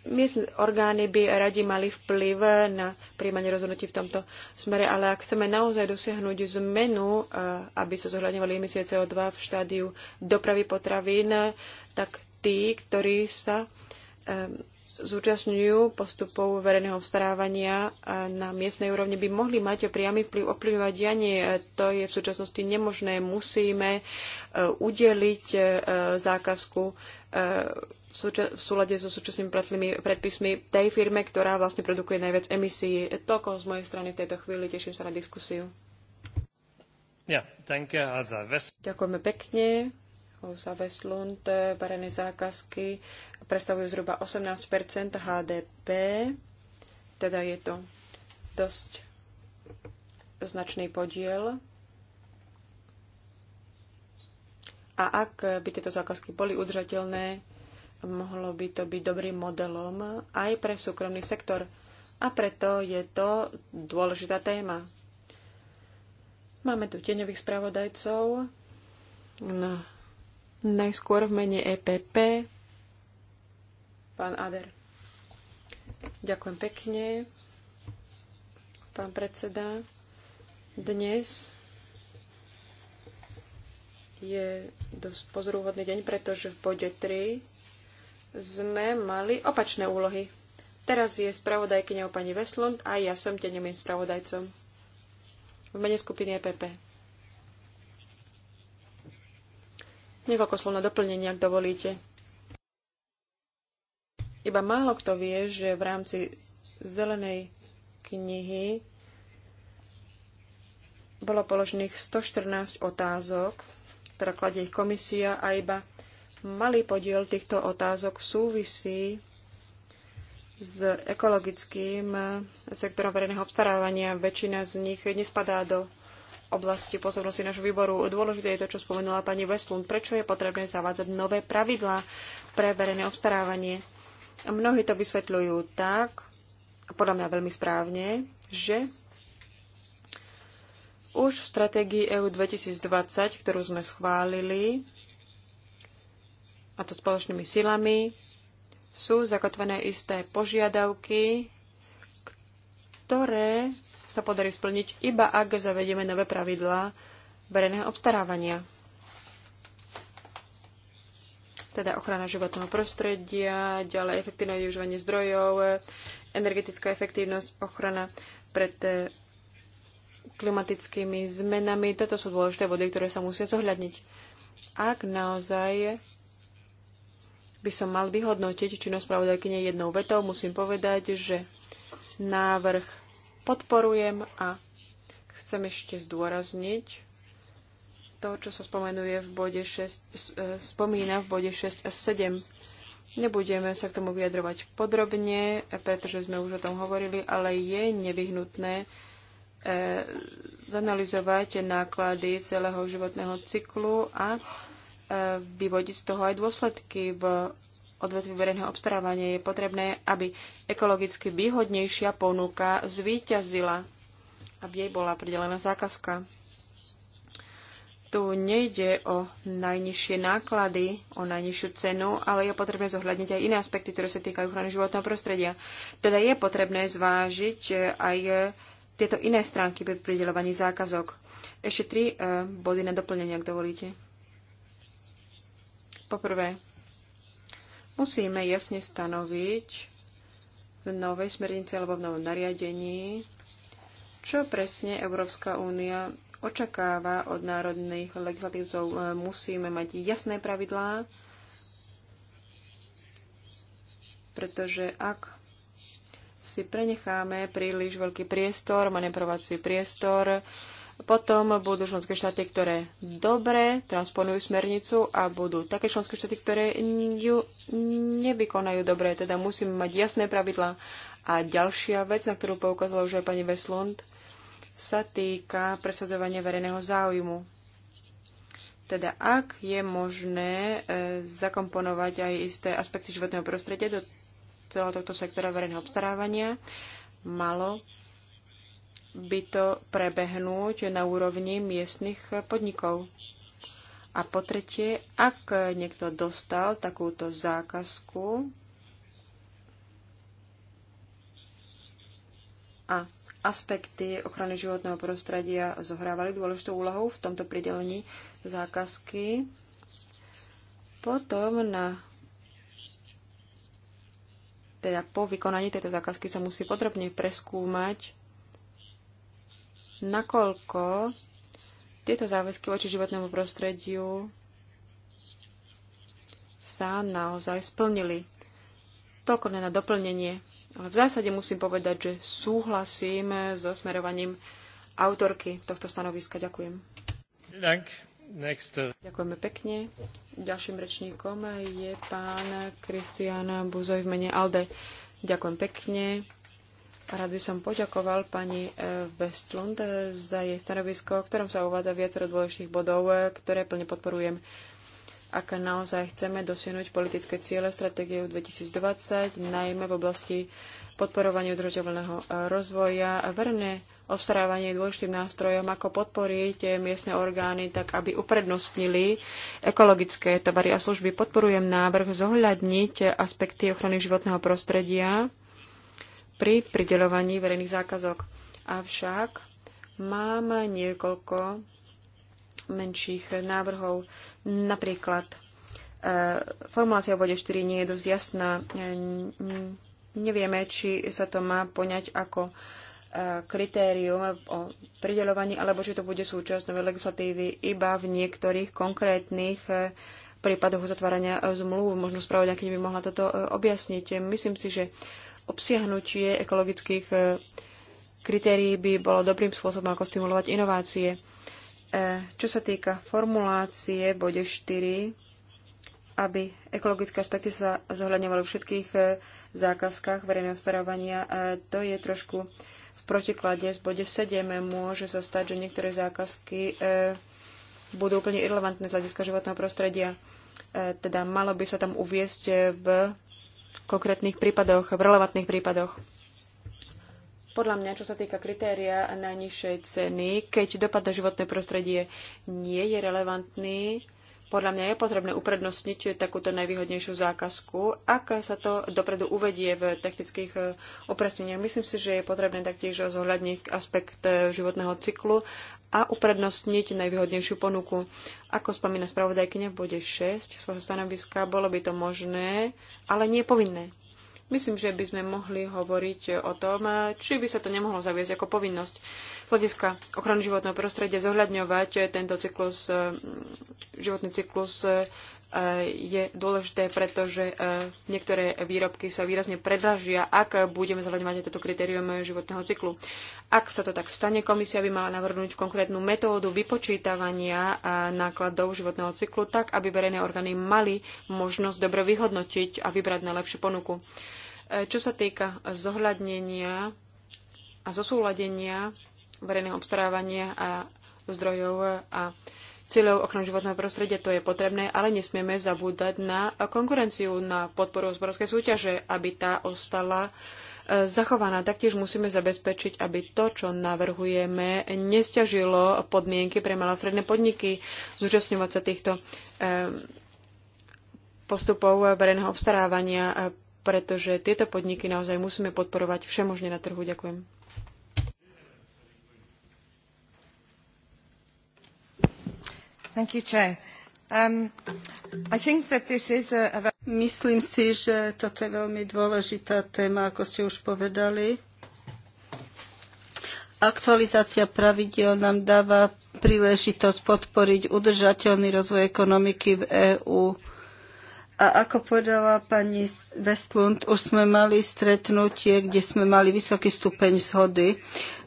miestne orgány by radi mali vplyv na príjmanie rozhodnutí v tomto smere, ale ak chceme naozaj dosiahnuť zmenu, e, aby sa zohľadňovali emisie CO2 v štádiu dopravy potravín, tak tí, ktorí sa e, zúčastňujú postupov verejného vstarávania na miestnej úrovni, by mohli mať priamy vplyv ovplyvňovať dianie. To je v súčasnosti nemožné. Musíme udeliť zákazku v súlade so súčasnými predpismi tej firme, ktorá vlastne produkuje najviac emisí. Toľko z mojej strany v tejto chvíli. Teším sa na diskusiu. Ďakujeme pekne. za Westlund, verejné zákazky predstavujú zhruba 18 HDP, teda je to dosť značný podiel. A ak by tieto zákazky boli udržateľné, mohlo by to byť dobrým modelom aj pre súkromný sektor. A preto je to dôležitá téma. Máme tu tieňových spravodajcov. No. Najskôr v mene EPP. Pán Ader. Ďakujem pekne. Pán predseda. Dnes je dosť pozorúhodný deň, pretože v bode 3 sme mali opačné úlohy. Teraz je spravodajkyňou pani Veslund a ja som tenemým spravodajcom v mene skupiny EPP. Niekoľko slov na doplnenie, ak dovolíte. Iba málo kto vie, že v rámci zelenej knihy bolo položených 114 otázok ktorá kladie ich komisia a iba malý podiel týchto otázok súvisí s ekologickým sektorom verejného obstarávania. Väčšina z nich nespadá do oblasti pozornosti nášho výboru. Dôležité je to, čo spomenula pani Westlund. Prečo je potrebné zavádzať nové pravidlá pre verejné obstarávanie? Mnohí to vysvetľujú tak, podľa mňa veľmi správne, že už v stratégii EU 2020, ktorú sme schválili, a to spoločnými silami, sú zakotvené isté požiadavky, ktoré sa podarí splniť iba ak zavedieme nové pravidlá verejného obstarávania. Teda ochrana životného prostredia, ďalej efektívne využívanie zdrojov, energetická efektívnosť, ochrana pred klimatickými zmenami. Toto sú dôležité body, ktoré sa musia zohľadniť. Ak naozaj by som mal vyhodnotiť činnosť spravodajkyne jednou vetou, musím povedať, že návrh podporujem a chcem ešte zdôrazniť to, čo sa spomenuje v bode 6, e, spomína v bode 6 a 7. Nebudeme sa k tomu vyjadrovať podrobne, pretože sme už o tom hovorili, ale je nevyhnutné E, zanalizovať náklady celého životného cyklu a e, vyvodiť z toho aj dôsledky v odvetvi verejného obstarávania. Je potrebné, aby ekologicky výhodnejšia ponuka zvíťazila, aby jej bola pridelená zákazka. Tu nejde o najnižšie náklady, o najnižšiu cenu, ale je potrebné zohľadniť aj iné aspekty, ktoré sa týkajú ochrany životného prostredia. Teda je potrebné zvážiť e, aj tieto iné stránky pri pridelovaní zákazok. Ešte tri e, body na doplnenie, ak dovolíte. Poprvé, musíme jasne stanoviť v novej smernici alebo v novom nariadení, čo presne Európska únia očakáva od národných legislatívcov. E, musíme mať jasné pravidlá, pretože ak si prenecháme príliš veľký priestor, manevrovací priestor. Potom budú členské štáty, ktoré dobre transponujú smernicu a budú také členské štáty, ktoré ju nevykonajú dobre. Teda musíme mať jasné pravidlá. A ďalšia vec, na ktorú poukázala už aj pani Veslund, sa týka presadzovania verejného záujmu. Teda ak je možné e, zakomponovať aj isté aspekty životného prostredia do celého tohto sektora verejného obstarávania. Malo by to prebehnúť na úrovni miestnych podnikov. A po tretie, ak niekto dostal takúto zákazku a aspekty ochrany životného prostredia zohrávali dôležitú úlohu v tomto pridelení zákazky, potom na teda po vykonaní tejto zákazky sa musí podrobne preskúmať, nakoľko tieto záväzky voči životnému prostrediu sa naozaj splnili. Toľko na doplnenie. Ale v zásade musím povedať, že súhlasím so smerovaním autorky tohto stanoviska. Ďakujem. Ďakujem. Next. Ďakujeme pekne. Ďalším rečníkom je pán Kristián Buzoj v mene Alde. Ďakujem pekne. Rád by som poďakoval pani eh, Westlund za jej stanovisko, v ktorom sa uvádza viacero dôležitých bodov, ktoré plne podporujem. Ak naozaj chceme dosiahnuť politické ciele stratégie 2020, najmä v oblasti podporovania udržateľného eh, rozvoja, verejné Obstarávanie dôležitým nástrojom, ako podporiť miestne orgány, tak aby uprednostnili ekologické tovary a služby. Podporujem návrh zohľadniť aspekty ochrany životného prostredia pri prideľovaní verejných zákazok. Avšak mám niekoľko menších návrhov. Napríklad e, formulácia v bode 4 nie je dosť jasná. E, nevieme, či sa to má poňať ako kritérium o prideľovaní, alebo či to bude súčasť novej legislatívy iba v niektorých konkrétnych e, prípadoch uzatvárania e, zmluv. Možno spravodňa, keď by mohla toto e, objasniť. Myslím si, že obsiahnutie ekologických kritérií by bolo dobrým spôsobom, ako stimulovať inovácie. Čo sa týka formulácie bode 4, aby ekologické aspekty sa zohľadňovali v všetkých zákazkách verejného starovania, to je trošku v protiklade z bode 7 môže sa stať, že niektoré zákazky e, budú úplne irrelevantné z hľadiska životného prostredia. E, teda malo by sa tam uviesť e, v konkrétnych prípadoch, v relevantných prípadoch. Podľa mňa, čo sa týka kritéria najnižšej ceny, keď dopad na životné prostredie nie je relevantný, podľa mňa je potrebné uprednostniť takúto najvýhodnejšiu zákazku, ak sa to dopredu uvedie v technických e, opresneniach. Myslím si, že je potrebné taktiež zohľadniť aspekt e, životného cyklu a uprednostniť najvýhodnejšiu ponuku. Ako spomína spravodajkyňa v bode 6 svojho stanoviska, bolo by to možné, ale nie povinné. Myslím, že by sme mohli hovoriť o tom, e, či by sa to nemohlo zaviesť ako povinnosť. Z hľadiska ochrany životného prostredia zohľadňovať eh, tento cyklus, eh, mm, životný cyklus eh, je dôležité, pretože niektoré výrobky sa výrazne predražia, ak budeme zohľadňovať toto kritérium životného cyklu. Ak sa to tak stane, komisia by mala navrhnúť konkrétnu metódu vypočítavania nákladov životného cyklu tak, aby verejné orgány mali možnosť dobre vyhodnotiť a vybrať najlepšiu ponuku. Čo sa týka zohľadnenia a zosúladenia verejného obstarávania a zdrojov a cieľov ochrany životného prostredia, to je potrebné, ale nesmieme zabúdať na konkurenciu, na podporu hospodárskej súťaže, aby tá ostala e, zachovaná. Taktiež musíme zabezpečiť, aby to, čo navrhujeme, nestiažilo podmienky pre malé stredné podniky zúčastňovať sa týchto e, postupov verejného obstarávania, e, pretože tieto podniky naozaj musíme podporovať všemožne na trhu. Ďakujem. Um, Myslím si, že toto je veľmi dôležitá téma, ako ste už povedali. Aktualizácia pravidel nám dáva príležitosť podporiť udržateľný rozvoj ekonomiky v EÚ. A ako povedala pani Westlund, už sme mali stretnutie, kde sme mali vysoký stupeň zhody.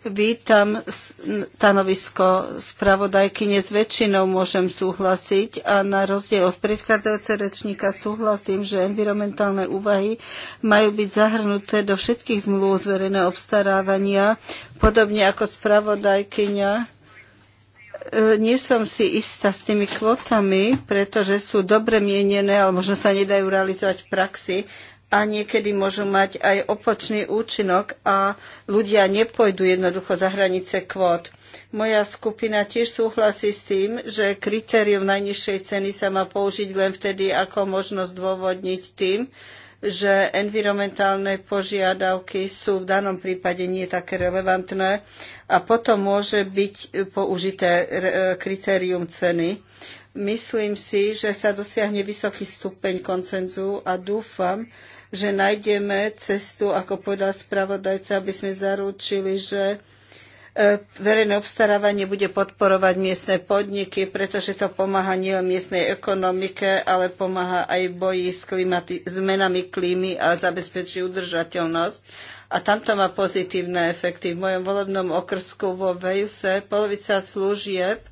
Vítam stanovisko spravodajkyne s väčšinou môžem súhlasiť a na rozdiel od predchádzajúceho rečníka súhlasím, že environmentálne úvahy majú byť zahrnuté do všetkých zmluv z verejného obstarávania, podobne ako spravodajkyňa. E, nie som si istá s tými kvotami, pretože sú dobre mienené, ale možno sa nedajú realizovať v praxi, a niekedy môžu mať aj opočný účinok a ľudia nepôjdu jednoducho za hranice kvót. Moja skupina tiež súhlasí s tým, že kritérium najnižšej ceny sa má použiť len vtedy ako možnosť dôvodniť tým, že environmentálne požiadavky sú v danom prípade nie také relevantné a potom môže byť použité e, kritérium ceny. Myslím si, že sa dosiahne vysoký stupeň koncenzu a dúfam, že nájdeme cestu, ako povedal spravodajca, aby sme zaručili, že e, verejné obstarávanie bude podporovať miestne podniky, pretože to pomáha nielen miestnej ekonomike, ale pomáha aj boji s klimati- zmenami klímy a zabezpečí udržateľnosť. A tamto má pozitívne efekty. V mojom volebnom okrsku vo Vejse polovica služieb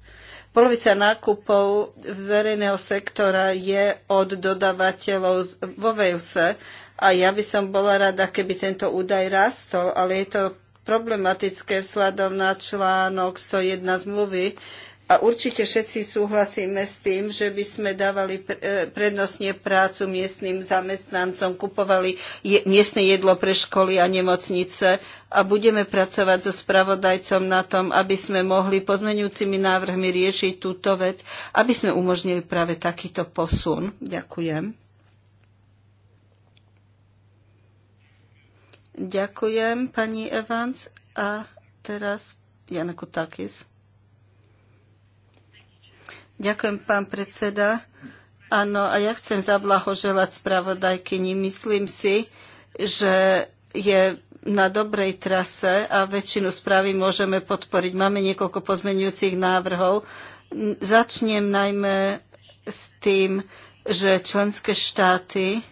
Polovica nákupov verejného sektora je od dodávateľov vo Vejse a ja by som bola rada, keby tento údaj rastol, ale je to problematické vzhľadom na článok 101 zmluvy, a určite všetci súhlasíme s tým, že by sme dávali e, prednostne prácu miestnym zamestnancom, kupovali je, miestne jedlo pre školy a nemocnice a budeme pracovať so spravodajcom na tom, aby sme mohli pozmeňujúcimi návrhmi riešiť túto vec, aby sme umožnili práve takýto posun. Ďakujem. Ďakujem, pani Evans. A teraz Jana Kutakis. Ďakujem, pán predseda. Áno, a ja chcem zablahoželať spravodajkyni. Myslím si, že je na dobrej trase a väčšinu správy môžeme podporiť. Máme niekoľko pozmenujúcich návrhov. Začnem najmä s tým, že členské štáty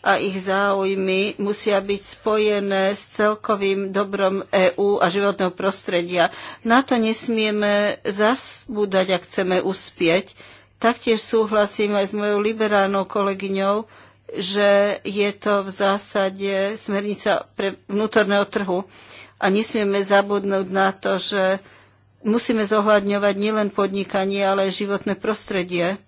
a ich záujmy musia byť spojené s celkovým dobrom EÚ a životného prostredia. Na to nesmieme zasbúdať, ak chceme uspieť. Taktiež súhlasím aj s mojou liberálnou kolegyňou, že je to v zásade smernica pre vnútorného trhu. A nesmieme zabudnúť na to, že musíme zohľadňovať nielen podnikanie, ale aj životné prostredie.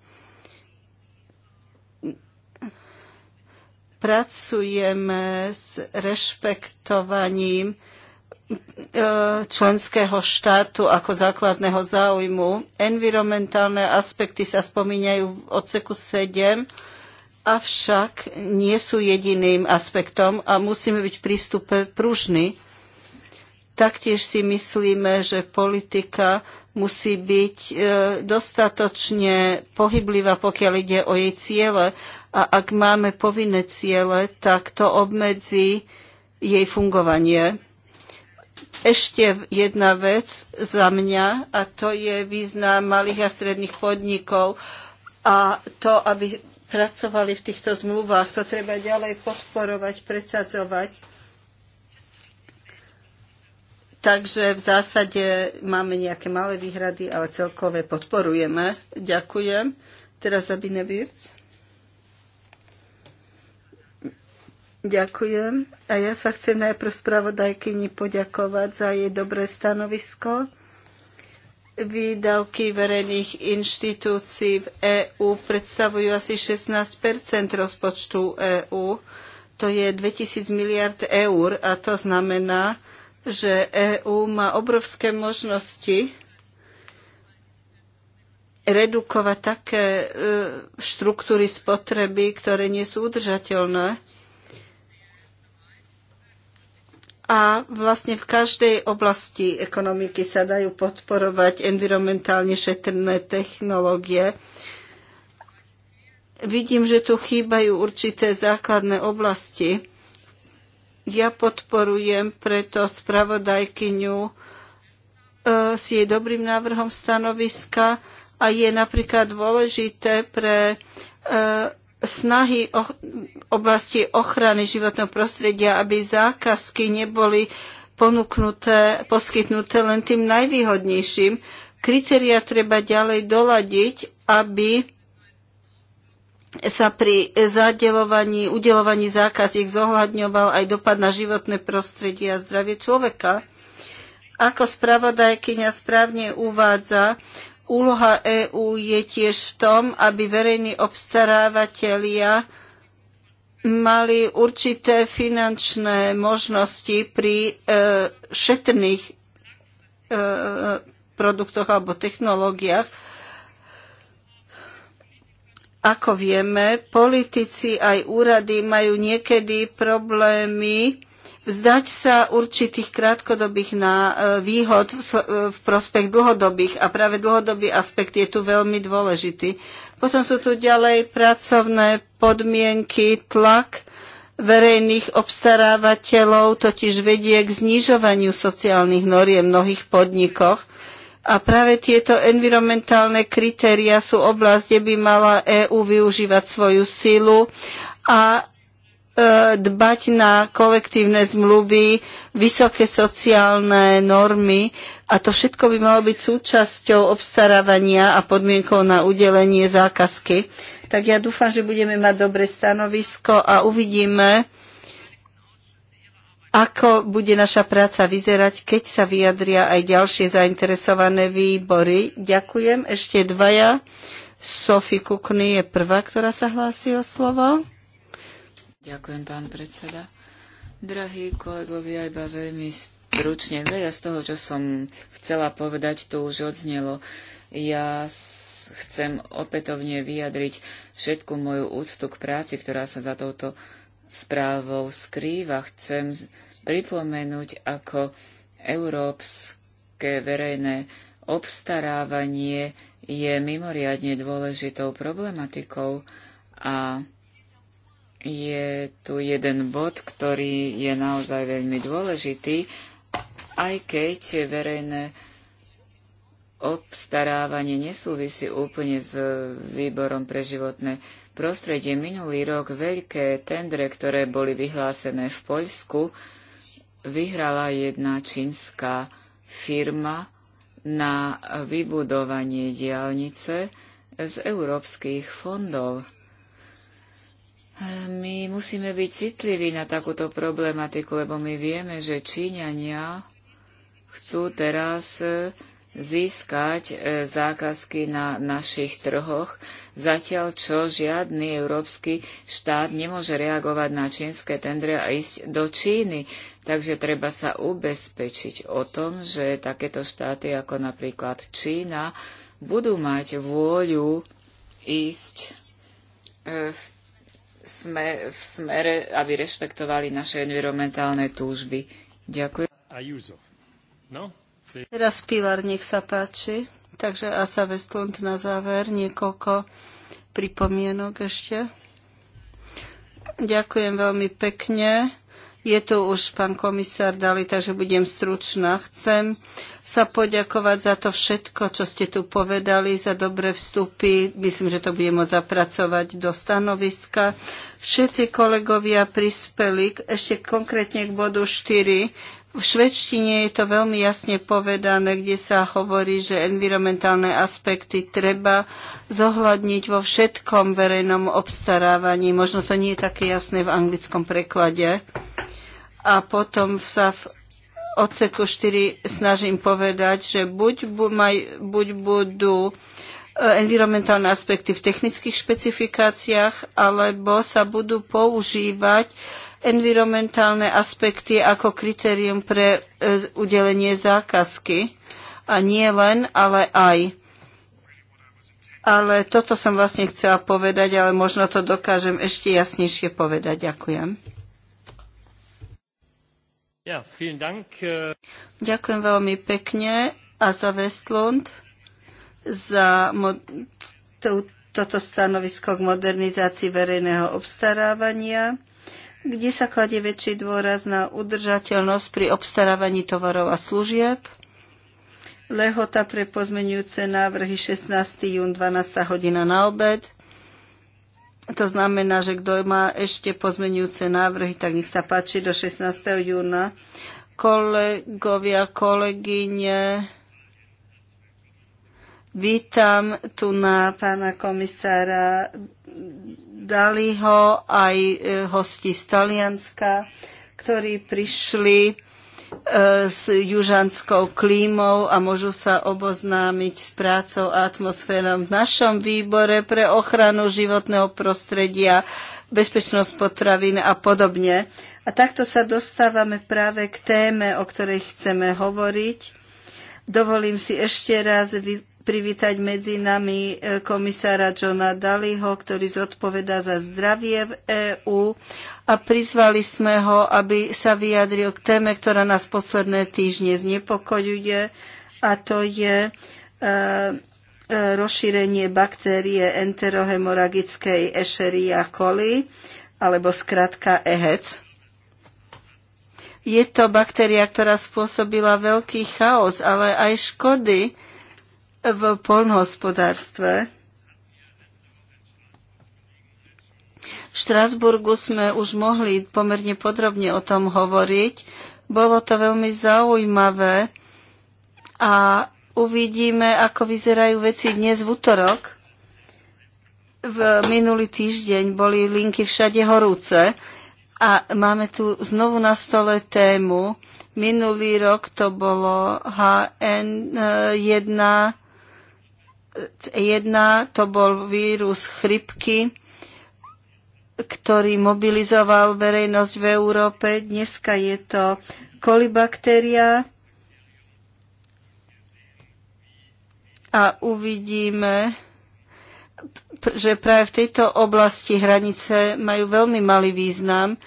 pracujeme s rešpektovaním e, členského štátu ako základného záujmu. Environmentálne aspekty sa spomínajú v odseku 7, avšak nie sú jediným aspektom a musíme byť v prístupe pružní. Taktiež si myslíme, že politika musí byť e, dostatočne pohyblivá, pokiaľ ide o jej ciele a ak máme povinné ciele, tak to obmedzí jej fungovanie. Ešte jedna vec za mňa, a to je význam malých a stredných podnikov a to, aby pracovali v týchto zmluvách. To treba ďalej podporovať, presadzovať. Takže v zásade máme nejaké malé výhrady, ale celkové podporujeme. Ďakujem. Teraz Zabine Birc. Ďakujem. A ja sa chcem najprv spravodajkyni poďakovať za jej dobré stanovisko. Výdavky verejných inštitúcií v EÚ predstavujú asi 16 rozpočtu EÚ. To je 2000 miliard eur a to znamená, že EÚ má obrovské možnosti redukovať také e, štruktúry spotreby, ktoré nie sú udržateľné. a vlastne v každej oblasti ekonomiky sa dajú podporovať environmentálne šetrné technológie. Vidím, že tu chýbajú určité základné oblasti. Ja podporujem preto spravodajkyňu e, s jej dobrým návrhom stanoviska a je napríklad dôležité pre e, snahy o oblasti ochrany životného prostredia, aby zákazky neboli ponúknuté, poskytnuté len tým najvýhodnejším. Kritéria treba ďalej doladiť, aby sa pri zadelovaní, udelovaní zákaziek zohľadňoval aj dopad na životné prostredie a zdravie človeka. Ako spravodajkyňa správne uvádza, Úloha EÚ je tiež v tom, aby verejní obstarávateľia mali určité finančné možnosti pri e, šetrných e, produktoch alebo technológiách. Ako vieme, politici aj úrady majú niekedy problémy vzdať sa určitých krátkodobých na e, výhod e, v prospech dlhodobých a práve dlhodobý aspekt je tu veľmi dôležitý. Potom sú tu ďalej pracovné podmienky, tlak verejných obstarávateľov totiž vedie k znižovaniu sociálnych noriem v mnohých podnikoch. A práve tieto environmentálne kritéria sú oblasť, kde by mala EÚ využívať svoju silu a E, dbať na kolektívne zmluvy, vysoké sociálne normy a to všetko by malo byť súčasťou obstarávania a podmienkou na udelenie zákazky. Tak ja dúfam, že budeme mať dobré stanovisko a uvidíme, ako bude naša práca vyzerať, keď sa vyjadria aj ďalšie zainteresované výbory. Ďakujem ešte dvaja. Sophie Kukny je prvá, ktorá sa hlási o slovo. Ďakujem, pán predseda. Drahí kolegovia, iba veľmi stručne. Veľa z toho, čo som chcela povedať, tu už odznelo. Ja chcem opätovne vyjadriť všetku moju úctu k práci, ktorá sa za touto správou skrýva. Chcem pripomenúť, ako európske verejné obstarávanie je mimoriadne dôležitou problematikou a je tu jeden bod, ktorý je naozaj veľmi dôležitý, aj keď verejné obstarávanie nesúvisí úplne s výborom pre životné prostredie. Minulý rok veľké tendre, ktoré boli vyhlásené v Poľsku, vyhrala jedna čínska firma na vybudovanie diálnice z európskych fondov. My musíme byť citliví na takúto problematiku, lebo my vieme, že Číňania chcú teraz e, získať e, zákazky na našich trhoch, zatiaľ čo žiadny európsky štát nemôže reagovať na čínske tendre a ísť do Číny. Takže treba sa ubezpečiť o tom, že takéto štáty ako napríklad Čína budú mať vôľu ísť e, v sme v smere, aby rešpektovali naše environmentálne túžby. Ďakujem. No? Teraz Pilar, nech sa páči. Takže Asa Vestlund na záver niekoľko pripomienok ešte. Ďakujem veľmi pekne je tu už pán komisár Dali, takže budem stručná. Chcem sa poďakovať za to všetko, čo ste tu povedali, za dobré vstupy. Myslím, že to budem môcť zapracovať do stanoviska. Všetci kolegovia prispeli ešte konkrétne k bodu 4, v švedštine je to veľmi jasne povedané, kde sa hovorí, že environmentálne aspekty treba zohľadniť vo všetkom verejnom obstarávaní. Možno to nie je také jasné v anglickom preklade a potom sa v odseku 4 snažím povedať, že buď, maj, buď budú e, environmentálne aspekty v technických špecifikáciách, alebo sa budú používať environmentálne aspekty ako kritérium pre e, udelenie zákazky. A nie len, ale aj. Ale toto som vlastne chcela povedať, ale možno to dokážem ešte jasnejšie povedať. Ďakujem. Ja, vielen Dank. Äh, Ďakujem veľmi pekne a za Westlund za toto stanovisko k modernizácii verejného obstarávania, kde sa kladie väčší dôraz na udržateľnosť pri obstarávaní tovarov a služieb. Lehota pre pozmenujúce návrhy 16. jún 12. hodina na obed. To znamená, že kto má ešte pozmenujúce návrhy, tak nech sa páči do 16. júna. Kolegovia, kolegyne, vítam tu na pána komisára Daliho aj hosti z Talianska, ktorí prišli E, s južanskou klímou a môžu sa oboznámiť s prácou a atmosférou v našom výbore pre ochranu životného prostredia, bezpečnosť potravín a podobne. A takto sa dostávame práve k téme, o ktorej chceme hovoriť. Dovolím si ešte raz privítať medzi nami e, komisára Johna Daliho, ktorý zodpovedá za zdravie v EÚ a prizvali sme ho, aby sa vyjadril k téme, ktorá nás posledné týždne znepokojuje a to je e, e, rozšírenie baktérie enterohemoragickej Escherichia coli alebo skratka EHEC. Je to baktéria, ktorá spôsobila veľký chaos, ale aj škody v poľnohospodárstve V Štrasburgu sme už mohli pomerne podrobne o tom hovoriť. Bolo to veľmi zaujímavé a uvidíme, ako vyzerajú veci dnes v útorok. V minulý týždeň boli linky všade horúce a máme tu znovu na stole tému. Minulý rok to bolo HN1, 1 to bol vírus chrypky ktorý mobilizoval verejnosť v Európe. Dneska je to kolibaktéria a uvidíme, že práve v tejto oblasti hranice majú veľmi malý význam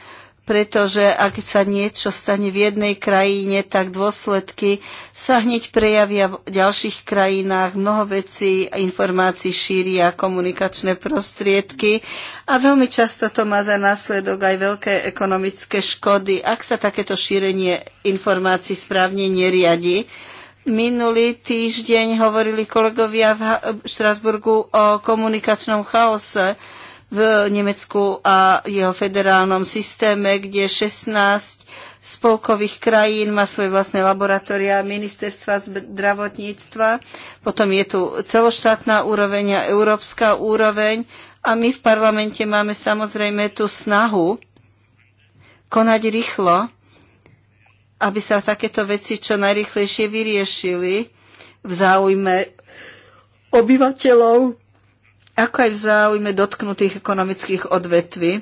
pretože ak sa niečo stane v jednej krajine, tak dôsledky sa hneď prejavia v ďalších krajinách. Mnoho vecí a informácií šíria komunikačné prostriedky a veľmi často to má za následok aj veľké ekonomické škody, ak sa takéto šírenie informácií správne neriadi. Minulý týždeň hovorili kolegovia v Štrasburgu o komunikačnom chaose v Nemecku a jeho federálnom systéme, kde 16 spolkových krajín má svoje vlastné laboratória ministerstva zdravotníctva. Potom je tu celoštátna úroveň a európska úroveň. A my v parlamente máme samozrejme tú snahu konať rýchlo, aby sa takéto veci čo najrychlejšie vyriešili v záujme obyvateľov ako aj v záujme dotknutých ekonomických odvetví.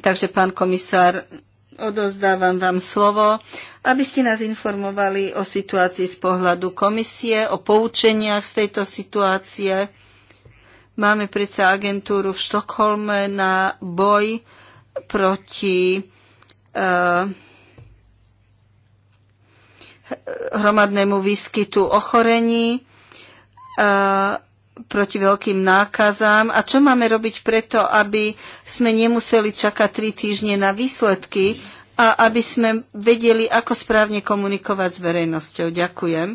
Takže, pán komisár, odozdávam vám slovo, aby ste nás informovali o situácii z pohľadu komisie, o poučeniach z tejto situácie. Máme predsa agentúru v Štokholme na boj proti uh, hromadnému výskytu ochorení. Uh, proti veľkým nákazám a čo máme robiť preto, aby sme nemuseli čakať tri týždne na výsledky a aby sme vedeli, ako správne komunikovať s verejnosťou. Ďakujem.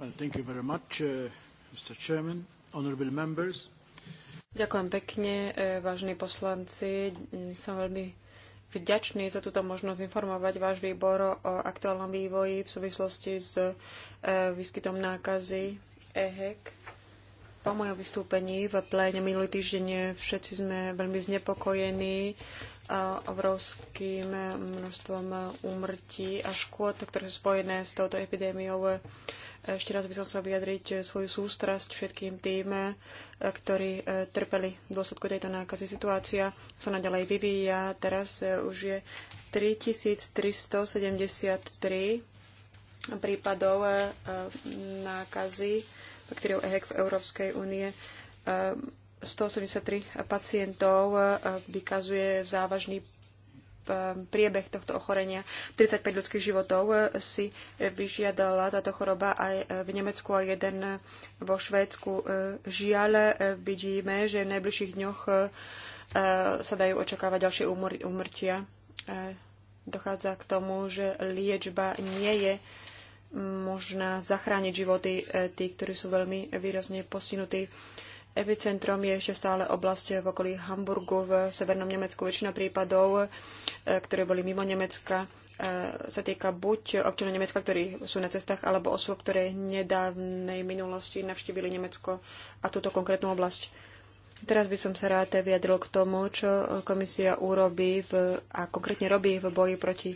Well, thank you very much, uh, Mr. Chairman, honorable members. Ďakujem pekne, uh, vážení poslanci. Som veľmi vďačný za túto možnosť informovať váš výbor o aktuálnom vývoji v súvislosti s uh, výskytom nákazy EHEC. Po mojom vystúpení v pléne minulý týždeň všetci sme veľmi znepokojení obrovským množstvom úmrtí a škôd, ktoré sú spojené s touto epidémiou. Ešte raz by som chcel vyjadriť svoju sústrasť všetkým tým, ktorí e, trpeli v dôsledku tejto nákazy. Situácia sa naďalej vyvíja. Teraz e, už je 3373 prípadov e, nákazy aktérov EHEC v Európskej únie. 183 eh, pacientov eh, vykazuje závažný eh, priebeh tohto ochorenia. 35 ľudských životov si vyžiadala táto choroba aj v Nemecku a jeden vo Švédsku. Žiaľ, vidíme, že v najbližších dňoch sa dajú očakávať ďalšie úmrtia. Dochádza k tomu, že liečba nie je možná zachrániť životy e, tých, ktorí sú veľmi výrazne postihnutí. Epicentrom je ešte stále oblasť v okolí Hamburgu v severnom Nemecku. Väčšina prípadov, e, ktoré boli mimo Nemecka, e, sa týka buď občanov Nemecka, ktorí sú na cestách, alebo osôb, ktoré nedávnej minulosti navštívili Nemecko a túto konkrétnu oblasť. Teraz by som sa rád vyjadril k tomu, čo komisia urobí v, a konkrétne robí v boji proti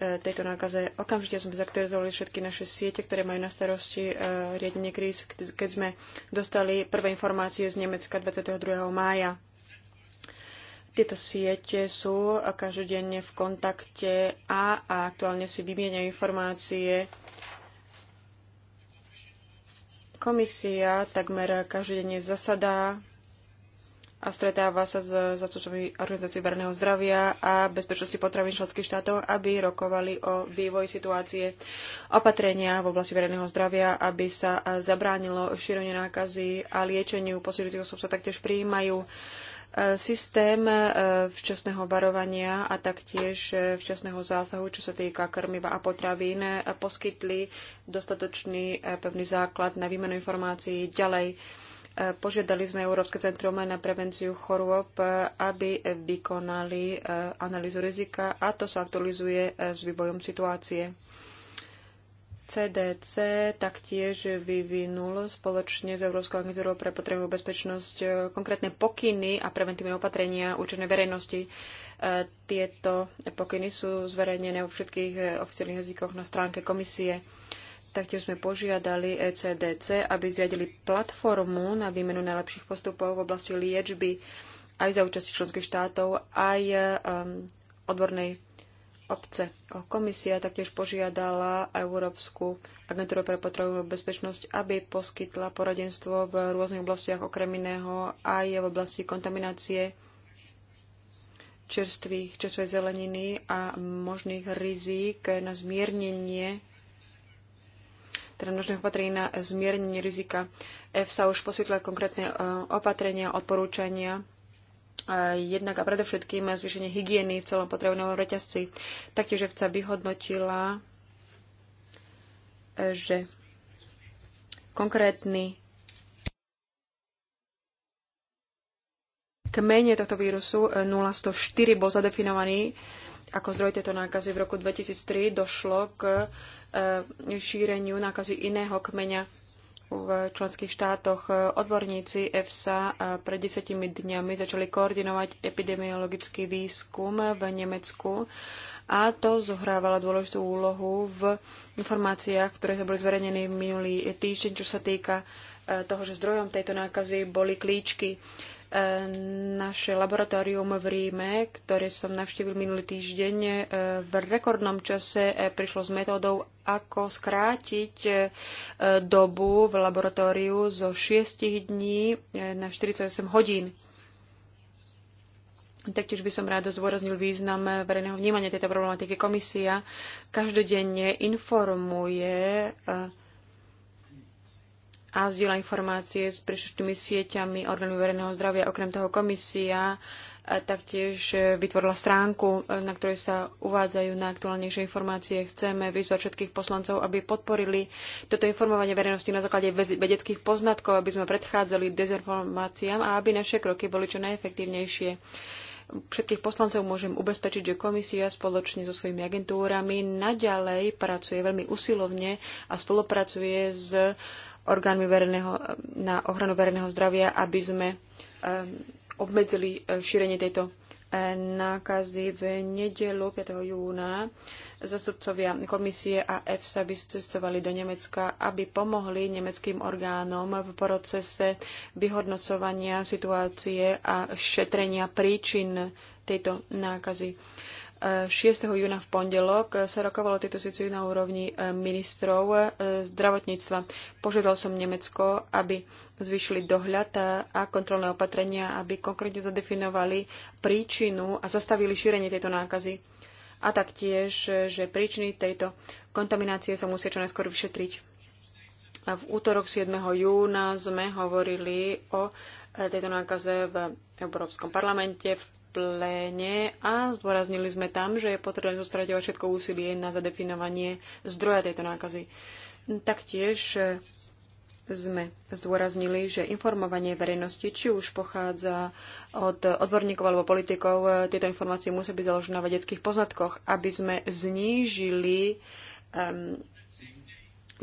E, tejto nákaze. Okamžite sme zaktualizovali všetky naše siete, ktoré majú na starosti e, riadenie kríz, keď sme dostali prvé informácie z Nemecka 22. mája. Tieto siete sú každodenne v kontakte a, a aktuálne si vymieňajú informácie. Komisia takmer každodenne zasadá a stretáva sa s zástupcami organizácií verejného zdravia a bezpečnosti potravín členských štátov, aby rokovali o vývoji situácie opatrenia v oblasti verejného zdravia, aby sa zabránilo šíreniu nákazy a liečeniu posilitých osob sa taktiež prijímajú e, systém e, včasného varovania a taktiež e, včasného zásahu, čo sa týka krmiva a potravín, poskytli dostatočný pevný základ na výmenu informácií ďalej Požiadali sme Európske centrum na prevenciu chorôb, aby vykonali e, analýzu rizika a to sa aktualizuje e, s vývojom situácie. CDC taktiež vyvinul spoločne s Európskou agentúrou pre potrebu bezpečnosť e, konkrétne pokyny a preventívne opatrenia určené verejnosti. Tieto pokyny sú zverejnené vo všetkých oficiálnych jazykoch na stránke komisie. Taktiež sme požiadali ECDC, aby zriadili platformu na výmenu najlepších postupov v oblasti liečby aj za účasti členských štátov, aj um, odbornej obce. Komisia taktiež požiadala Európsku agentúru pre potrebnú bezpečnosť, aby poskytla poradenstvo v rôznych oblastiach okrem iného aj v oblasti kontaminácie čerstvých, čerstvej zeleniny a možných rizík na zmiernenie teda opatrení na zmiernenie rizika. EFSA už poskytla konkrétne e, opatrenia, odporúčania, e, jednak a predovšetkým zvýšenie hygieny v celom potravinovom reťazci. Taktiež EFSA vyhodnotila, e, že konkrétny kmene tohto vírusu 0104 bol zadefinovaný ako zdroj tejto nákazy. V roku 2003 došlo k E, šíreniu nákazy iného kmeňa v členských štátoch. Odborníci EFSA e, pred desiatimi dňami začali koordinovať epidemiologický výskum v Nemecku a to zohrávalo dôležitú úlohu v informáciách, ktoré sa boli zverejnené minulý týždeň, čo sa týka e, toho, že zdrojom tejto nákazy boli klíčky. E, naše laboratórium v Ríme, ktoré som navštívil minulý týždeň, e, v rekordnom čase e, prišlo s metódou, ako skrátiť dobu v laboratóriu zo 6 dní na 48 hodín. Taktiež by som rád zdôraznil význam verejného vnímania tejto problematiky. Komisia každodenne informuje uh, a zdieľa informácie s príslušnými sieťami orgánov verejného zdravia. Okrem toho komisia e, taktiež e, vytvorila stránku, e, na ktorej sa uvádzajú na aktuálnejšie informácie. Chceme vyzvať všetkých poslancov, aby podporili toto informovanie verejnosti na základe vedeckých poznatkov, aby sme predchádzali dezinformáciám a aby naše kroky boli čo najefektívnejšie. Všetkých poslancov môžem ubezpečiť, že komisia spoločne so svojimi agentúrami naďalej pracuje veľmi usilovne a spolupracuje s orgánmi verejného, na ochranu verejného zdravia, aby sme ehm, obmedzili eh, šírenie tejto eh, nákazy. V nedelu 5. júna zastupcovia komisie a EFSA vycestovali do Nemecka, aby pomohli nemeckým orgánom v procese vyhodnocovania situácie a šetrenia príčin tejto nákazy 6. júna v pondelok sa rokovalo tieto situáciu na úrovni e, ministrov e, zdravotníctva. Požiadal som Nemecko, aby zvýšili dohľad a kontrolné opatrenia, aby konkrétne zadefinovali príčinu a zastavili šírenie tejto nákazy. A taktiež, e, že príčiny tejto kontaminácie sa musia čo najskôr vyšetriť. A v útorok 7. júna sme hovorili o tejto nákaze v Európskom parlamente, v pléne a zdôraznili sme tam, že je potrebné zostraďovať všetko úsilie na zadefinovanie zdroja tejto nákazy. Taktiež e, sme zdôraznili, že informovanie verejnosti, či už pochádza od odborníkov alebo politikov, e, tieto informácie musia byť založené na vedeckých poznatkoch, aby sme znížili um,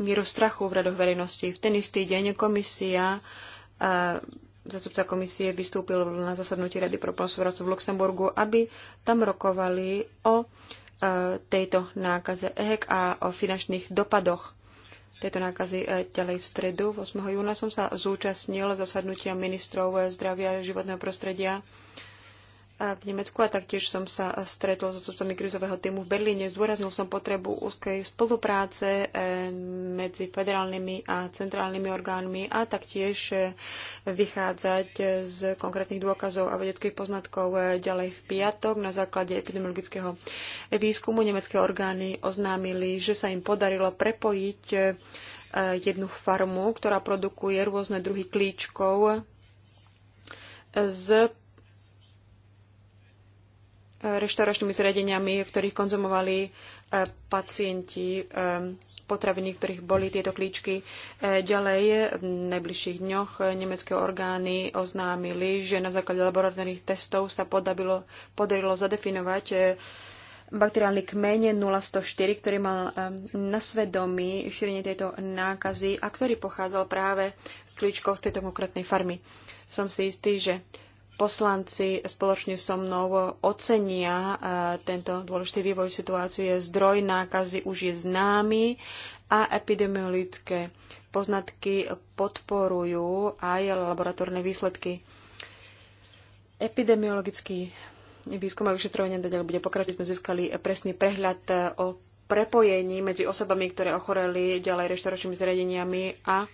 mieru strachu v radoch verejnosti. V ten istý deň komisia uh, zastupca komisie vystúpil na zasadnutí Rady pro plnospodárstvo v Luxemburgu, aby tam rokovali o e, tejto nákaze EHEC a o finančných dopadoch tejto nákazy e, ďalej v stredu. 8. júna som sa zúčastnil zasadnutia ministrov zdravia a životného prostredia v Nemecku a taktiež som sa stretol so zastupcami krizového týmu v Berlíne. Zdôraznil som potrebu úzkej spolupráce eh, medzi federálnymi a centrálnymi orgánmi a taktiež eh, vychádzať z konkrétnych dôkazov a vedeckých poznatkov eh, ďalej v piatok. Na základe epidemiologického výskumu nemecké orgány oznámili, že sa im podarilo prepojiť jednu farmu, ktorá produkuje rôzne druhy klíčkov s reštauračnými zariadeniami, v ktorých konzumovali e, pacienti e, potraviny, v ktorých boli tieto klíčky. E, ďalej, v najbližších dňoch nemecké orgány oznámili, že na základe laboratórnych testov sa podabilo, podarilo zadefinovať bakteriálny kmeň 0104, ktorý mal na svedomí šírenie tejto nákazy a ktorý pochádzal práve z klíčkov z tejto konkrétnej farmy. Som si istý, že poslanci spoločne so mnou ocenia e, tento dôležitý vývoj situácie. Zdroj nákazy už je známy a epidemiologické poznatky podporujú aj laboratórne výsledky. Epidemiologický výskum a vyšetrovanie nadalej bude pokračovať. Sme získali presný prehľad e, o prepojení medzi osobami, ktoré ochoreli ďalej reštauračnými zariadeniami a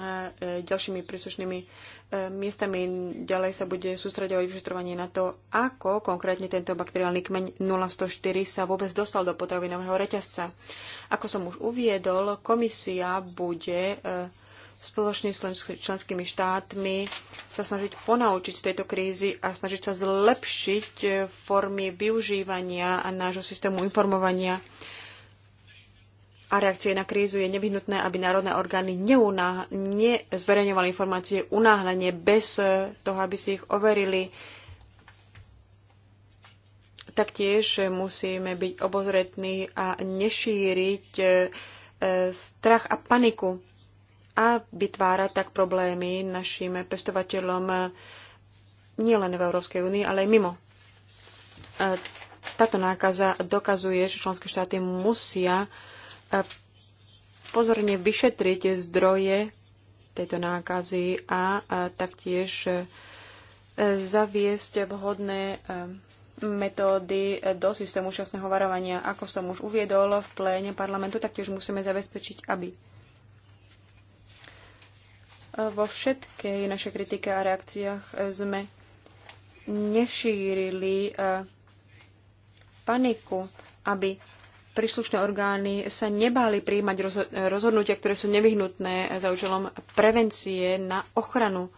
a e, ďalšími príslušnými e, miestami. Ďalej sa bude sústredovať vyšetrovanie na to, ako konkrétne tento bakteriálny kmeň 0104 sa vôbec dostal do potravinového reťazca. Ako som už uviedol, komisia bude e, spoločne s členskými štátmi sa snažiť ponaučiť z tejto krízy a snažiť sa zlepšiť formy využívania a nášho systému informovania a reakcie na krízu je nevyhnutné, aby národné orgány nezverejňovali informácie unáhlenie bez eh, toho, aby si ich overili. Taktiež eh, musíme byť obozretní a nešíriť eh, strach a paniku a vytvárať tak problémy našim pestovateľom nielen v Európskej únii, ale aj mimo. Táto nákaza dokazuje, že členské štáty musia pozorne vyšetriť zdroje tejto nákazy a taktiež e, zaviesť vhodné e, metódy do systému časného varovania. Ako som už uviedol v pléne parlamentu, taktiež musíme zabezpečiť, aby vo všetkej našej kritike a reakciách sme nešírili e, paniku, aby príslušné orgány sa nebáli príjmať rozhodnutia, ktoré sú nevyhnutné za účelom prevencie na ochranu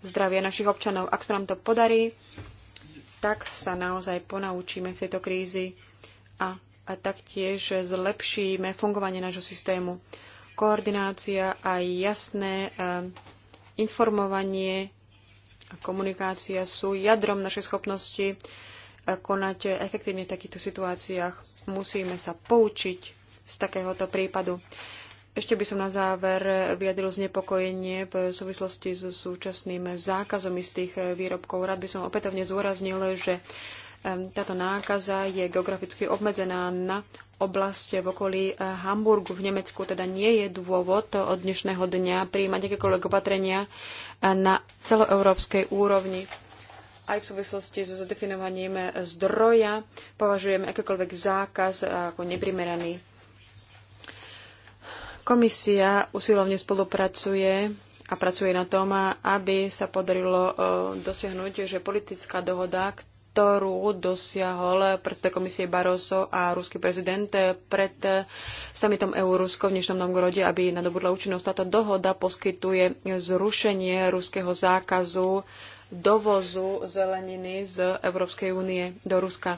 zdravia našich občanov. Ak sa nám to podarí, tak sa naozaj ponaučíme z tejto krízy a, a taktiež zlepšíme fungovanie nášho systému. Koordinácia a jasné eh, informovanie a komunikácia sú jadrom našej schopnosti eh, konať efektívne v takýchto situáciách. Musíme sa poučiť z takéhoto prípadu. Ešte by som na záver vyjadril znepokojenie v súvislosti s súčasným zákazom istých výrobkov. Rád by som opätovne zúraznil, že táto nákaza je geograficky obmedzená na oblasť v okolí eh, Hamburgu v Nemecku, teda nie je dôvod od dnešného dňa príjmať akékoľvek opatrenia eh, na celoeurópskej úrovni aj v súvislosti so zadefinovaním zdroja považujeme akýkoľvek zákaz ako neprimeraný. Komisia usilovne spolupracuje a pracuje na tom, aby sa podarilo e, dosiahnuť, že politická dohoda, ktorú dosiahol predseda komisie Barroso a ruský prezident pred e, samitom EU-Rusko v dnešnom Novgorode, aby nadobudla účinnosť. Táto dohoda poskytuje zrušenie ruského zákazu dovozu zeleniny z Európskej únie do Ruska.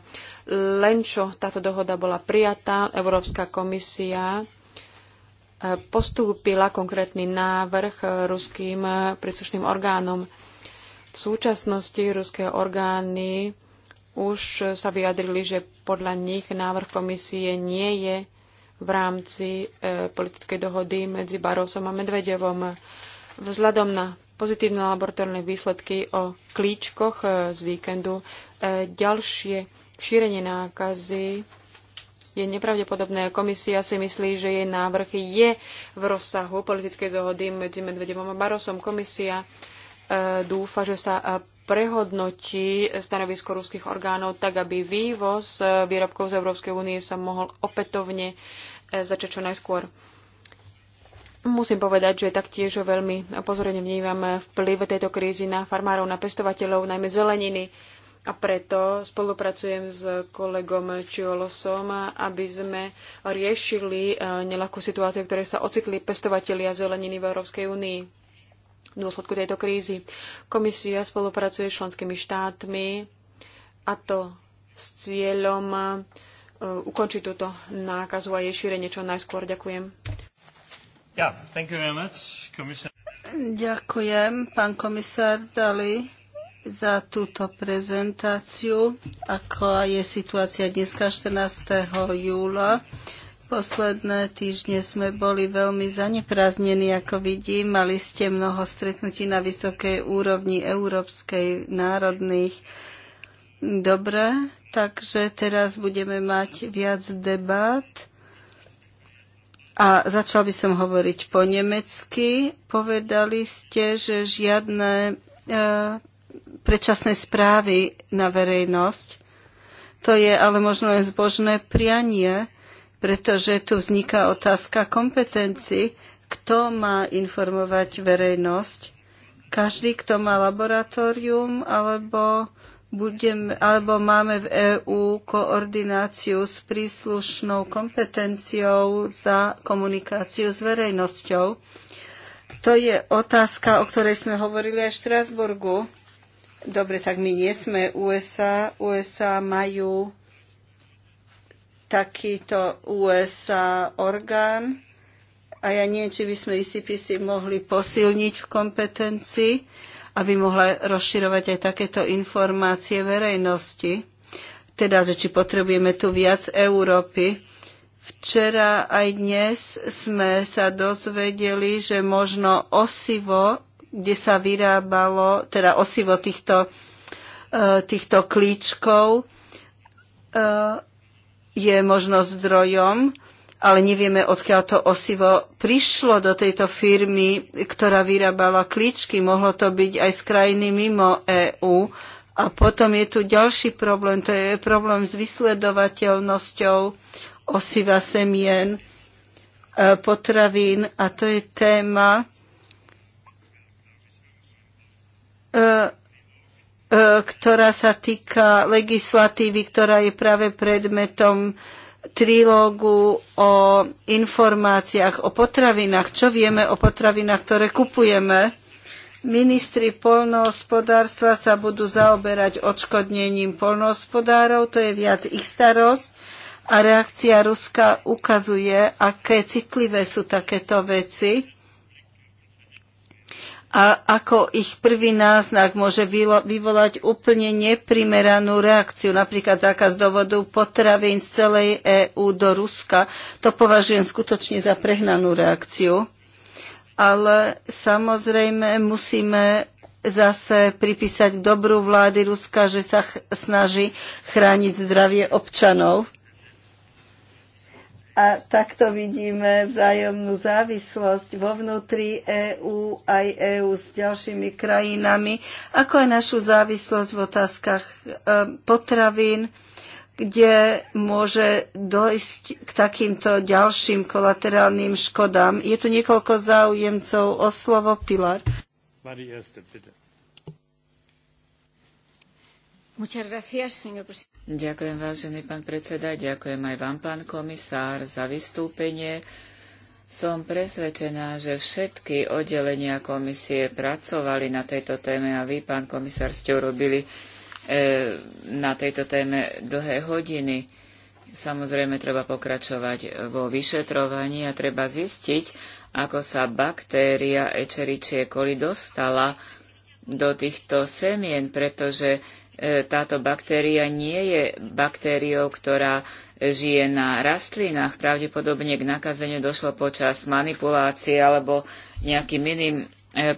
Len čo táto dohoda bola prijatá, Európska komisia e, postúpila konkrétny návrh ruským príslušným orgánom. V súčasnosti ruské orgány už sa vyjadrili, že podľa nich návrh komisie nie je v rámci e, politickej dohody medzi Barosom a Medvedevom. Vzhľadom na pozitívne laboratórne výsledky o klíčkoch e, z víkendu. E, ďalšie šírenie nákazy je nepravdepodobné. Komisia si myslí, že jej návrh je v rozsahu politickej dohody medzi Medvedevom a Barosom. Komisia e, dúfa, že sa prehodnotí stanovisko ruských orgánov tak, aby vývoz výrobkov z Európskej únie sa mohol opätovne začať čo najskôr. Musím povedať, že taktiež veľmi pozorne vnímam vplyv tejto krízy na farmárov, na pestovateľov, najmä zeleniny. A preto spolupracujem s kolegom Čiolosom, aby sme riešili eh, nelakú situáciu, ktoré sa ocitli pestovatelia zeleniny v Európskej únii v dôsledku tejto krízy. Komisia spolupracuje s členskými štátmi a to s cieľom eh, ukončiť túto nákazu a jej šírenie čo najskôr. Ďakujem. Ďakujem, pán komisár Dali, za túto prezentáciu, ako je situácia dneska 14. júla. Posledné týždne sme boli veľmi zanepráznení, ako vidím. Mali ste mnoho stretnutí na vysokej úrovni európskej, národných. Dobre, takže teraz budeme mať viac debát a začal by som hovoriť po nemecky. Povedali ste, že žiadne e, predčasné správy na verejnosť. To je ale možno len zbožné prianie, pretože tu vzniká otázka kompetencií. Kto má informovať verejnosť? Každý, kto má laboratórium alebo budem, alebo máme v EÚ koordináciu s príslušnou kompetenciou za komunikáciu s verejnosťou. To je otázka, o ktorej sme hovorili aj v Štrasburgu. Dobre, tak my nie sme USA. USA majú takýto USA orgán a ja neviem, či by sme ICPC mohli posilniť v kompetencii aby mohla rozširovať aj takéto informácie verejnosti. Teda, že či potrebujeme tu viac Európy. Včera aj dnes sme sa dozvedeli, že možno osivo, kde sa vyrábalo, teda osivo týchto, eh, týchto klíčkov, eh, je možno zdrojom ale nevieme, odkiaľ to osivo prišlo do tejto firmy, ktorá vyrábala klíčky. Mohlo to byť aj z krajiny mimo EÚ. A potom je tu ďalší problém, to je problém s vysledovateľnosťou osiva semien e, potravín a to je téma, e, e, ktorá sa týka legislatívy, ktorá je práve predmetom trilógu o informáciách o potravinách, čo vieme o potravinách, ktoré kupujeme. Ministri polnohospodárstva sa budú zaoberať odškodnením polnohospodárov, to je viac ich starosť a reakcia Ruska ukazuje, aké citlivé sú takéto veci a ako ich prvý náznak môže vyvolať úplne neprimeranú reakciu, napríklad zákaz dovodu potravín z celej EÚ do Ruska. To považujem skutočne za prehnanú reakciu. Ale samozrejme musíme zase pripísať dobrú vlády Ruska, že sa snaží chrániť zdravie občanov a takto vidíme vzájomnú závislosť vo vnútri EÚ aj EÚ s ďalšími krajinami, ako aj našu závislosť v otázkach e, potravín, kde môže dojsť k takýmto ďalším kolaterálnym škodám. Je tu niekoľko záujemcov o slovo Pilar. Muchas gracias, señor presidente. Ďakujem, vážený pán predseda, ďakujem aj vám, pán komisár, za vystúpenie. Som presvedčená, že všetky oddelenia komisie pracovali na tejto téme a vy, pán komisár, ste urobili e, na tejto téme dlhé hodiny. Samozrejme, treba pokračovať vo vyšetrovaní a treba zistiť, ako sa baktéria Echerichia coli dostala do týchto semien, pretože E, táto baktéria nie je baktériou, ktorá žije na rastlinách. Pravdepodobne k nakazeniu došlo počas manipulácie alebo nejakým iným e,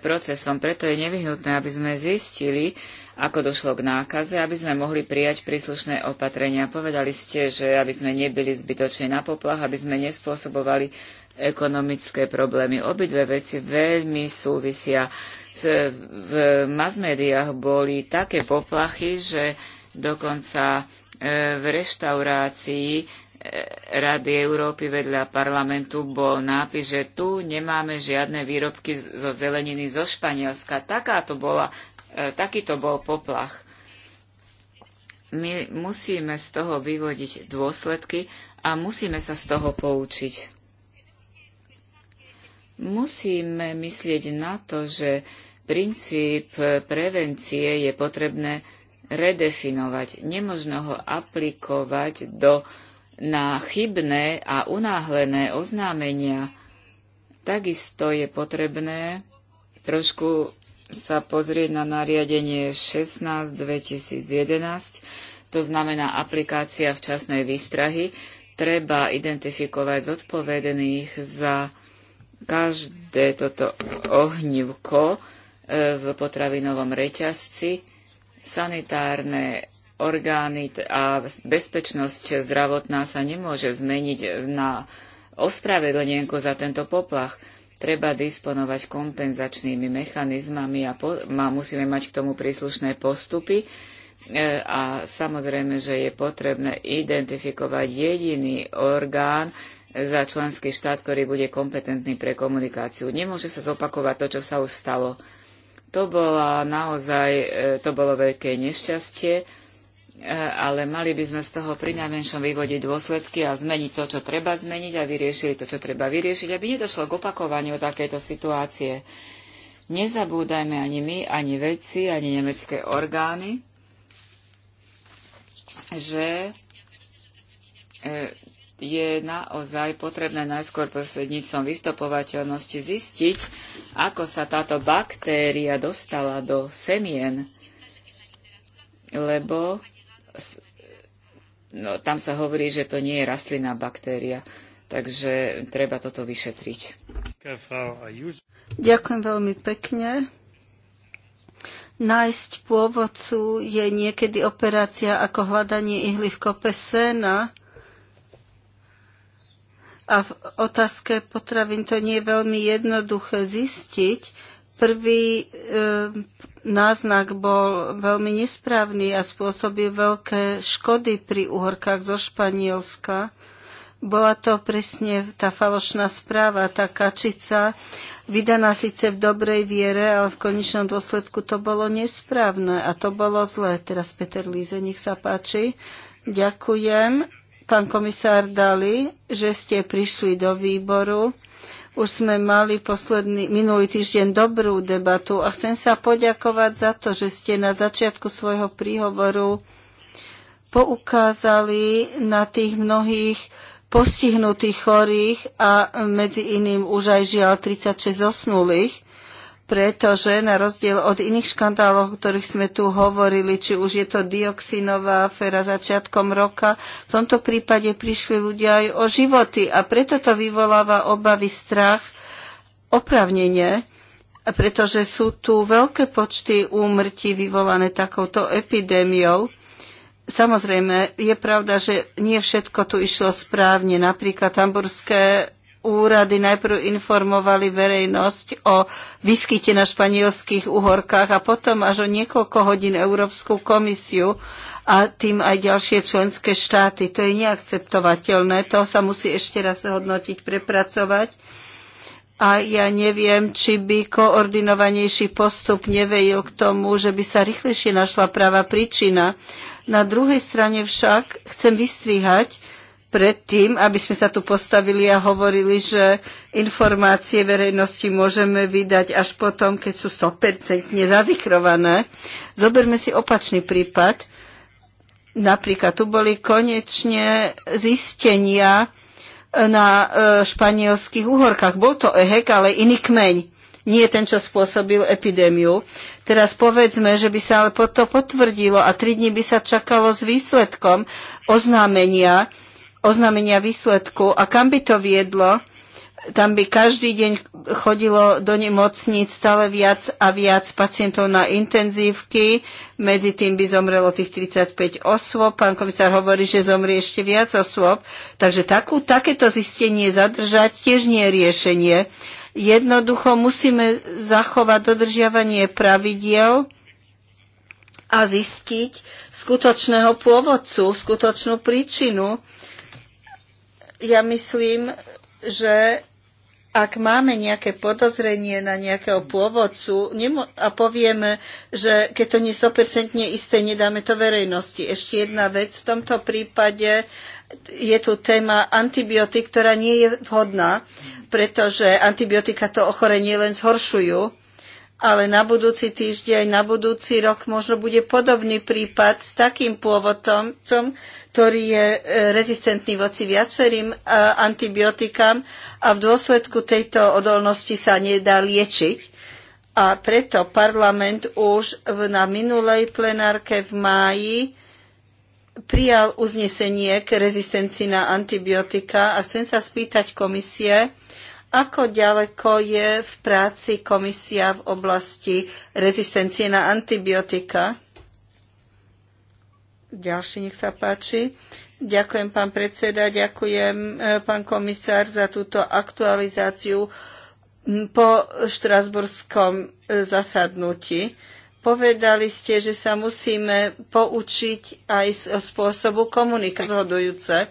procesom. Preto je nevyhnutné, aby sme zistili, ako došlo k nákaze, aby sme mohli prijať príslušné opatrenia. Povedali ste, že aby sme nebyli zbytočne na poplach, aby sme nespôsobovali ekonomické problémy. Obidve veci veľmi súvisia. V masmédiách boli také poplachy, že dokonca e, v reštaurácii e, Rady Európy vedľa parlamentu bol nápis, že tu nemáme žiadne výrobky zo zeleniny zo Španielska. Takáto bola E, takýto bol poplach. My musíme z toho vyvodiť dôsledky a musíme sa z toho poučiť. Musíme myslieť na to, že princíp prevencie je potrebné redefinovať. Nemožno ho aplikovať do, na chybné a unáhlené oznámenia. Takisto je potrebné trošku sa pozrieť na nariadenie 16 2011, to znamená aplikácia včasnej výstrahy. Treba identifikovať zodpovedných za každé toto ohnívko e, v potravinovom reťazci, sanitárne orgány a bezpečnosť zdravotná sa nemôže zmeniť na ospravedlnenku za tento poplach treba disponovať kompenzačnými mechanizmami a, po, a musíme mať k tomu príslušné postupy. E, a samozrejme, že je potrebné identifikovať jediný orgán za členský štát, ktorý bude kompetentný pre komunikáciu. Nemôže sa zopakovať to, čo sa už stalo. To, bola naozaj, e, to bolo veľké nešťastie E, ale mali by sme z toho pri najmenšom vyvodiť dôsledky a zmeniť to, čo treba zmeniť a vyriešili to, čo treba vyriešiť, aby nedošlo k opakovaniu takejto situácie. Nezabúdajme ani my, ani vedci, ani nemecké orgány, že e, je naozaj potrebné najskôr prostredníctvom vystopovateľnosti zistiť, ako sa táto baktéria dostala do semien, lebo no, tam sa hovorí, že to nie je rastlinná baktéria, takže treba toto vyšetriť. Ďakujem veľmi pekne. Nájsť pôvodcu je niekedy operácia ako hľadanie ihly v kope sena. A v otázke potravín to nie je veľmi jednoduché zistiť. Prvý e, náznak bol veľmi nesprávny a spôsobil veľké škody pri uhorkách zo Španielska. Bola to presne tá falošná správa, tá kačica, vydaná síce v dobrej viere, ale v konečnom dôsledku to bolo nesprávne a to bolo zlé. Teraz Peter Líze, nech sa páči. Ďakujem, pán komisár Dali, že ste prišli do výboru. Už sme mali posledný, minulý týždeň dobrú debatu a chcem sa poďakovať za to, že ste na začiatku svojho príhovoru poukázali na tých mnohých postihnutých chorých a medzi iným už aj žiaľ 36 osnulých pretože na rozdiel od iných škandálov, o ktorých sme tu hovorili, či už je to dioxinová aféra začiatkom roka, v tomto prípade prišli ľudia aj o životy a preto to vyvoláva obavy, strach, opravnenie, pretože sú tu veľké počty úmrtí vyvolané takouto epidémiou. Samozrejme, je pravda, že nie všetko tu išlo správne. Napríklad hamburské úrady najprv informovali verejnosť o výskyte na španielských uhorkách a potom až o niekoľko hodín Európsku komisiu a tým aj ďalšie členské štáty. To je neakceptovateľné, to sa musí ešte raz hodnotiť, prepracovať. A ja neviem, či by koordinovanejší postup nevejil k tomu, že by sa rýchlejšie našla práva príčina. Na druhej strane však chcem vystrihať, pred tým, aby sme sa tu postavili a hovorili, že informácie verejnosti môžeme vydať až potom, keď sú 100% zazichrované. Zoberme si opačný prípad. Napríklad tu boli konečne zistenia na e, španielských uhorkách. Bol to EHEK, ale iný kmeň. Nie ten, čo spôsobil epidémiu. Teraz povedzme, že by sa ale to potvrdilo a tri dní by sa čakalo s výsledkom oznámenia oznámenia výsledku. A kam by to viedlo? Tam by každý deň chodilo do nemocníc stále viac a viac pacientov na intenzívky. Medzi tým by zomrelo tých 35 osôb. Pán komisár hovorí, že zomrie ešte viac osôb. Takže takú, takéto zistenie zadržať tiež nie je riešenie. Jednoducho musíme zachovať dodržiavanie pravidiel a zistiť skutočného pôvodcu, skutočnú príčinu ja myslím, že ak máme nejaké podozrenie na nejakého pôvodcu a povieme, že keď to nie 100% isté, nedáme to verejnosti. Ešte jedna vec, v tomto prípade je tu téma antibiotik, ktorá nie je vhodná, pretože antibiotika to ochorenie len zhoršujú ale na budúci týždeň, na budúci rok možno bude podobný prípad s takým pôvodom, ktorý je e, rezistentný voci viacerým e, antibiotikám a v dôsledku tejto odolnosti sa nedá liečiť. A preto parlament už na minulej plenárke v máji prijal uznesenie k rezistencii na antibiotika a chcem sa spýtať komisie, ako ďaleko je v práci komisia v oblasti rezistencie na antibiotika? Ďalší, nech sa páči. Ďakujem, pán predseda, ďakujem, e, pán komisár, za túto aktualizáciu po štrasburskom e, zasadnutí. Povedali ste, že sa musíme poučiť aj z spôsobu komunikácie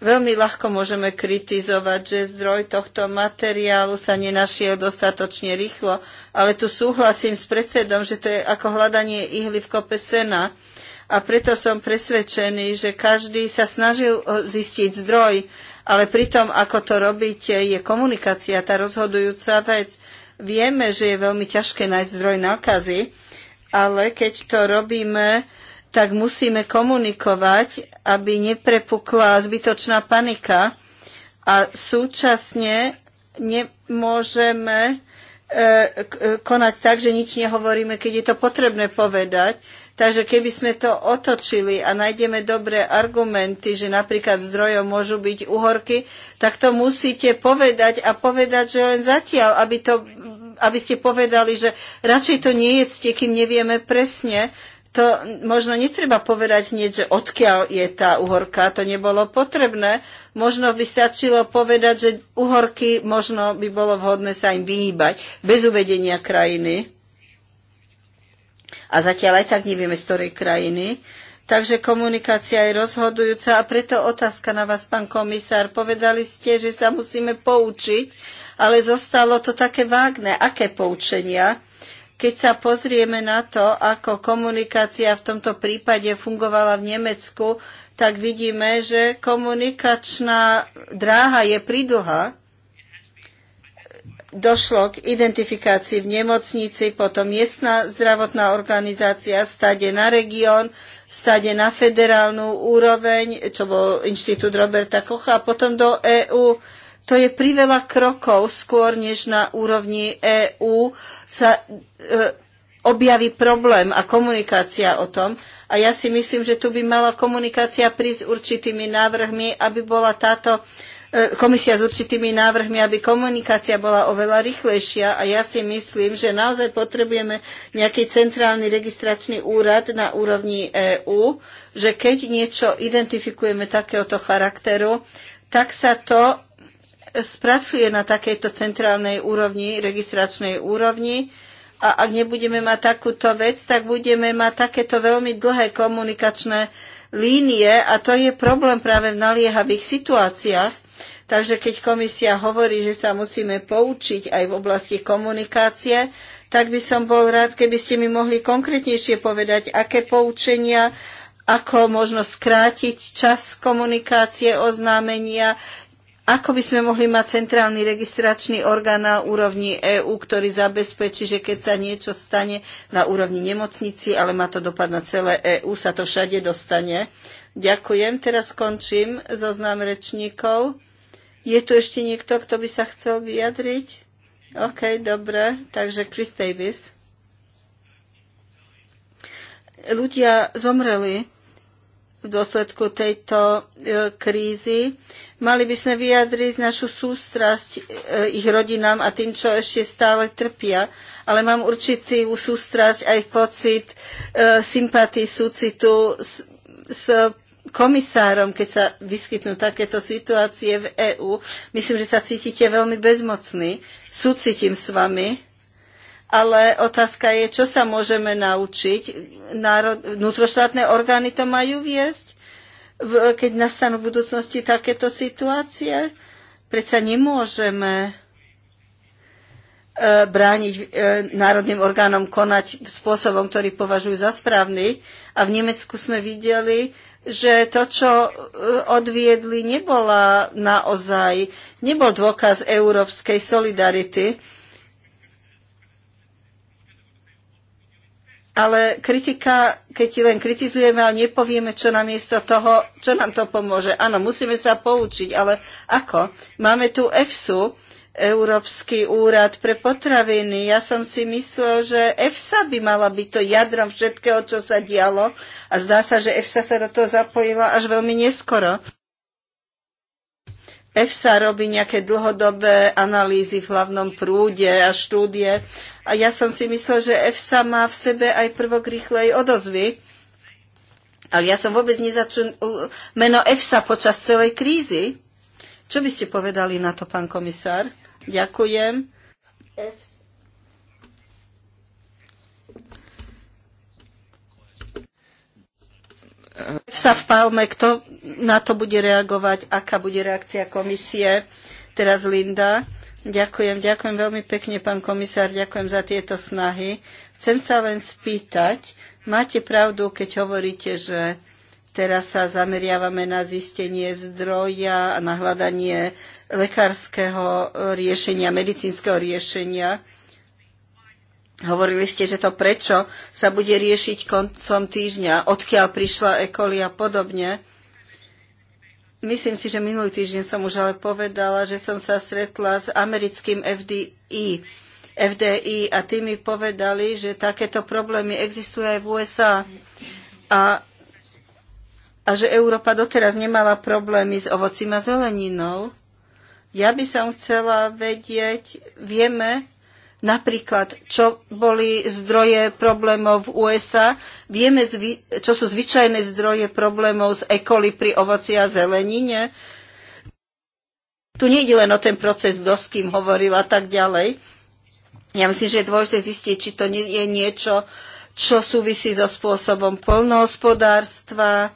Veľmi ľahko môžeme kritizovať, že zdroj tohto materiálu sa nenašiel dostatočne rýchlo, ale tu súhlasím s predsedom, že to je ako hľadanie ihly v kope sena. A preto som presvedčený, že každý sa snažil zistiť zdroj, ale pritom, ako to robíte, je komunikácia tá rozhodujúca vec. Vieme, že je veľmi ťažké nájsť zdroj nákazy, ale keď to robíme, tak musíme komunikovať, aby neprepukla zbytočná panika a súčasne nemôžeme e, e, konať tak, že nič nehovoríme, keď je to potrebné povedať. Takže keby sme to otočili a nájdeme dobré argumenty, že napríklad zdrojom môžu byť uhorky, tak to musíte povedať a povedať, že len zatiaľ, aby, to, aby ste povedali, že radšej to jedzte, kým nevieme presne, to možno netreba povedať hneď, že odkiaľ je tá uhorka, to nebolo potrebné. Možno by stačilo povedať, že uhorky možno by bolo vhodné sa im vyhýbať bez uvedenia krajiny. A zatiaľ aj tak nevieme, z ktorej krajiny. Takže komunikácia je rozhodujúca a preto otázka na vás, pán komisár. Povedali ste, že sa musíme poučiť, ale zostalo to také vágne. Aké poučenia? Keď sa pozrieme na to, ako komunikácia v tomto prípade fungovala v Nemecku, tak vidíme, že komunikačná dráha je pridlhá. Došlo k identifikácii v nemocnici, potom miestna zdravotná organizácia, stade na región, stade na federálnu úroveň, čo bol inštitút Roberta Kocha, a potom do EÚ. To je priveľa krokov skôr, než na úrovni EÚ sa e, objaví problém a komunikácia o tom. A ja si myslím, že tu by mala komunikácia prísť určitými návrhmi, aby bola táto e, komisia s určitými návrhmi, aby komunikácia bola oveľa rýchlejšia a ja si myslím, že naozaj potrebujeme nejaký centrálny registračný úrad na úrovni EÚ, že keď niečo identifikujeme takéhoto charakteru, tak sa to spracuje na takejto centrálnej úrovni, registračnej úrovni. A ak nebudeme mať takúto vec, tak budeme mať takéto veľmi dlhé komunikačné línie a to je problém práve v naliehavých situáciách. Takže keď komisia hovorí, že sa musíme poučiť aj v oblasti komunikácie, tak by som bol rád, keby ste mi mohli konkrétnejšie povedať, aké poučenia, ako možno skrátiť čas komunikácie, oznámenia, ako by sme mohli mať centrálny registračný orgán na úrovni EÚ, ktorý zabezpečí, že keď sa niečo stane na úrovni nemocnici, ale má to dopad na celé EÚ, sa to všade dostane. Ďakujem, teraz končím zoznam rečníkov. Je tu ešte niekto, kto by sa chcel vyjadriť? OK, dobre, takže Chris Davis. Ľudia zomreli v dôsledku tejto e, krízy. Mali by sme vyjadriť našu sústrasť e, ich rodinám a tým, čo ešte stále trpia. Ale mám určitý sústrasť aj pocit e, sympatii, súcitu s, s komisárom, keď sa vyskytnú takéto situácie v EÚ. Myslím, že sa cítite veľmi bezmocný. Súcitím s vami ale otázka je, čo sa môžeme naučiť. Národ, vnútroštátne orgány to majú viesť, keď nastanú v budúcnosti takéto situácie. Predsa nemôžeme e, brániť e, národným orgánom konať spôsobom, ktorý považujú za správny. A v Nemecku sme videli, že to, čo e, odviedli, nebola naozaj, nebol dôkaz európskej solidarity. Ale kritika, keď len kritizujeme, ale nepovieme, čo nám miesto toho, čo nám to pomôže. Áno, musíme sa poučiť, ale ako? Máme tu EFSU, Európsky úrad pre potraviny. Ja som si myslel, že EFSA by mala byť to jadrom všetkého, čo sa dialo a zdá sa, že EFSA sa do toho zapojila až veľmi neskoro. EFSA robí nejaké dlhodobé analýzy v hlavnom prúde a štúdie a ja som si myslel, že EFSA má v sebe aj prvok rýchlej odozvy. Ale ja som vôbec nezačul meno EFSA počas celej krízy. Čo by ste povedali na to, pán komisár? Ďakujem. EFSA. v Palme, kto na to bude reagovať, aká bude reakcia komisie. Teraz Linda. Ďakujem, ďakujem veľmi pekne, pán komisár, ďakujem za tieto snahy. Chcem sa len spýtať, máte pravdu, keď hovoríte, že teraz sa zameriavame na zistenie zdroja a na hľadanie lekárskeho riešenia, medicínskeho riešenia. Hovorili ste, že to prečo sa bude riešiť koncom týždňa, odkiaľ prišla ekoli a podobne. Myslím si, že minulý týždeň som už ale povedala, že som sa stretla s americkým FDI, FDI a tí mi povedali, že takéto problémy existujú aj v USA a, a že Európa doteraz nemala problémy s ovocím a zeleninou. Ja by som chcela vedieť, vieme, Napríklad, čo boli zdroje problémov v USA, vieme, čo sú zvyčajné zdroje problémov z ekoly pri ovoci a zelenine. Tu nejde len o ten proces, kto s kým hovoril a tak ďalej. Ja myslím, že je dôležité zistiť, či to nie je niečo, čo súvisí so spôsobom polnohospodárstva,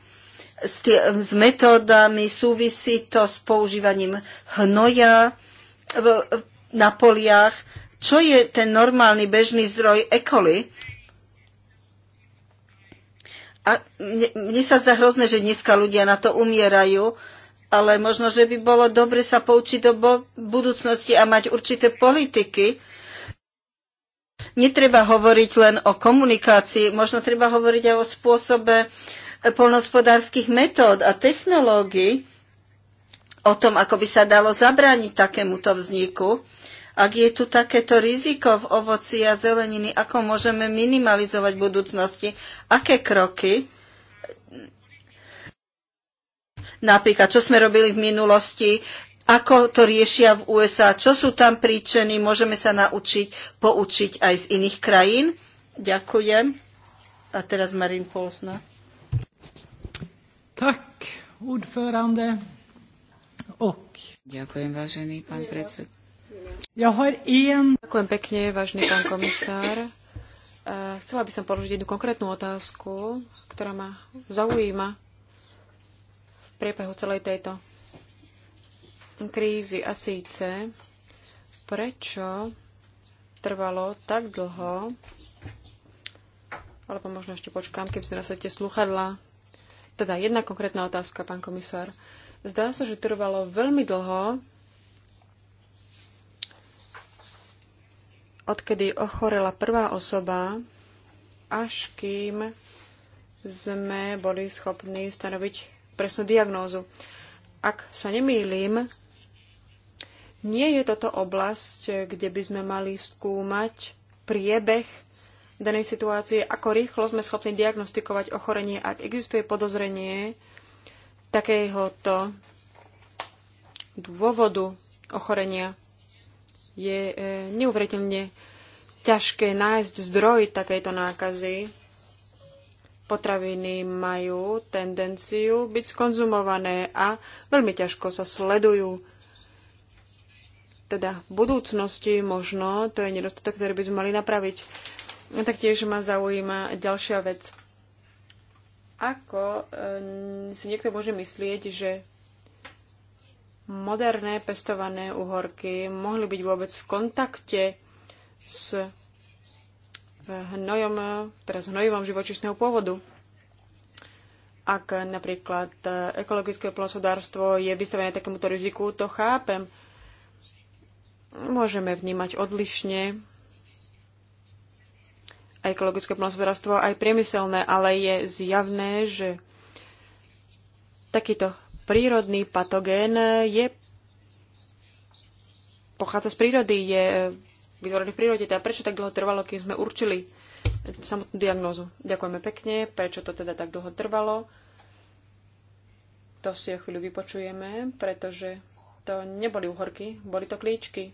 s, tie, s metódami, súvisí to s používaním hnoja v, na poliach čo je ten normálny bežný zdroj ekoly? A mne, mne sa zdá hrozné, že dneska ľudia na to umierajú, ale možno, že by bolo dobre sa poučiť do budúcnosti a mať určité politiky. Netreba hovoriť len o komunikácii, možno treba hovoriť aj o spôsobe e, polnospodárských metód a technológií, o tom, ako by sa dalo zabrániť takémuto vzniku. Ak je tu takéto riziko v ovoci a zeleniny, ako môžeme minimalizovať v budúcnosti? Aké kroky? Napríklad, čo sme robili v minulosti, ako to riešia v USA, čo sú tam príčiny, môžeme sa naučiť, poučiť aj z iných krajín. Ďakujem. A teraz Marin Polsna. Tak, ordförande. Ok. Ďakujem, vážený pán predseda. Ďakujem pekne, vážny pán komisár. Chcela by som položiť jednu konkrétnu otázku, ktorá ma zaujíma v priebehu celej tejto krízy a síce, prečo trvalo tak dlho, alebo možno ešte počkám, kým si nasadíte sluchadla. Teda jedna konkrétna otázka, pán komisár. Zdá sa, že trvalo veľmi dlho, odkedy ochorela prvá osoba, až kým sme boli schopní stanoviť presnú diagnózu. Ak sa nemýlim, nie je toto oblasť, kde by sme mali skúmať priebeh danej situácie, ako rýchlo sme schopní diagnostikovať ochorenie, ak existuje podozrenie takéhoto dôvodu ochorenia je e, neuveriteľne ťažké nájsť zdroj takejto nákazy. Potraviny majú tendenciu byť skonzumované a veľmi ťažko sa sledujú. Teda v budúcnosti možno, to je nedostatok, ktorý by sme mali napraviť. Taktiež ma zaujíma ďalšia vec. Ako e, si niekto môže myslieť, že moderné pestované uhorky mohli byť vôbec v kontakte s eh, hnojom, teda s hnojivom živočišného pôvodu. Ak napríklad eh, ekologické plosodárstvo je vystavené takémuto riziku, to chápem. Môžeme vnímať odlišne a ekologické plnohospodárstvo, aj priemyselné, ale je zjavné, že takýto prírodný patogén je pochádza z prírody, je eh, vytvorený v prírode. Teda prečo tak dlho trvalo, kým sme určili samotnú diagnózu? Ďakujeme pekne. Prečo to teda tak dlho trvalo? To si o chvíľu vypočujeme, pretože to neboli uhorky, boli to klíčky.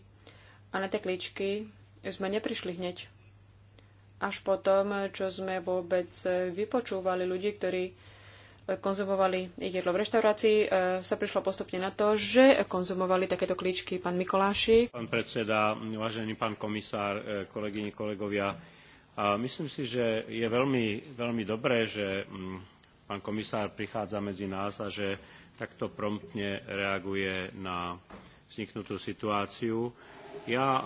A na tie klíčky sme neprišli hneď. Až potom, čo sme vôbec eh, vypočúvali ľudí, ktorí konzumovali jedlo v reštaurácii, e, sa prišlo postupne na to, že konzumovali takéto klíčky pán Mikoláši. Pán predseda, vážený pán komisár, e, kolegyni, kolegovia, a myslím si, že je veľmi, veľmi dobré, že mm, pán komisár prichádza medzi nás a že takto promptne reaguje na vzniknutú situáciu. Ja e,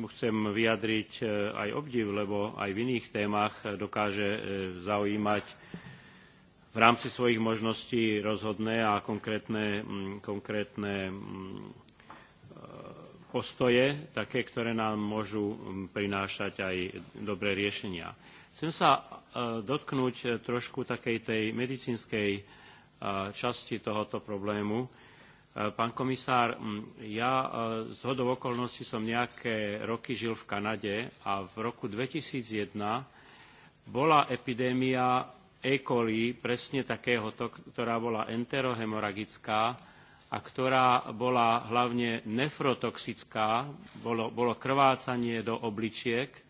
mu chcem vyjadriť aj obdiv, lebo aj v iných témach dokáže zaujímať v rámci svojich možností rozhodné a konkrétne, mm, konkrétne mm, postoje, také, ktoré nám môžu mm, prinášať aj dobré riešenia. Chcem sa e, dotknúť e, trošku takej tej medicínskej e, časti tohoto problému. Pán komisár, ja z hodou okolností som nejaké roky žil v Kanade a v roku 2001 bola epidémia E. coli, presne takéhoto, ktorá bola enterohemoragická a ktorá bola hlavne nefrotoxická, bolo, bolo krvácanie do obličiek e,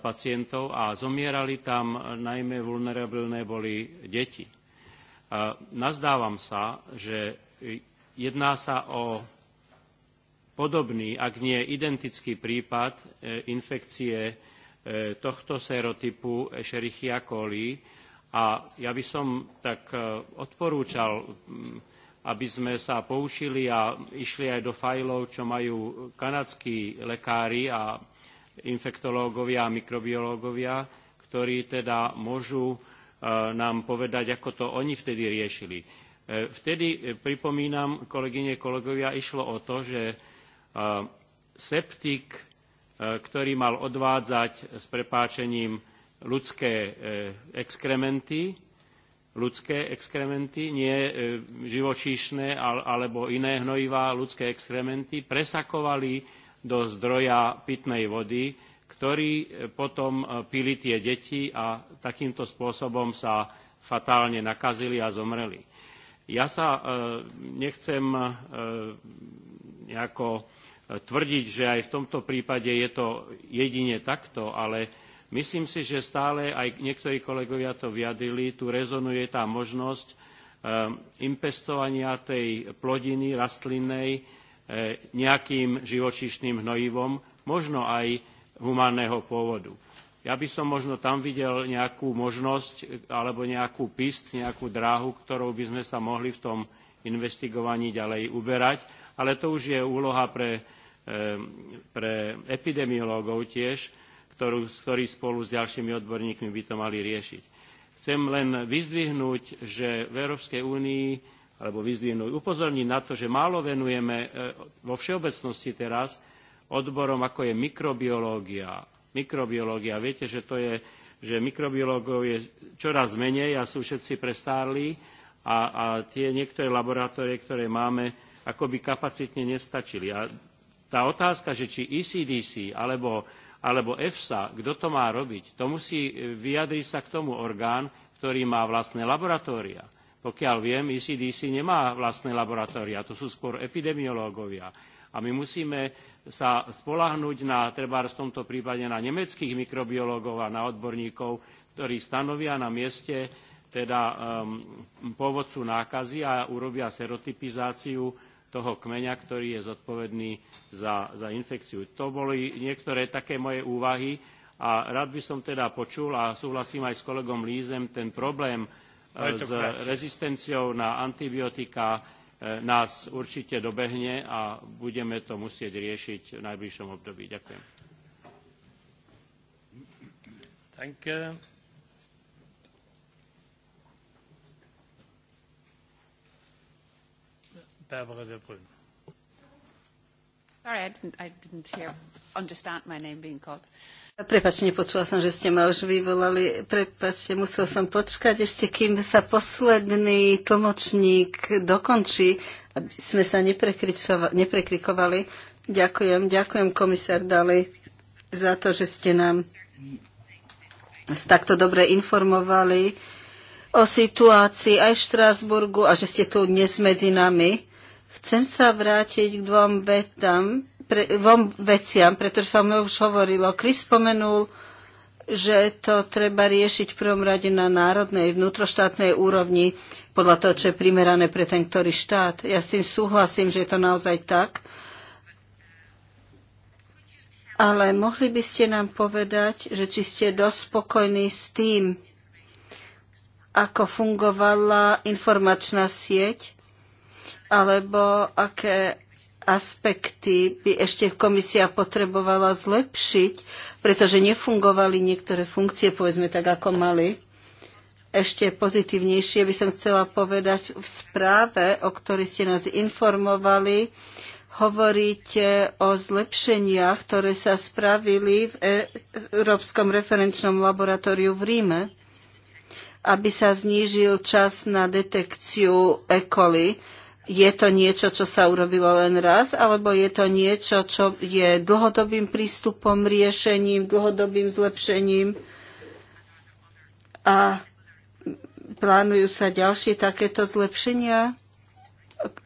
pacientov a zomierali tam najmä vulnerabilné boli deti. E, nazdávam sa, že jedná sa o podobný, ak nie identický prípad e, infekcie tohto serotypu Escherichia coli, a ja by som tak e, odporúčal, mm, aby sme sa poučili a išli aj do fajlov, čo majú kanadskí lekári a infektológovia a mikrobiológovia, ktorí teda môžu e, nám povedať, ako to oni vtedy riešili. E, vtedy, pripomínam, kolegyne, kolegovia, išlo o to, že septik, ktorý mal odvádzať s prepáčením ľudské eh, exkrementy, ľudské exkrementy, nie eh, živočíšne alebo iné hnojivá, ľudské exkrementy, presakovali do zdroja pitnej vody, ktorý eh, potom pili tie deti a takýmto spôsobom sa fatálne nakazili a zomreli. Ja sa nechcem nejako tvrdiť, že aj v tomto prípade je to jedine takto, ale Myslím si, že stále aj niektorí kolegovia to vyjadrili, tu rezonuje tá možnosť eh, impestovania tej plodiny rastlinnej eh, nejakým živočíšnym hnojivom, možno aj humánneho pôvodu. Ja by som možno tam videl nejakú možnosť alebo nejakú pist, nejakú dráhu, ktorou by sme sa mohli v tom investigovaní ďalej uberať, ale to už je úloha pre, eh, pre epidemiológov tiež, ktorú, spolu s ďalšími odborníkmi by to mali riešiť. Chcem len vyzdvihnúť, že v Európskej únii alebo vyzdvihnúť, upozorniť na to, že málo venujeme e, vo všeobecnosti teraz odborom, ako je mikrobiológia. Mikrobiológia, viete, že to je že mikrobiológov je čoraz menej a sú všetci prestárli a, a tie niektoré laboratórie, ktoré máme, akoby kapacitne nestačili. A tá otázka, že či ECDC alebo alebo EFSA, kto to má robiť, to musí e, vyjadriť sa k tomu orgán, ktorý má vlastné laboratória. Pokiaľ viem, ECDC nemá vlastné laboratória, to sú skôr epidemiológovia. A my musíme sa spolahnúť na, treba v tomto prípade na nemeckých mikrobiológov a na odborníkov, ktorí stanovia na mieste teda um, pôvodcu nákazy a urobia serotypizáciu toho kmeňa, ktorý je zodpovedný za, za infekciu. To boli niektoré také moje úvahy a rád by som teda počul a súhlasím aj s kolegom Lízem ten problém e, s rezistenciou na antibiotika e, nás určite dobehne a budeme to musieť riešiť v najbližšom období. Ďakujem. Danke. Barbara de Brünn. Sorry, I didn't, I didn't hear, understand my name being called. Prepač, nepočula som, že ste ma už vyvolali. Prepačte, musel som počkať ešte, kým sa posledný tlmočník dokončí, aby sme sa neprekrikovali. Ďakujem, ďakujem komisár Dali za to, že ste nám takto dobre informovali o situácii aj v Štrásburgu a že ste tu dnes medzi nami. Chcem sa vrátiť k dvom vetám, pre, dvom veciam, pretože sa mnou už hovorilo. Chris spomenul, že to treba riešiť v prvom rade na národnej, vnútroštátnej úrovni podľa toho, čo je primerané pre ten ktorý štát. Ja s tým súhlasím, že je to naozaj tak. Ale mohli by ste nám povedať, že či ste dosť spokojní s tým, ako fungovala informačná sieť alebo aké aspekty by ešte komisia potrebovala zlepšiť, pretože nefungovali niektoré funkcie, povedzme tak, ako mali. Ešte pozitívnejšie by som chcela povedať v správe, o ktorej ste nás informovali, hovoríte o zlepšeniach, ktoré sa spravili v e- Európskom referenčnom laboratóriu v Ríme, aby sa znížil čas na detekciu E. coli je to niečo, čo sa urobilo len raz, alebo je to niečo, čo je dlhodobým prístupom, riešením, dlhodobým zlepšením a plánujú sa ďalšie takéto zlepšenia,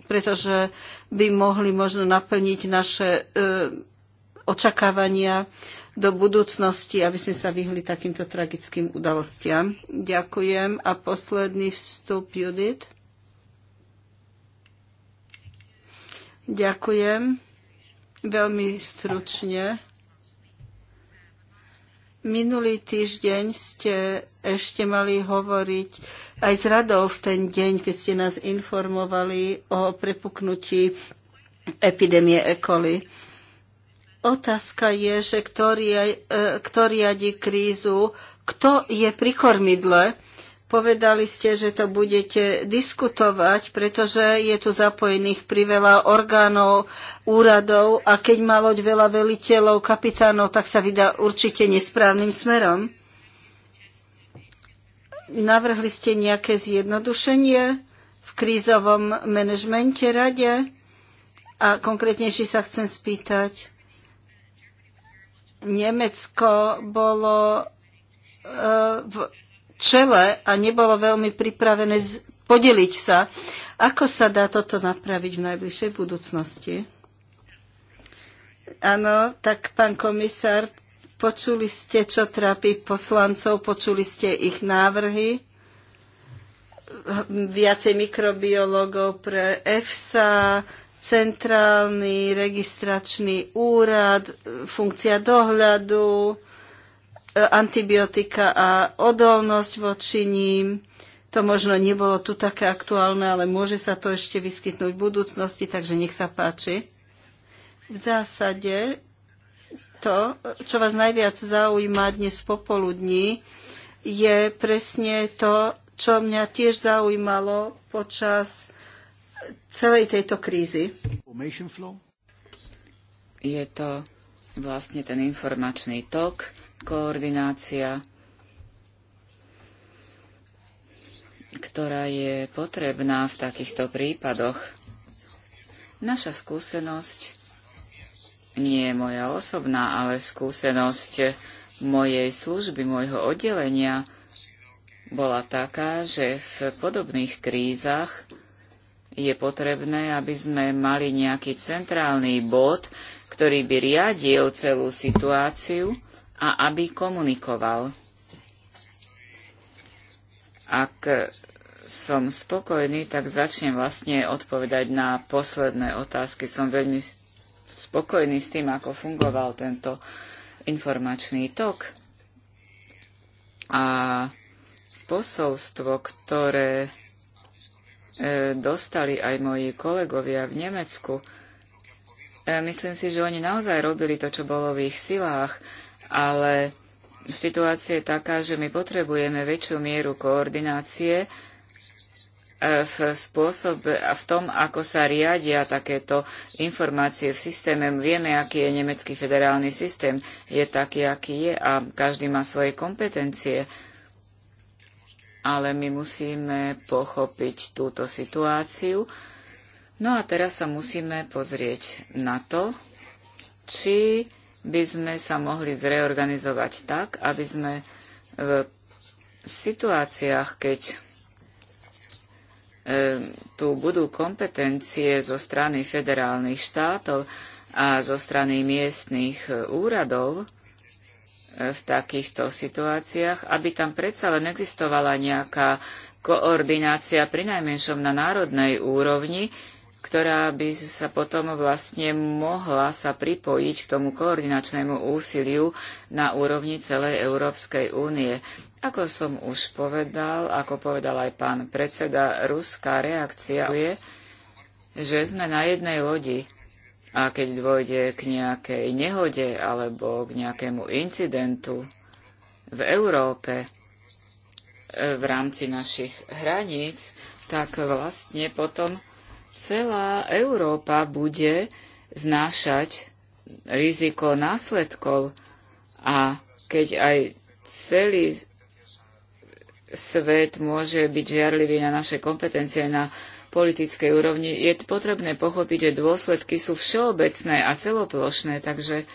pretože by mohli možno naplniť naše e, očakávania do budúcnosti, aby sme sa vyhli takýmto tragickým udalostiam. Ďakujem. A posledný vstup Judith. Ďakujem. Veľmi stručne. Minulý týždeň ste ešte mali hovoriť aj s radou v ten deň, keď ste nás informovali o prepuknutí epidémie E. coli. Otázka je, že kto e, riadi krízu, kto je pri kormidle Povedali ste, že to budete diskutovať, pretože je tu zapojených priveľa orgánov, úradov a keď má loď veľa veliteľov, kapitánov, tak sa vydá určite nesprávnym smerom. Navrhli ste nejaké zjednodušenie v krízovom manažmente rade? A konkrétnejšie sa chcem spýtať. Nemecko bolo e, v čele a nebolo veľmi pripravené podeliť sa. Ako sa dá toto napraviť v najbližšej budúcnosti? Áno, tak pán komisár, počuli ste, čo trápi poslancov, počuli ste ich návrhy viacej mikrobiológov pre EFSA, centrálny registračný úrad, funkcia dohľadu, antibiotika a odolnosť voči ním. To možno nebolo tu také aktuálne, ale môže sa to ešte vyskytnúť v budúcnosti, takže nech sa páči. V zásade to, čo vás najviac zaujíma dnes popoludní, je presne to, čo mňa tiež zaujímalo počas celej tejto krízy. Je to vlastne ten informačný tok, koordinácia, ktorá je potrebná v takýchto prípadoch. Naša skúsenosť nie je moja osobná, ale skúsenosť mojej služby, môjho oddelenia bola taká, že v podobných krízach je potrebné, aby sme mali nejaký centrálny bod, ktorý by riadil celú situáciu a aby komunikoval. Ak som spokojný, tak začnem vlastne odpovedať na posledné otázky. Som veľmi spokojný s tým, ako fungoval tento informačný tok. A posolstvo, ktoré e, dostali aj moji kolegovia v Nemecku, e, myslím si, že oni naozaj robili to, čo bolo v ich silách ale situácia je taká, že my potrebujeme väčšiu mieru koordinácie e, v spôsobe a v tom, ako sa riadia takéto informácie v systéme. Vieme, aký je nemecký federálny systém. Je taký, aký je a každý má svoje kompetencie. Ale my musíme pochopiť túto situáciu. No a teraz sa musíme pozrieť na to, či by sme sa mohli zreorganizovať tak, aby sme v situáciách, keď e, tu budú kompetencie zo strany federálnych štátov a zo strany miestnych e, úradov e, v takýchto situáciách, aby tam predsa len existovala nejaká koordinácia, prinajmenšom na národnej úrovni, ktorá by sa potom vlastne mohla sa pripojiť k tomu koordinačnému úsiliu na úrovni celej Európskej únie. Ako som už povedal, ako povedal aj pán predseda, ruská reakcia je, že sme na jednej lodi a keď dôjde k nejakej nehode alebo k nejakému incidentu v Európe e, v rámci našich hraníc, tak vlastne potom celá Európa bude znášať riziko následkov a keď aj celý svet môže byť žiarlivý na naše kompetencie na politickej úrovni, je potrebné pochopiť, že dôsledky sú všeobecné a celoplošné, takže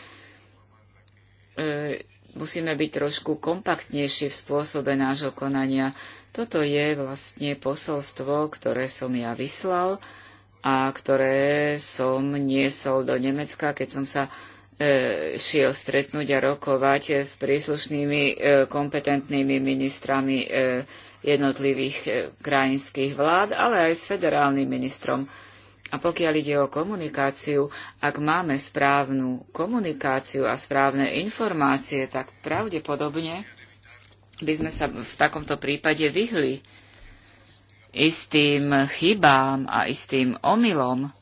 e, musíme byť trošku kompaktnejší v spôsobe nášho konania. Toto je vlastne posolstvo, ktoré som ja vyslal a ktoré som niesol do Nemecka, keď som sa e, šiel stretnúť a rokovať s príslušnými e, kompetentnými ministrami e, jednotlivých krajinských vlád, ale aj s federálnym ministrom. A pokiaľ ide o komunikáciu, ak máme správnu komunikáciu a správne informácie, tak pravdepodobne by sme sa v takomto prípade vyhli istým chybám a istým omylom,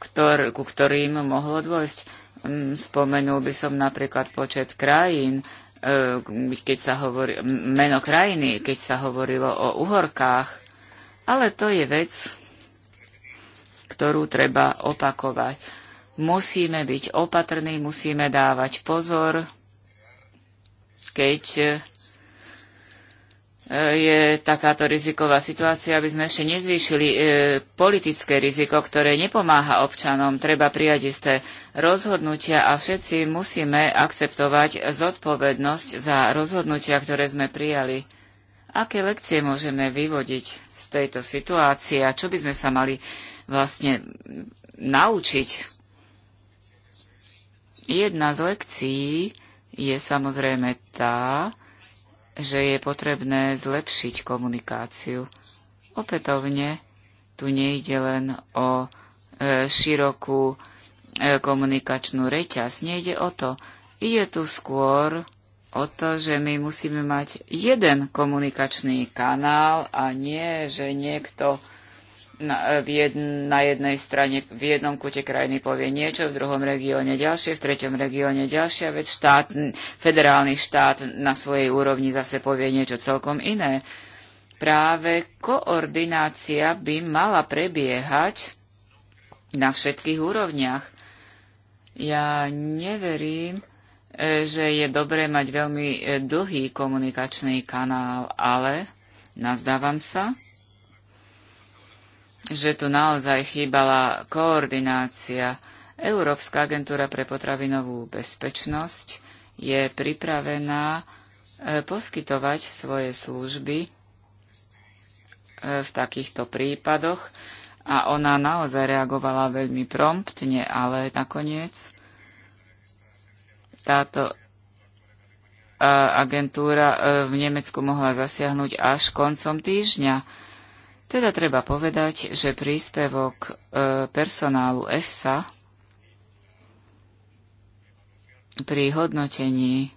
ktor, ku ktorým mohlo dôjsť. Mm, spomenul by som napríklad počet krajín, e, keď sa hovorí, meno krajiny, keď sa hovorilo o uhorkách, ale to je vec, ktorú treba opakovať. Musíme byť opatrní, musíme dávať pozor, keď je takáto riziková situácia, aby sme ešte nezvýšili e, politické riziko, ktoré nepomáha občanom. Treba prijať isté rozhodnutia a všetci musíme akceptovať zodpovednosť za rozhodnutia, ktoré sme prijali. Aké lekcie môžeme vyvodiť z tejto situácie a čo by sme sa mali vlastne naučiť? Jedna z lekcií je samozrejme tá, že je potrebné zlepšiť komunikáciu. Opätovne tu nejde len o e, širokú e, komunikačnú reťaz. Nejde o to. Ide tu skôr o to, že my musíme mať jeden komunikačný kanál a nie, že niekto na, jedn, na jednej strane v jednom kute krajiny povie niečo, v druhom regióne ďalšie, v treťom regióne ďalšia vec, štát, federálny štát na svojej úrovni zase povie niečo celkom iné. Práve koordinácia by mala prebiehať na všetkých úrovniach. Ja neverím, že je dobré mať veľmi dlhý komunikačný kanál, ale nazdávam sa, že tu naozaj chýbala koordinácia. Európska agentúra pre potravinovú bezpečnosť je pripravená e, poskytovať svoje služby e, v takýchto prípadoch a ona naozaj reagovala veľmi promptne, ale nakoniec táto e, agentúra v Nemecku mohla zasiahnuť až koncom týždňa teda treba povedať, že príspevok e, personálu EFSA pri hodnotení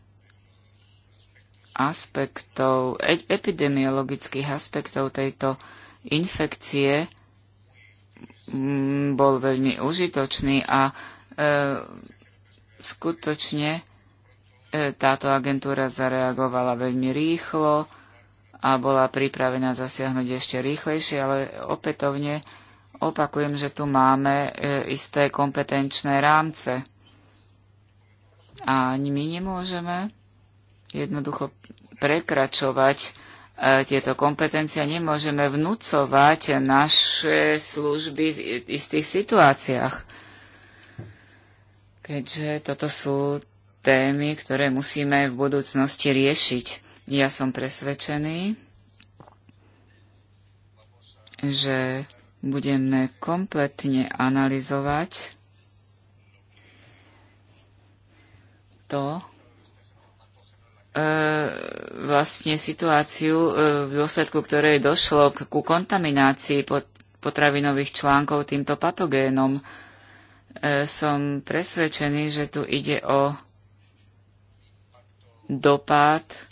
aspektov, e, epidemiologických aspektov tejto infekcie mm, bol veľmi užitočný a e, skutočne e, táto agentúra zareagovala veľmi rýchlo a bola pripravená zasiahnuť ešte rýchlejšie, ale opätovne opakujem, že tu máme e, isté kompetenčné rámce. A ani my nemôžeme jednoducho prekračovať e, tieto kompetencie, nemôžeme vnúcovať naše služby v istých situáciách. Keďže toto sú témy, ktoré musíme v budúcnosti riešiť. Ja som presvedčený, že budeme kompletne analyzovať to, e, vlastne situáciu, e, v dôsledku ktorej došlo k, ku kontaminácii pot, potravinových článkov týmto patogénom. E, som presvedčený, že tu ide o dopad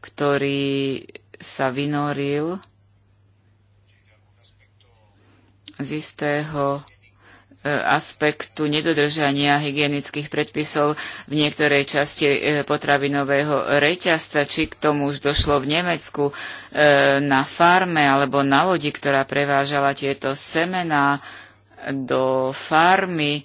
ktorý sa vynoril z istého e, aspektu nedodržania hygienických predpisov v niektorej časti e, potravinového reťazca, či k tomu už došlo v Nemecku e, na farme alebo na lodi, ktorá prevážala tieto semená do farmy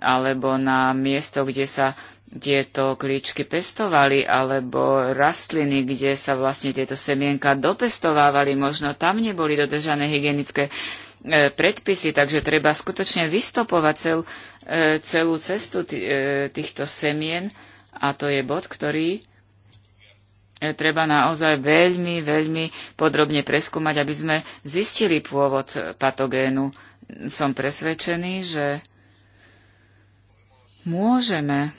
alebo na miesto, kde sa tieto klíčky pestovali, alebo rastliny, kde sa vlastne tieto semienka dopestovávali, možno tam neboli dodržané hygienické e, predpisy, takže treba skutočne vystopovať cel, e, celú cestu e, týchto semien a to je bod, ktorý treba naozaj veľmi, veľmi podrobne preskúmať, aby sme zistili pôvod patogénu. Som presvedčený, že môžeme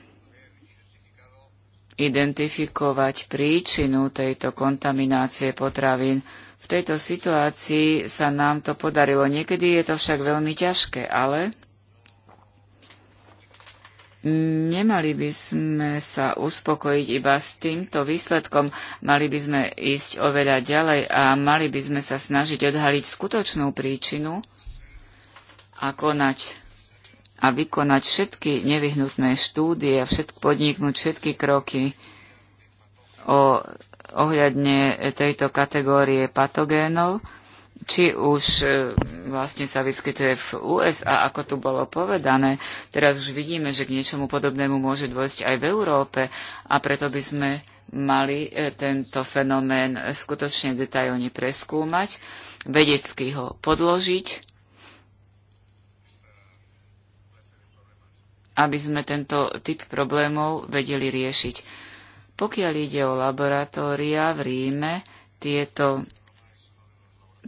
identifikovať príčinu tejto kontaminácie potravín. V tejto situácii sa nám to podarilo. Niekedy je to však veľmi ťažké, ale nemali by sme sa uspokojiť iba s týmto výsledkom. Mali by sme ísť oveľa ďalej a mali by sme sa snažiť odhaliť skutočnú príčinu a konať a vykonať všetky nevyhnutné štúdie a podniknúť všetky kroky o, ohľadne tejto kategórie patogénov, či už e, vlastne sa vyskytuje v USA, ako tu bolo povedané. Teraz už vidíme, že k niečomu podobnému môže dôjsť aj v Európe a preto by sme mali e, tento fenomén skutočne detailne preskúmať, vedecky ho podložiť aby sme tento typ problémov vedeli riešiť. Pokiaľ ide o laboratória v Ríme, tieto,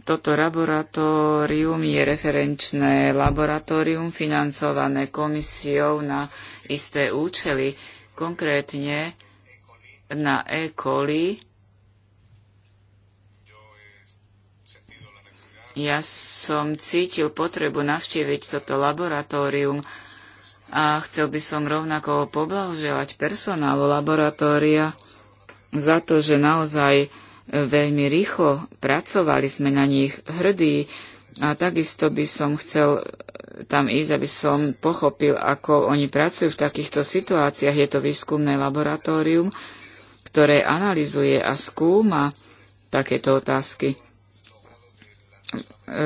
toto laboratórium je referenčné laboratórium financované komisiou na isté účely, konkrétne na E. coli. Ja som cítil potrebu navštíviť toto laboratórium, a chcel by som rovnako poblahoželať personálu laboratória za to, že naozaj e, veľmi rýchlo pracovali sme na nich hrdí. A takisto by som chcel e, tam ísť, aby som pochopil, ako oni pracujú v takýchto situáciách. Je to výskumné laboratórium, ktoré analizuje a skúma takéto otázky. E,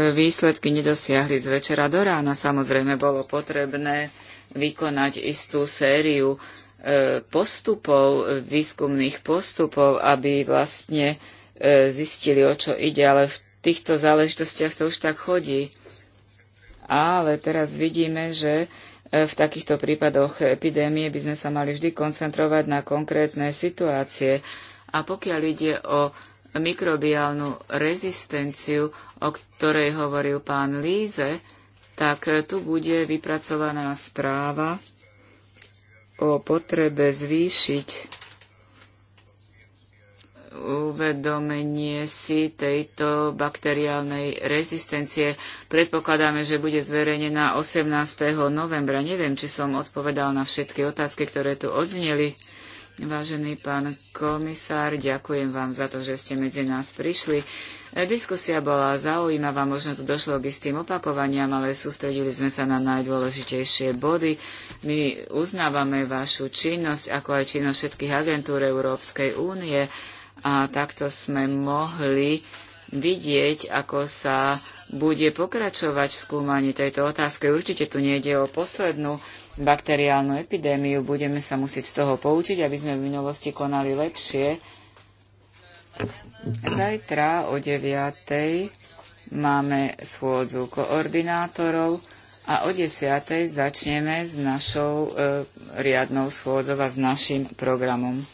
výsledky nedosiahli z večera do rána. Samozrejme, bolo potrebné vykonať istú sériu e, postupov, výskumných postupov, aby vlastne e, zistili, o čo ide, ale v týchto záležitostiach to už tak chodí. Ale teraz vidíme, že e, v takýchto prípadoch epidémie by sme sa mali vždy koncentrovať na konkrétne situácie. A pokiaľ ide o mikrobiálnu rezistenciu, o ktorej hovoril pán Líze, tak e, tu bude vypracovaná správa o potrebe zvýšiť uvedomenie si tejto bakteriálnej rezistencie. Predpokladáme, že bude zverejnená 18. novembra. Neviem, či som odpovedal na všetky otázky, ktoré tu odzneli. Vážený pán komisár, ďakujem vám za to, že ste medzi nás prišli. E, diskusia bola zaujímavá, možno tu došlo k istým opakovaniam, ale sústredili sme sa na najdôležitejšie body. My uznávame vašu činnosť, ako aj činnosť všetkých agentúr Európskej únie a takto sme mohli vidieť, ako sa bude pokračovať v skúmaní tejto otázky. Určite tu nejde o poslednú bakteriálnu epidémiu, budeme sa musieť z toho poučiť, aby sme v minulosti konali lepšie. Zajtra o 9. máme schôdzu koordinátorov a o 10. začneme s našou e, riadnou schôdzou a s našim programom.